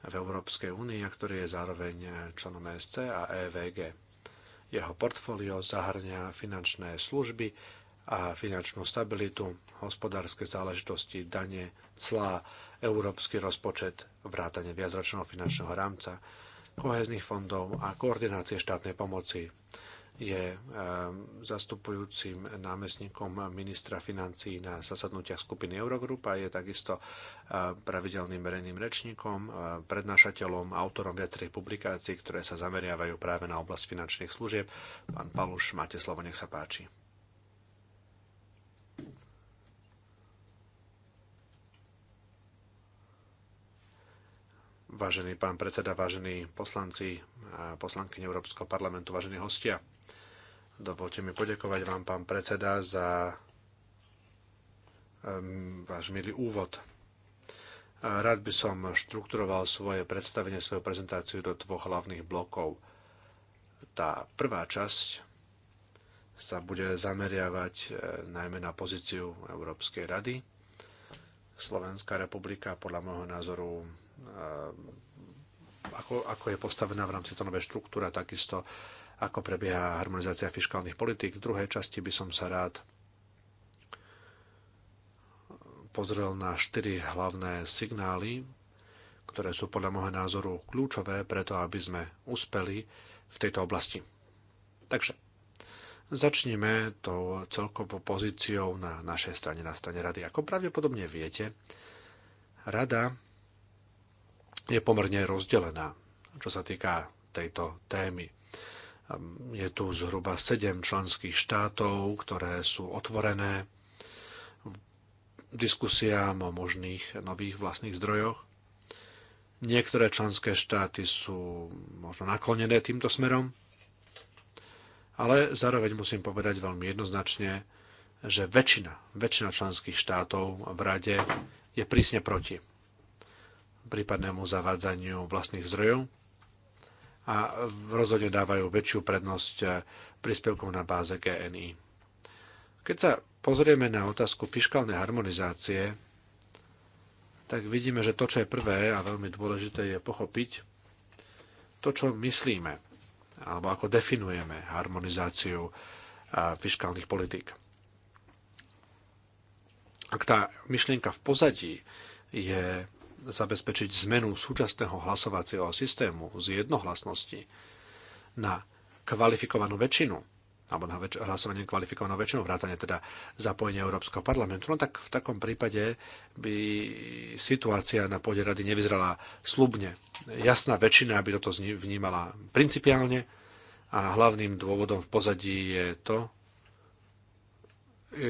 [SPEAKER 3] v Európskej únii a ktorý je zároveň členom ESC a EVG. Jeho portfólio zahrňa finančné služby a finančnú stabilitu, hospodárske záležitosti, dane, clá, európsky rozpočet, vrátanie viacročného finančného rámca, kohezných fondov a koordinácie štátnej pomoci je ehm, zastupujúcim námestníkom ministra financí na zasadnutiach skupiny Eurogrupa a je takisto ehm, pravidelným verejným rečníkom, ehm, prednášateľom, autorom viacerých publikácií, ktoré sa zameriavajú práve na oblasť finančných služieb. Pán Paluš, máte slovo, nech sa páči. Vážený pán predseda, vážení poslanci a poslankyne Európskeho parlamentu, vážení hostia, Dovolte mi poďakovať vám, pán predseda, za váš milý úvod. Rád by som štrukturoval svoje predstavenie, svoju prezentáciu do dvoch hlavných blokov. Tá prvá časť sa bude zameriavať e, najmä na pozíciu Európskej rady. Slovenská republika podľa môjho názoru e, ako, ako je postavená v rámci tej novej štruktúra, takisto ako prebieha harmonizácia fiskálnych politík. V druhej časti by som sa rád pozrel na štyri hlavné signály, ktoré sú podľa môjho názoru kľúčové preto, aby sme uspeli v tejto oblasti. Takže začneme tou celkovou pozíciou na našej strane, na strane rady. Ako pravdepodobne viete, rada je pomerne rozdelená, čo sa týka tejto témy. Je tu zhruba 7 členských štátov, ktoré sú otvorené diskusiám o možných nových vlastných zdrojoch. Niektoré členské štáty sú možno naklonené týmto smerom, ale zároveň musím povedať veľmi jednoznačne, že väčšina, väčšina členských štátov v Rade je prísne proti prípadnému zavádzaniu vlastných zdrojov a rozhodne dávajú väčšiu prednosť eh, príspevkom na báze GNI. Keď sa pozrieme na otázku fiskálnej harmonizácie, tak vidíme, že to, čo je prvé a veľmi dôležité, je pochopiť to, čo myslíme, alebo ako definujeme harmonizáciu eh, fiskálnych politík. Ak tá myšlienka v pozadí je zabezpečiť zmenu súčasného hlasovacieho systému z jednohlasnosti na kvalifikovanú väčšinu, alebo na väč- hlasovanie kvalifikovanou väčšinou, vrátane teda zapojenia Európskeho parlamentu, no tak v takom prípade by situácia na pôde rady nevyzerala slubne. Jasná väčšina by toto vnímala principiálne a hlavným dôvodom v pozadí je to,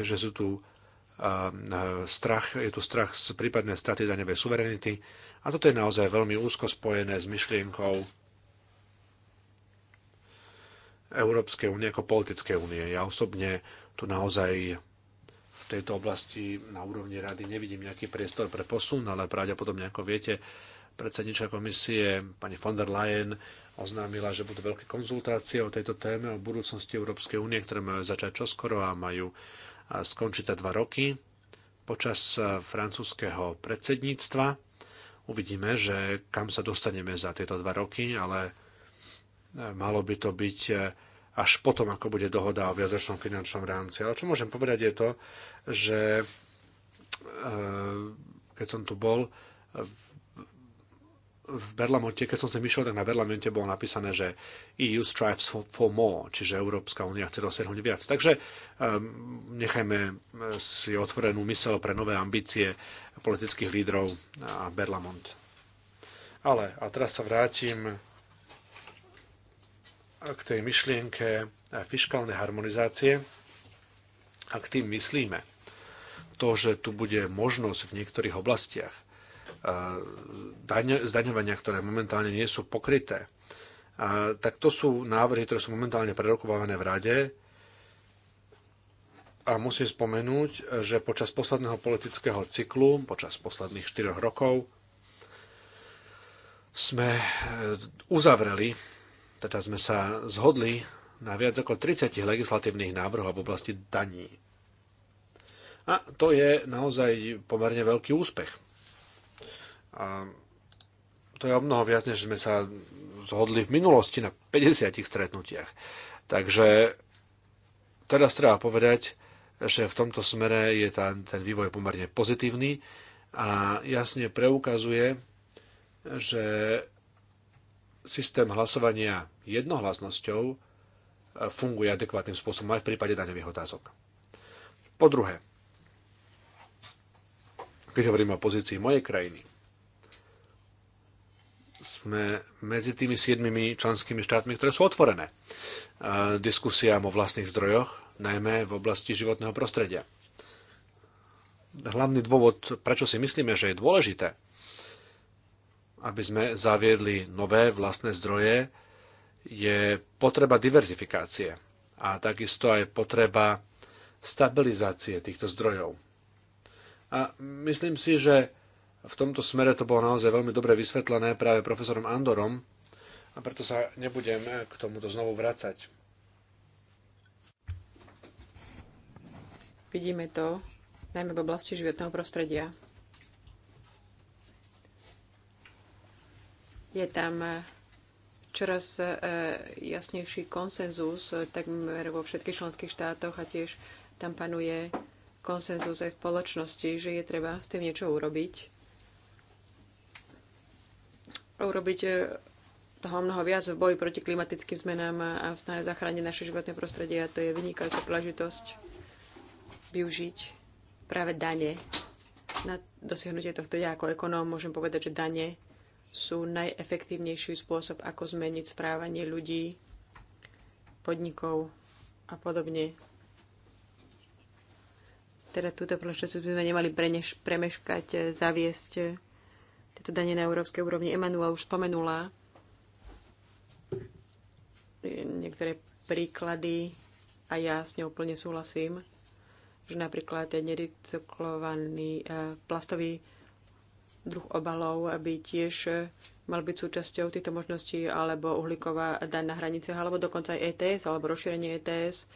[SPEAKER 3] že sú tu E, strach, je tu strach z prípadnej straty daňovej suverenity a toto je naozaj veľmi úzko spojené s myšlienkou Európskej únie ako politické únie. Ja osobne tu naozaj v tejto oblasti na úrovni rady nevidím nejaký priestor pre posun, ale pravdepodobne, ako viete, predsednička komisie pani von der Leyen oznámila, že budú veľké konzultácie o tejto téme, o budúcnosti Európskej únie, ktoré majú začať čoskoro a majú skončí za dva roky počas eh, francúzského predsedníctva. Uvidíme, že kam sa dostaneme za tieto dva roky, ale eh, malo by to byť eh, až potom, ako bude dohoda o viacročnom finančnom rámci. Ale čo môžem povedať je to, že keď som tu bol, v Berlamonte, keď som sa myšiel, tak na Berlamonte bolo napísané, že EU strives for more, čiže Európska únia chce dosiahnuť viac. Takže um, nechajme e, si otvorenú mysel pre nové ambície politických lídrov a Berlamont. Ale, a teraz sa vrátim k tej myšlienke fiskálnej harmonizácie a k tým myslíme to, že tu bude možnosť v niektorých oblastiach zdaňovania, ktoré momentálne nie sú pokryté. tak to sú návrhy, ktoré sú momentálne prerokovávané v rade. A musím spomenúť, že počas posledného politického cyklu, počas posledných 4 rokov, sme e, uzavreli, teda sme sa zhodli na viac ako 30 legislatívnych návrhov v oblasti daní. A to je naozaj pomerne veľký úspech to je o mnoho viac, než sme sa zhodli v minulosti na 50 stretnutiach. Takže teraz treba povedať, že v tomto smere je ten, ten vývoj pomerne pozitívny a jasne preukazuje, že systém hlasovania jednohlasnosťou funguje adekvátnym spôsobom aj v prípade daňových otázok. Po druhé, keď hovoríme o pozícii mojej krajiny, sme medzi tými siedmimi členskými štátmi, ktoré sú otvorené e, diskusiám o vlastných zdrojoch, najmä v oblasti životného prostredia. Hlavný dôvod, prečo si myslíme, že je dôležité, aby sme zaviedli nové vlastné zdroje, je potreba diverzifikácie a takisto aj potreba stabilizácie týchto zdrojov. A myslím si, že v tomto smere to bolo naozaj veľmi dobre vysvetlené práve profesorom Andorom a preto sa nebudem k tomuto znovu vracať.
[SPEAKER 2] Vidíme to najmä v oblasti životného prostredia. Je tam eh, čoraz eh, jasnejší konsenzus eh, takmer vo všetkých členských štátoch a tiež tam panuje konsenzus aj v spoločnosti, že je treba s tým niečo urobiť urobiť e, toho mnoho viac v boji proti klimatickým zmenám a v snahe zachrániť naše životné prostredie a to je vynikajúca príležitosť využiť práve dane na dosiahnutie tohto. Ja ako ekonóm môžem povedať, že dane sú najefektívnejší spôsob, ako zmeniť správanie ľudí, podnikov a podobne. Teda túto príležitosť by sme nemali premeškať, e, zaviesť tieto dane na európskej úrovni. Emanuel už spomenula niektoré príklady a ja s ňou plne súhlasím, že napríklad ten nerecyklovaný e, plastový druh obalov aby tiež e, mal byť súčasťou týchto možností, alebo uhlíková daň na hranice, alebo dokonca aj ETS, alebo rozšírenie ETS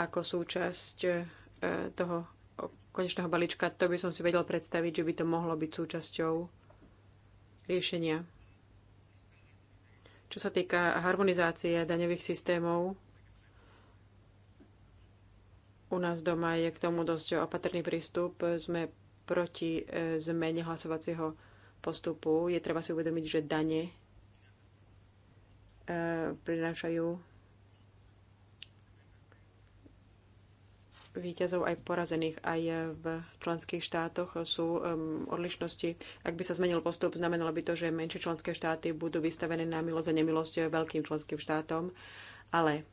[SPEAKER 2] ako súčasť e, toho konečného balíčka. To by som si vedel predstaviť, že by to mohlo byť súčasťou riešenia. Čo sa týka harmonizácie daňových systémov, u nás doma je k tomu dosť opatrný prístup. Sme proti e, zmene hlasovacieho postupu. Je treba si uvedomiť, že dane e, prinášajú víťazov aj porazených. Aj v členských štátoch sú um, odlišnosti. Ak by sa zmenil postup, znamenalo by to, že menšie členské štáty budú vystavené na milosť a nemilosť veľkým členským štátom. Ale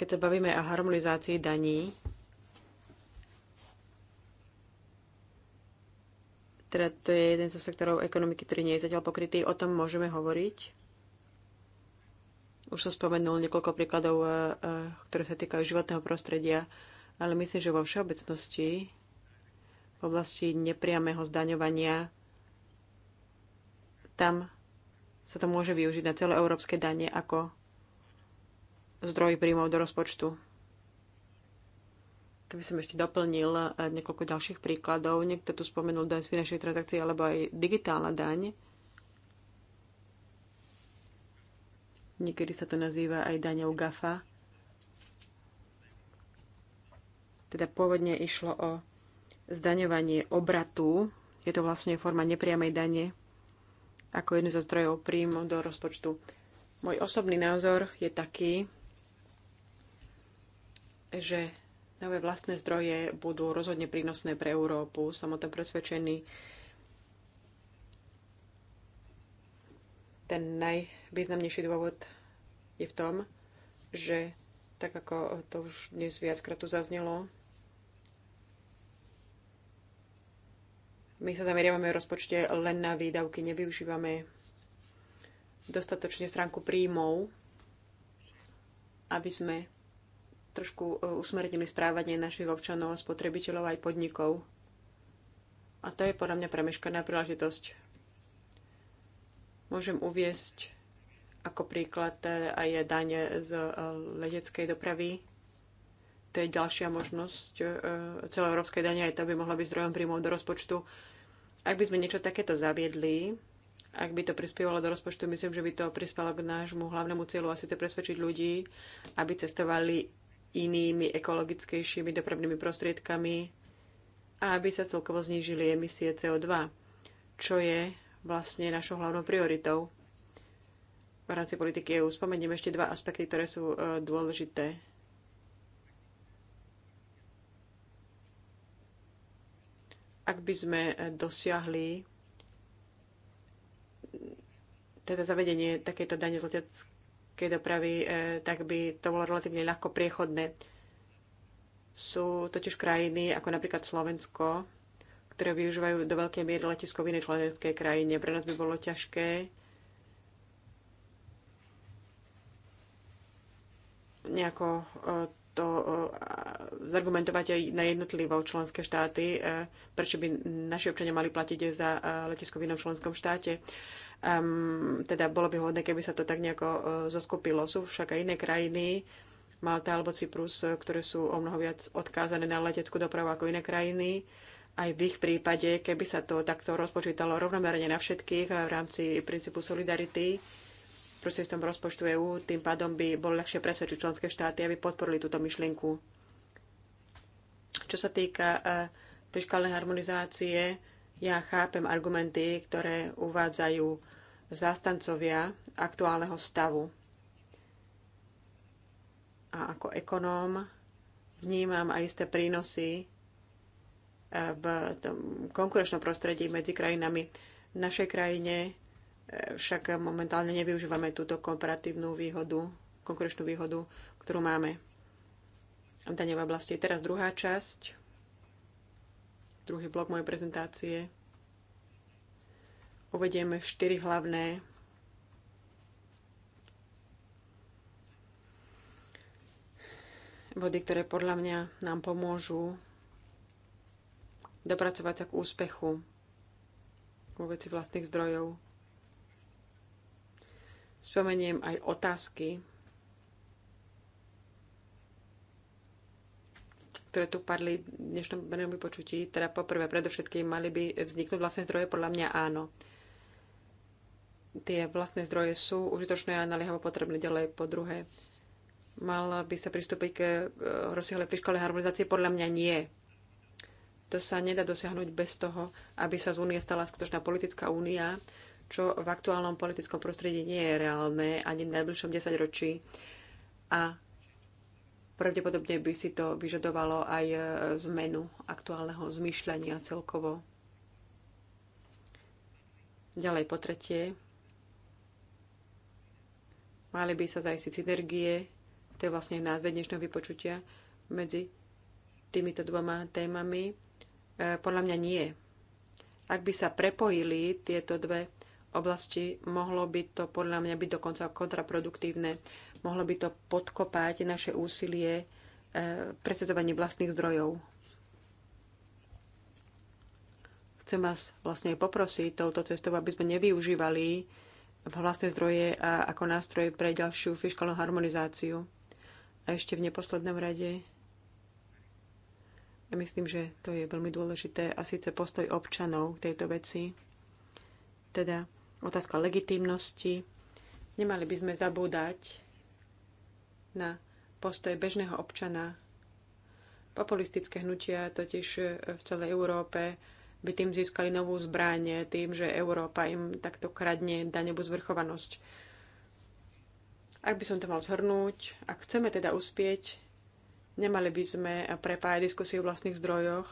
[SPEAKER 2] keď sa bavíme o harmonizácii daní, teda to je jeden zo sektorov ekonomiky, ktorý nie je zatiaľ pokrytý, o tom môžeme hovoriť už som spomenul niekoľko príkladov, e, e, ktoré sa týkajú životného prostredia, ale myslím, že vo všeobecnosti v oblasti nepriamého zdaňovania tam sa to môže využiť na celé európske dane ako zdroj príjmov do rozpočtu. by som ešte doplnil e, niekoľko ďalších príkladov, niekto tu spomenul daň z finančných transakcií alebo aj digitálna daň, Niekedy sa to nazýva aj daňou GAFA. Teda pôvodne išlo o zdaňovanie obratu. Je to vlastne forma nepriamej dane ako jednu zo zdrojov príjmu do rozpočtu. Môj osobný názor je taký, že nové vlastné zdroje budú rozhodne prínosné pre Európu. Som o tom presvedčený. Ten najvýznamnejší dôvod je v tom, že tak ako to už dnes viackrát tu zaznelo, my sa zameriavame v rozpočte len na výdavky, nevyužívame dostatočne stránku príjmov, aby sme trošku e, usmernili správanie našich občanov, spotrebiteľov aj podnikov. A to je podľa mňa premeškaná príležitosť Môžem uviesť ako príklad e, aj daň z e, leteckej dopravy. To je ďalšia možnosť e, celoeurópskej dane, aj to by mohla byť zdrojom príjmov do rozpočtu. Ak by sme niečo takéto zaviedli, ak by to prispievalo do rozpočtu, myslím, že by to prispelo k nášmu hlavnému cieľu a síce presvedčiť ľudí, aby cestovali inými ekologickejšími dopravnými prostriedkami a aby sa celkovo znížili emisie CO2, čo je vlastne našou hlavnou prioritou v rámci politiky EU. Spomeniem ešte dva aspekty, ktoré sú e, dôležité. Ak by sme e, dosiahli teda zavedenie takéto dane z leteckej dopravy, e, tak by to bolo relatívne ľahko priechodné. Sú totiž krajiny ako napríklad Slovensko, ktoré využívajú do veľkej miery letisko v inej členskej krajine. Pre nás by bolo ťažké nejako e, to e, zargumentovať aj na jednotlivo členské štáty, e, prečo by naši občania mali platiť za letisko v inom členskom štáte. Ehm, teda bolo by hodné, keby sa to tak nejako zoskupilo. Sú však aj iné krajiny, Malta alebo Cyprus, ktoré sú o mnoho viac odkázané na leteckú dopravu ako iné krajiny aj v ich prípade, keby sa to takto rozpočítalo rovnomerne na všetkých eh, v rámci princípu solidarity prostredstvom rozpočtu EÚ, tým pádom by bolo ľahšie presvedčiť členské štáty, aby podporili túto myšlienku. Čo sa týka eh, fiskálnej harmonizácie, ja chápem argumenty, ktoré uvádzajú zástancovia aktuálneho stavu. A ako ekonóm vnímam aj isté prínosy v tom konkurenčnom prostredí medzi krajinami. V našej krajine e, však momentálne nevyužívame túto komparatívnu výhodu, konkurenčnú výhodu, ktorú máme v danej oblasti. Teraz druhá časť, druhý blok mojej prezentácie. Uvedieme štyri hlavné body, ktoré podľa mňa nám pomôžu dopracovať sa k úspechu vo veci vlastných zdrojov. Spomeniem aj otázky, ktoré tu padli v dnešnom verejnom vypočutí. Teda poprvé, predovšetkým, mali by vzniknúť vlastné zdroje? Podľa mňa áno. Tie vlastné zdroje sú užitočné a naliehavo potrebné ďalej. Po druhé, mal by sa pristúpiť k e, rozsiahlej fiskálnej harmonizácii? Podľa mňa nie to sa nedá dosiahnuť bez toho, aby sa z únie stala skutočná politická únia, čo v aktuálnom politickom prostredí nie je reálne ani v najbližšom desaťročí. A pravdepodobne by si to vyžadovalo aj e, zmenu aktuálneho zmýšľania celkovo. Ďalej po tretie, mali by sa zajistiť synergie, to je vlastne názve dnešného vypočutia, medzi týmito dvoma témami E, podľa mňa nie. Ak by sa prepojili tieto dve oblasti, mohlo by to podľa mňa byť dokonca kontraproduktívne. Mohlo by to podkopať naše úsilie e, presadzovanie vlastných zdrojov. Chcem vás vlastne poprosiť touto cestou, aby sme nevyužívali vlastné zdroje ako nástroj pre ďalšiu fiskálnu harmonizáciu. A ešte v neposlednom rade ja myslím, že to je veľmi dôležité a síce postoj občanov k tejto veci, teda otázka legitimnosti. Nemali by sme zabúdať na postoj bežného občana. Populistické hnutia totiž v celej Európe by tým získali novú zbráne, tým, že Európa im takto kradne daňovú zvrchovanosť. Ak by som to mal zhrnúť, ak chceme teda uspieť, Nemali by sme prepájať diskusiu o vlastných zdrojoch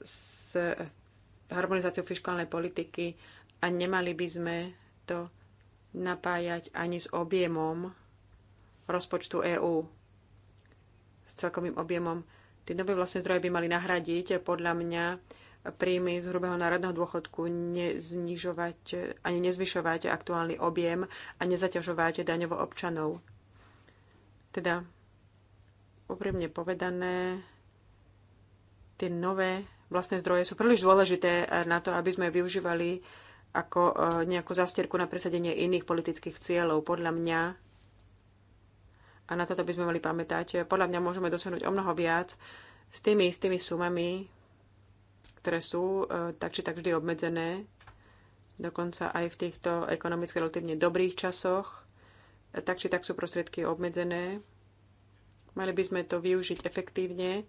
[SPEAKER 2] s harmonizáciou fiskálnej politiky a nemali by sme to napájať ani s objemom rozpočtu EÚ, s celkovým objemom. Tie nové vlastné zdroje by mali nahradiť podľa mňa príjmy z hrubého národného dôchodku neznižovať, ani nezvyšovať aktuálny objem a nezaťažovať daňovo občanov. Teda úprimne povedané, tie nové vlastné zdroje sú príliš dôležité na to, aby sme využívali ako e, nejakú zastierku na presadenie iných politických cieľov. Podľa mňa, a na toto by sme mali pamätať, podľa mňa môžeme dosiahnuť o mnoho viac s tými istými sumami, ktoré sú e, tak či tak vždy obmedzené, dokonca aj v týchto ekonomicky relatívne dobrých časoch, e, tak či tak sú prostriedky obmedzené Mali by sme to využiť efektívne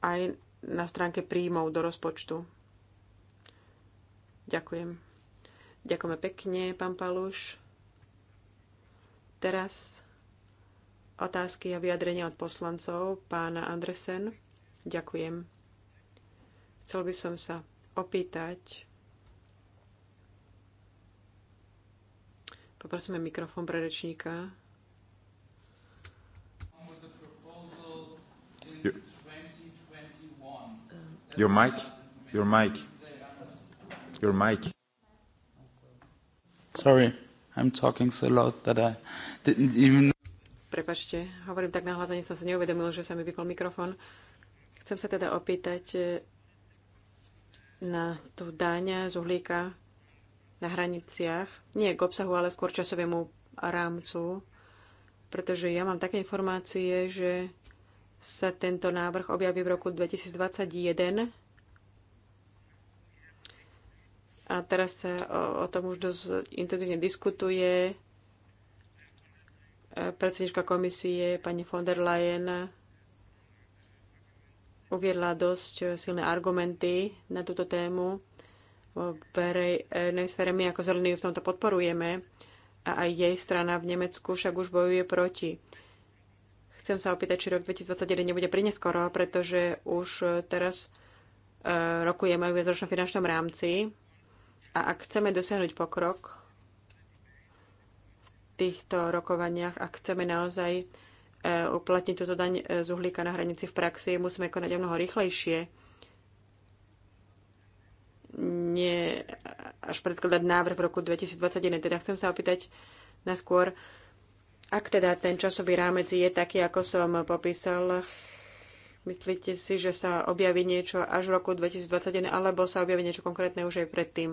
[SPEAKER 2] aj na stránke príjmov do rozpočtu. Ďakujem. Ďakujeme pekne, pán Paluš. Teraz otázky a vyjadrenia od poslancov pána Andresen. Ďakujem. Chcel by som sa opýtať, Poprosíme mikrofón pre rečníka. Um, your, mic? Your
[SPEAKER 1] mic. Your mic. Sorry, I'm talking so loud that I didn't even...
[SPEAKER 2] Prepačte, hovorím tak nahlas, ani som sa neuvedomil, že sa mi vypol mikrofón. Chcem sa teda opýtať eh, na tú dáňa z uhlíka, na hraniciach, nie k obsahu, ale skôr časovému rámcu, pretože ja mám také informácie, že sa tento návrh objaví v roku 2021 a teraz sa o, o tom už dosť intenzívne diskutuje. E, predsednička komisie, pani von der Leyen, uviedla dosť silné argumenty na túto tému vo verejnej e, sfére. My ako zelení v tomto podporujeme a aj jej strana v Nemecku však už bojuje proti. Chcem sa opýtať, či rok 2021 nebude prineskoro, pretože už teraz e, rokujeme v viacročnom finančnom rámci a ak chceme dosiahnuť pokrok v týchto rokovaniach, ak chceme naozaj e, uplatniť túto daň z uhlíka na hranici v praxi, musíme konať o mnoho rýchlejšie nie až predkladať návrh v roku 2021. Teda chcem sa opýtať naskôr, ak teda ten časový rámec je taký, ako som popísal, myslíte si, že sa objaví niečo až v roku 2021, alebo sa objaví niečo konkrétne už aj predtým?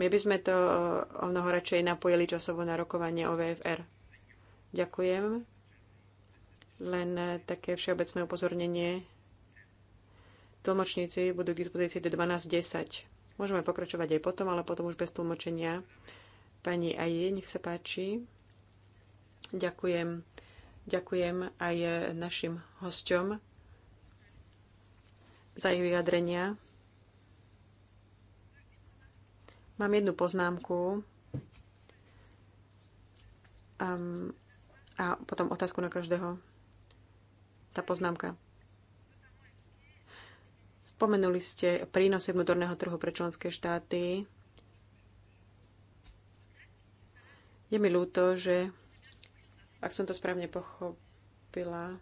[SPEAKER 2] My by sme to eh, o mnoho radšej napojili časovo na rokovanie o VFR. Ďakujem. Len eh, také všeobecné upozornenie Tlmočníci budú k dispozícii do 12.10. Môžeme pokračovať aj potom, ale potom už bez tlmočenia. Pani Aji, nech sa páči. Ďakujem. Ďakujem aj našim hosťom za ich vyjadrenia. Mám jednu poznámku um, a potom otázku na každého. Tá poznámka. Spomenuli ste prínos vnútorného trhu pre členské štáty. Je mi ľúto, že ak som to správne pochopila,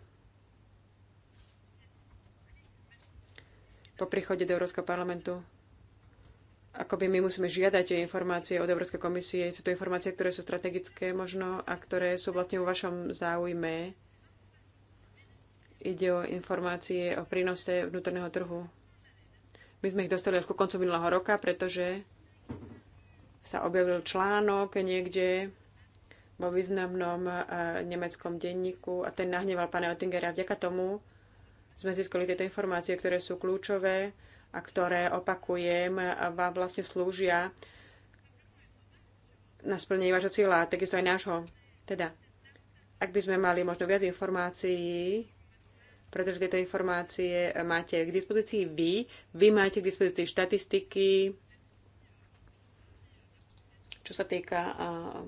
[SPEAKER 2] po príchode do Európskeho parlamentu akoby my musíme žiadať informácie od Európskej komisie. Sú to informácie, ktoré sú strategické možno a ktoré sú vlastne vo vašom záujme. Ide o informácie o prínose vnútorného trhu. My sme ich dostali až ku koncu minulého roka, pretože sa objavil článok niekde vo významnom e, nemeckom denníku a ten nahneval pána Oettingera. Vďaka tomu sme získali tieto informácie, ktoré sú kľúčové a ktoré, opakujem, vám vlastne slúžia na splnenie vášho cieľa, takisto aj nášho. Teda, ak by sme mali možno viac informácií, pretože tieto informácie máte k dispozícii vy. Vy máte k dispozícii štatistiky, čo sa týka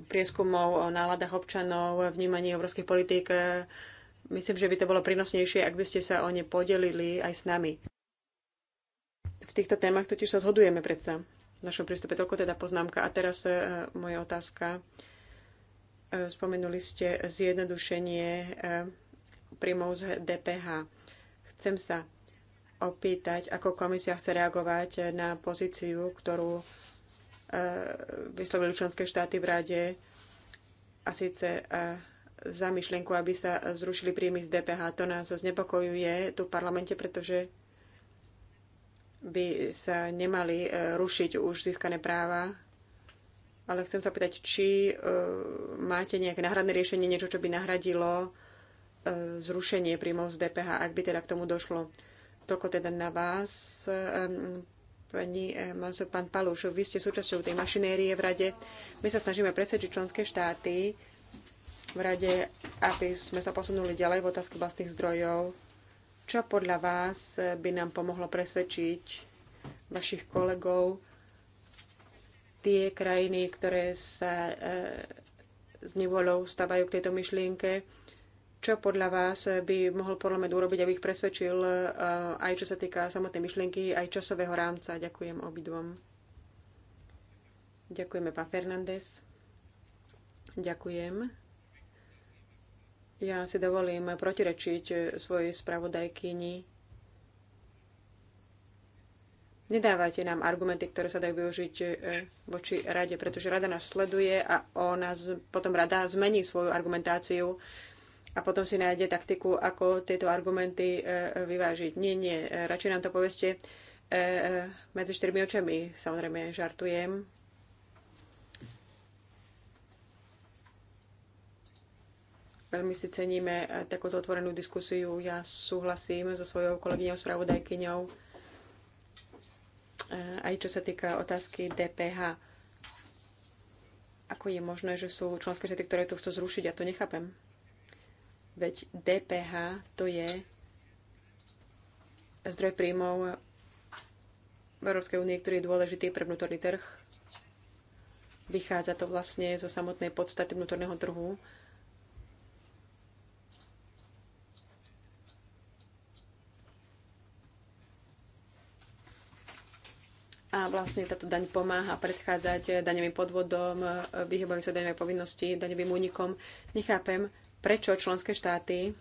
[SPEAKER 2] prieskumov o náladách občanov, vnímaní európskych politík. Myslím, že by to bolo prínosnejšie, ak by ste sa o ne podelili aj s nami. V týchto témach totiž sa zhodujeme predsa v našom prístupe. Toľko teda poznámka. A teraz e, moja otázka. E, spomenuli ste zjednodušenie e, príjmov z DPH. Chcem sa opýtať, ako komisia chce reagovať na pozíciu, ktorú e, vyslovili členské štáty v rade a síce e, za myšlienku, aby sa zrušili príjmy z DPH. To nás znepokojuje tu v parlamente, pretože by sa nemali e, rušiť už získané práva. Ale chcem sa pýtať, či máte nejaké náhradné riešenie, niečo, čo by nahradilo E, zrušenie príjmov z DPH, ak by teda k tomu došlo. Toľko teda na vás, e, pani e, Manso, pán Palúš, vy ste súčasťou tej mašinérie v rade. My sa snažíme presvedčiť členské štáty v rade, aby sme sa posunuli ďalej v otázke vlastných zdrojov. Čo podľa vás by nám pomohlo presvedčiť vašich kolegov, tie krajiny, ktoré sa e, s nevolou stávajú k tejto myšlienke, čo podľa vás by mohol parlament urobiť, aby ich presvedčil eh, aj čo sa týka samotnej myšlienky, aj časového rámca? Ďakujem obidvom. Ďakujeme, pán Fernández. Ďakujem. Ja si dovolím protirečiť svojej spravodajkyni. Nedávajte nám argumenty, ktoré sa dajú využiť eh, voči rade, pretože rada nás sleduje a ona potom rada zmení svoju argumentáciu a potom si nájde taktiku, ako tieto argumenty e, e, vyvážiť. Nie, nie, e, radšej nám to poveste medzi štyrmi očami. Samozrejme, žartujem. Veľmi si ceníme takúto otvorenú diskusiu. Ja súhlasím so svojou kolegyňou spravodajkyňou aj čo sa týka otázky DPH. Ako je možné, že sú členské štáty, ktoré to chcú zrušiť? Ja to nechápem. Veď DPH to je zdroj príjmov v Európskej únie, ktorý je dôležitý pre vnútorný trh. Vychádza to vlastne zo samotnej podstaty vnútorného trhu. A vlastne táto daň pomáha predchádzať daňovým podvodom, vyhybaniu sa daňovej povinnosti, daňovým únikom. Nechápem, prečo členské štáty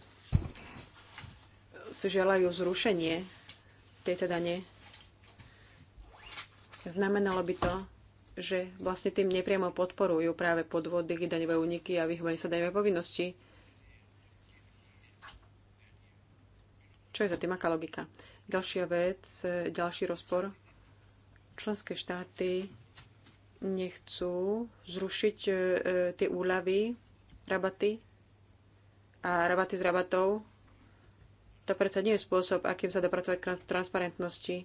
[SPEAKER 2] si želajú zrušenie tejto dane. Znamenalo by to, že vlastne tým nepriamo podporujú práve podvody, daňové úniky a vyhovanie sa daňové povinnosti. Čo je za tým, aká logika? Ďalšia vec, ďalší rozpor. Členské štáty nechcú zrušiť e, e, tie úľavy, rabaty a rabaty z rabatov, to predsa nie je spôsob, akým sa dopracovať k transparentnosti.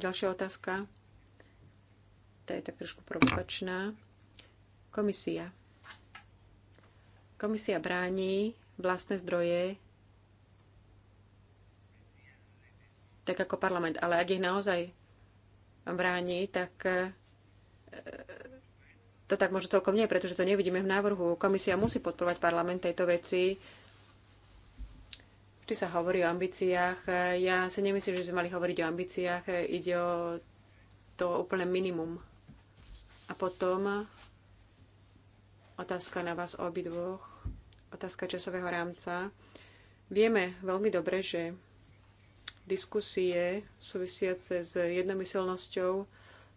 [SPEAKER 2] Ďalšia otázka. Tá je tak trošku provokačná. Komisia. Komisia bráni vlastné zdroje tak ako parlament. Ale ak ich naozaj bráni, tak eh, to tak možno celkom nie, pretože to nevidíme v návrhu. Komisia musí podporovať parlament tejto veci. Vždy sa hovorí o ambíciách. Ja si nemyslím, že by sme mali hovoriť o ambíciách. Ide o to úplne minimum. A potom otázka na vás obidvoch. Otázka časového rámca. Vieme veľmi dobre, že diskusie súvisiace s jednomyselnosťou,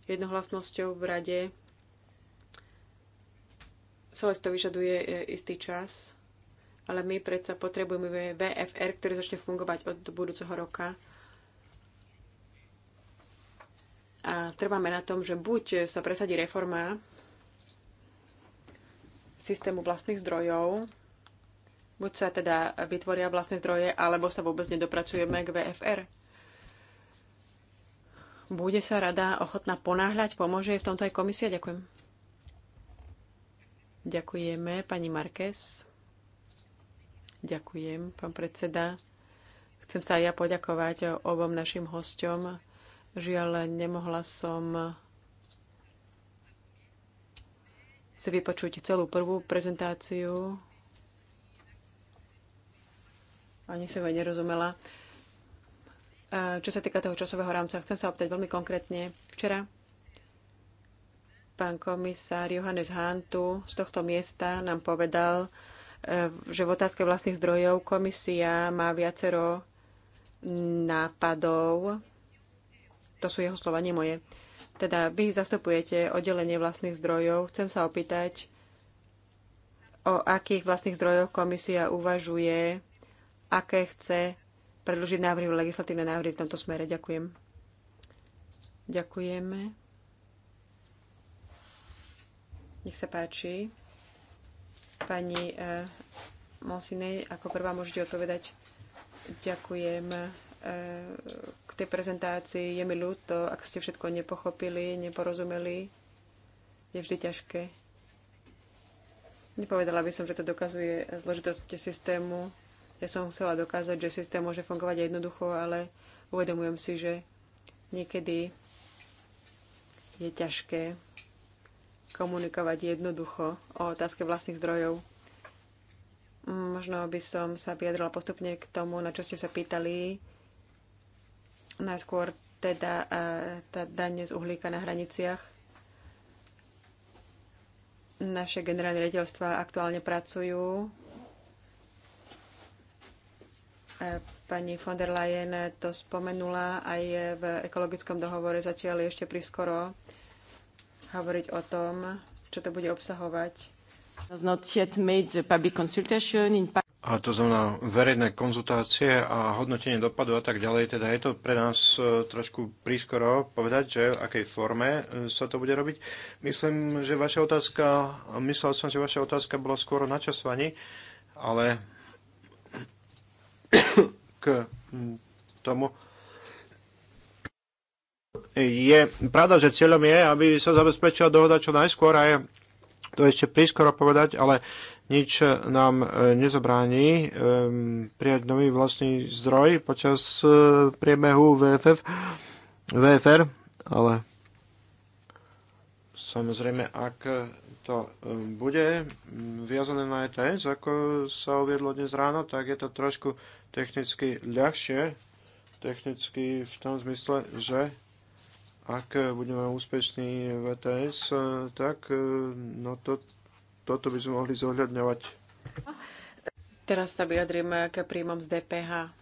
[SPEAKER 2] jednohlasnosťou v rade Celé to vyžaduje e, istý čas, ale my predsa potrebujeme VFR, ktorý začne fungovať od budúceho roka. A trváme na tom, že buď sa presadí reforma systému vlastných zdrojov, buď sa teda vytvoria vlastné zdroje, alebo sa vôbec nedopracujeme k VFR. Bude sa rada ochotná ponáhľať? Pomôže v tomto aj komisia? Ďakujem. Ďakujeme, pani Markes. Ďakujem, pán predseda. Chcem sa aj ja poďakovať obom našim hosťom. Žiaľ, nemohla som si vypočuť celú prvú prezentáciu. Ani som ho nerozumela. Čo sa týka toho časového rámca, chcem sa opýtať veľmi konkrétne. Včera Pán komisár Johannes Hahn tu z tohto miesta nám povedal, e, že v otázke vlastných zdrojov komisia má viacero nápadov. To sú jeho slova, nie moje. Teda vy zastupujete oddelenie vlastných zdrojov. Chcem sa opýtať, o akých vlastných zdrojoch komisia uvažuje, aké chce predlžiť návrhy, legislatívne návrhy v tomto smere. Ďakujem. Ďakujeme. Nech sa páči. Pani eh, Monsinej, ako prvá môžete odpovedať. Ďakujem eh, k tej prezentácii. Je mi ľúto, ak ste všetko nepochopili, neporozumeli. Je vždy ťažké. Nepovedala by som, že to dokazuje zložitosť systému. Ja som chcela dokázať, že systém môže fungovať jednoducho, ale uvedomujem si, že niekedy je ťažké komunikovať jednoducho o otázke vlastných zdrojov. Možno by som sa vyjadrila postupne k tomu, na čo ste sa pýtali. Najskôr teda e, tá danie z uhlíka na hraniciach. Naše generálne riaditeľstva aktuálne pracujú. E, pani von der Leyen to spomenula aj v ekologickom dohovore, zatiaľ ešte priskoro hovoriť o tom, čo to bude obsahovať. A to
[SPEAKER 1] znamená verejné konzultácie a hodnotenie dopadu a tak ďalej. Teda je to pre nás e, trošku prískoro povedať, že v akej forme e, sa to bude robiť. Myslím, že vaša otázka, myslel som, že vaša otázka bola skôr o načasovaní, ale k tomu je pravda, že cieľom je, aby sa zabezpečila dohoda čo najskôr a je to ešte prískoro povedať, ale nič nám e, nezobráni e, prijať nový vlastný zdroj počas e, priebehu VFF, VFR, ale samozrejme, ak to bude viazané na ETS, ako sa uviedlo dnes ráno, tak je to trošku technicky ľahšie, technicky v tom zmysle, že ak eh, budeme úspešní v ETS, eh, tak eh, no to, toto by sme mohli zohľadňovať.
[SPEAKER 2] Teraz sa vyjadrím k príjmom z DPH.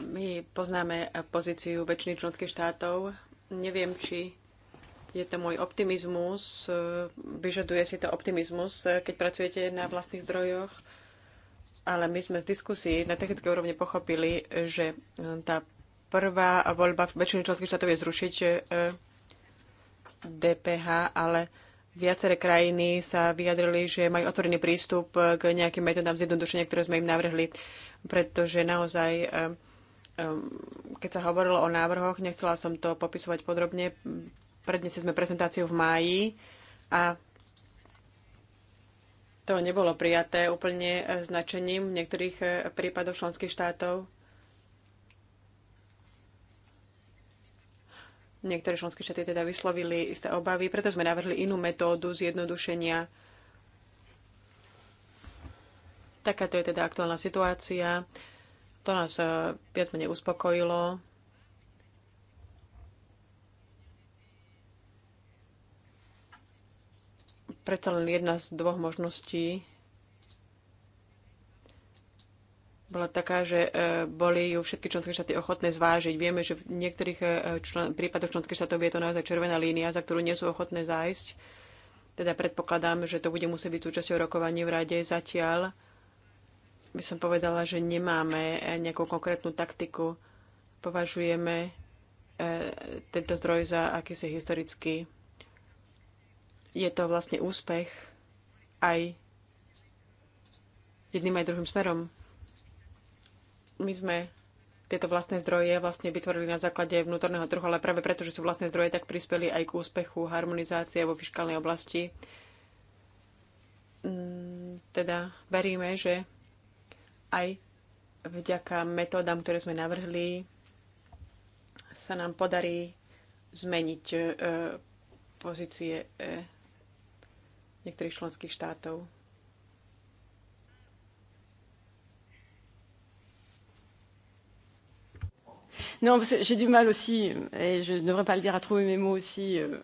[SPEAKER 2] My poznáme pozíciu väčšiny členských štátov. Neviem, či je to môj optimizmus, vyžaduje si to optimizmus, keď pracujete na vlastných zdrojoch, ale my sme z diskusí na technické úrovni pochopili, že tá Prvá voľba v väčšine členských štátov je zrušiť e, DPH, ale viaceré krajiny sa vyjadrili, že majú otvorený prístup k nejakým metodám zjednodušenia, ktoré sme im navrhli, pretože naozaj, e, e, keď sa hovorilo o návrhoch, nechcela som to popisovať podrobne, prednesli sme prezentáciu v máji a to nebolo prijaté úplne značením v niektorých prípadoch členských štátov. Niektoré členské štáty teda vyslovili isté obavy, preto sme navrhli inú metódu zjednodušenia. Takáto je teda aktuálna situácia. To nás eh, viac menej uspokojilo. Predsa len jedna z dvoch možností bola taká, že e, boli ju všetky členské štáty ochotné zvážiť. Vieme, že v niektorých e, člen, prípadoch členských štátov je to naozaj červená línia, za ktorú nie sú ochotné zájsť. Teda predpokladám, že to bude musieť byť súčasťou rokovania v rade. Zatiaľ by som povedala, že nemáme e, nejakú konkrétnu taktiku. Považujeme tento zdroj za akýsi historický. Je to vlastne úspech aj jedným aj druhým smerom my sme tieto vlastné zdroje vlastne vytvorili na základe vnútorného trhu, ale práve preto, že sú vlastné zdroje, tak prispeli aj k úspechu harmonizácie vo fiskálnej oblasti. Mm, teda veríme, že aj vďaka metódam, ktoré sme navrhli, sa nám podarí zmeniť e, pozície e, niektorých členských štátov. Non, parce que j'ai du mal aussi, et je ne devrais pas le dire, à trouver mes mots aussi. Euh.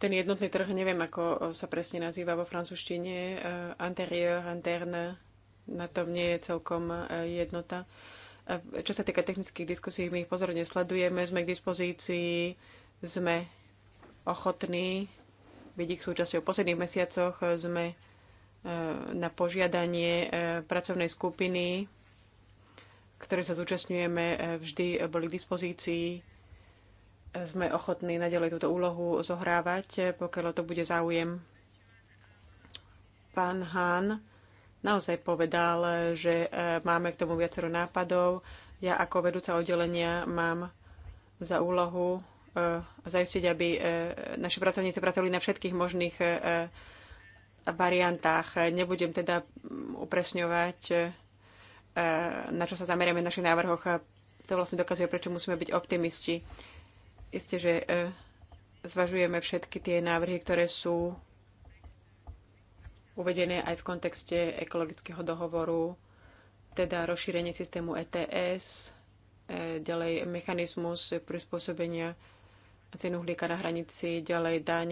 [SPEAKER 2] Ten jednotný trh, neviem, ako sa presne nazýva vo francúzštine, eh, anterior, interne, na tom nie je celkom eh, jednota. Čo sa týka technických diskusí, my ich pozorne sledujeme, sme k dispozícii, sme ochotní byť ich súčasťou. V posledných mesiacoch eh, sme E, na požiadanie e, pracovnej skupiny, ktoré sa zúčastňujeme, e, vždy boli k dispozícii. Sme ochotní nadalej túto úlohu zohrávať, pokiaľ to bude záujem. Pán Hán naozaj povedal, že máme k tomu viacero nápadov. Ja ako vedúca oddelenia mám za úlohu zajistiť, aby naši pracovníci pracovali na všetkých možných variantách. Nebudem teda mm, upresňovať, e, na čo sa zameriame v našich návrhoch. A to vlastne dokazuje, prečo musíme byť optimisti. Isté, že e, zvažujeme všetky tie návrhy, ktoré sú uvedené aj v kontexte ekologického dohovoru, teda rozšírenie systému ETS, e, ďalej mechanizmus prispôsobenia cenu hlíka na hranici, ďalej daň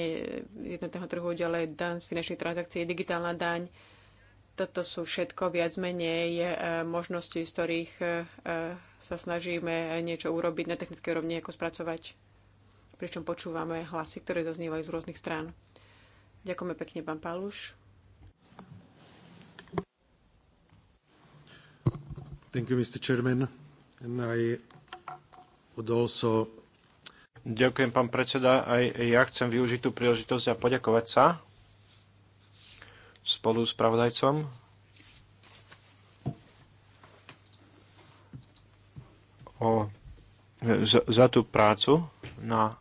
[SPEAKER 2] jednotného trhu, ďalej daň z finančných transakcií, digitálna daň. Toto sú všetko viac menej eh, možnosti, z ktorých eh, eh, sa snažíme niečo urobiť na technickej rovni, ako spracovať. Pričom počúvame hlasy, ktoré zaznievajú z rôznych strán. Ďakujeme pekne, pán páluš.
[SPEAKER 3] Thank you, Mr. Chairman. And I
[SPEAKER 1] would also Ďakujem, pán predseda. Aj ja chcem využiť tú príležitosť a poďakovať sa spolu s pravodajcom. O, za, za tú prácu na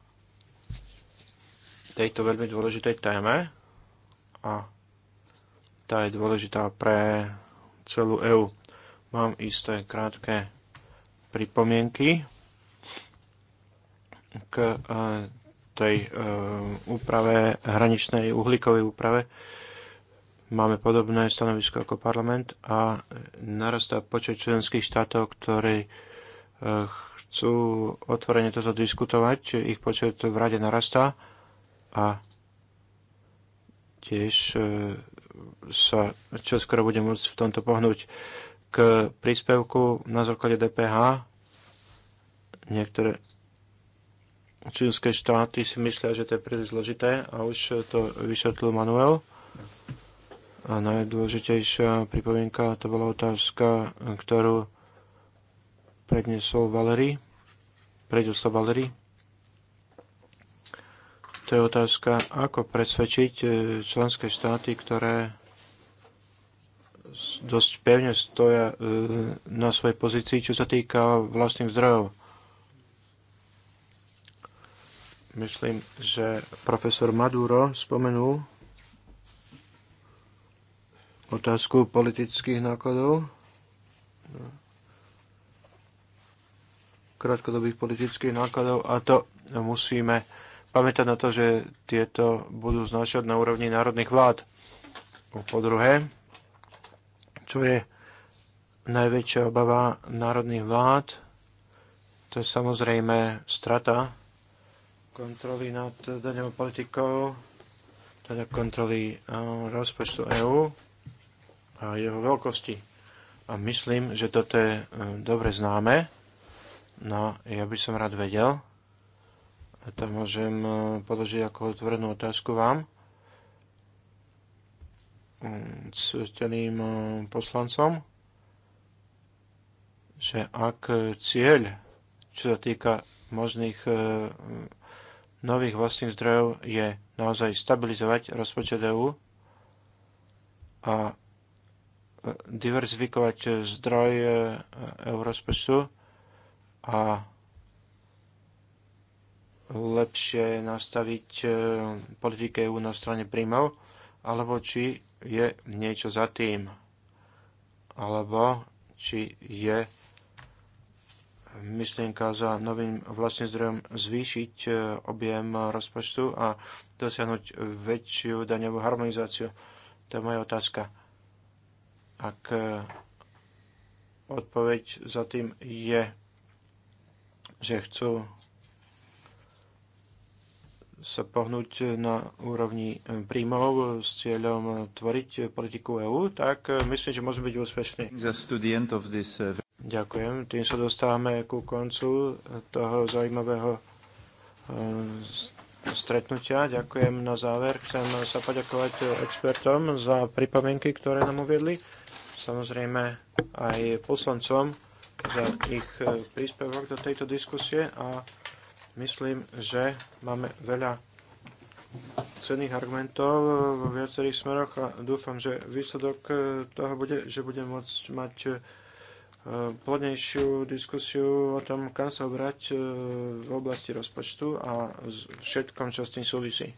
[SPEAKER 1] tejto veľmi dôležitej téme a tá je dôležitá pre celú EÚ. Mám isté krátke pripomienky k e, tej e, úprave, hraničnej uhlíkovej úprave. Máme podobné stanovisko ako parlament a narastá počet členských štátov, ktorí e, chcú otvorene toto diskutovať. Ich počet v rade narastá a tiež sa čoskoro bude môcť v tomto pohnúť k príspevku na základe DPH. Niektoré čínske štáty si myslia, že to je príliš zložité a už to vysvetlil Manuel. A najdôležitejšia pripomienka to bola otázka, ktorú predniesol Valery. Predniesol Valery. To je otázka, ako presvedčiť e, členské štáty, ktoré dosť pevne stoja e, na svojej pozícii, čo sa týka vlastných zdrojov. Myslím, že profesor Maduro spomenul otázku politických nákladov, krátkodobých politických nákladov a to musíme pamätať na to, že tieto budú znašať na úrovni národných vlád. Po druhé, čo je najväčšia obava národných vlád, to je samozrejme strata kontroly nad daňovou politikou, teda kontroly eh, rozpočtu EÚ a jeho veľkosti. A myslím, že toto je eh, dobre známe. No, ja by som rád vedel. A to môžem eh, položiť ako otvorenú otázku vám mm, cteným poslancom, že ak cieľ, čo sa týka možných nových vlastných zdrojov je naozaj stabilizovať rozpočet EÚ a e, diverzifikovať zdroj EU e rozpočtu a lepšie nastaviť e, politike EU na strane príjmov, alebo či je niečo za tým, alebo či je myšlienka za novým vlastným zdrojom zvýšiť e, objem rozpočtu a dosiahnuť väčšiu daňovú harmonizáciu. To je moja otázka. Ak e, odpoveď za tým je, že chcú sa pohnúť na úrovni príjmov s cieľom tvoriť politiku EÚ, tak myslím, že môžeme byť úspešní. Uh, Ďakujem. Tým sa dostávame ku koncu toho zaujímavého uh, stretnutia. Ďakujem na záver. Chcem sa poďakovať expertom za pripomienky, ktoré nám uviedli. Samozrejme aj poslancom za ich uh, príspevok do tejto diskusie a Myslím, že máme veľa cenných argumentov vo viacerých smeroch a dúfam, že výsledok eh, toho bude, že budem môcť mať eh, plodnejšiu diskusiu o tom, kam sa obrať eh, v oblasti rozpočtu a všetkom, čo s tým súvisí.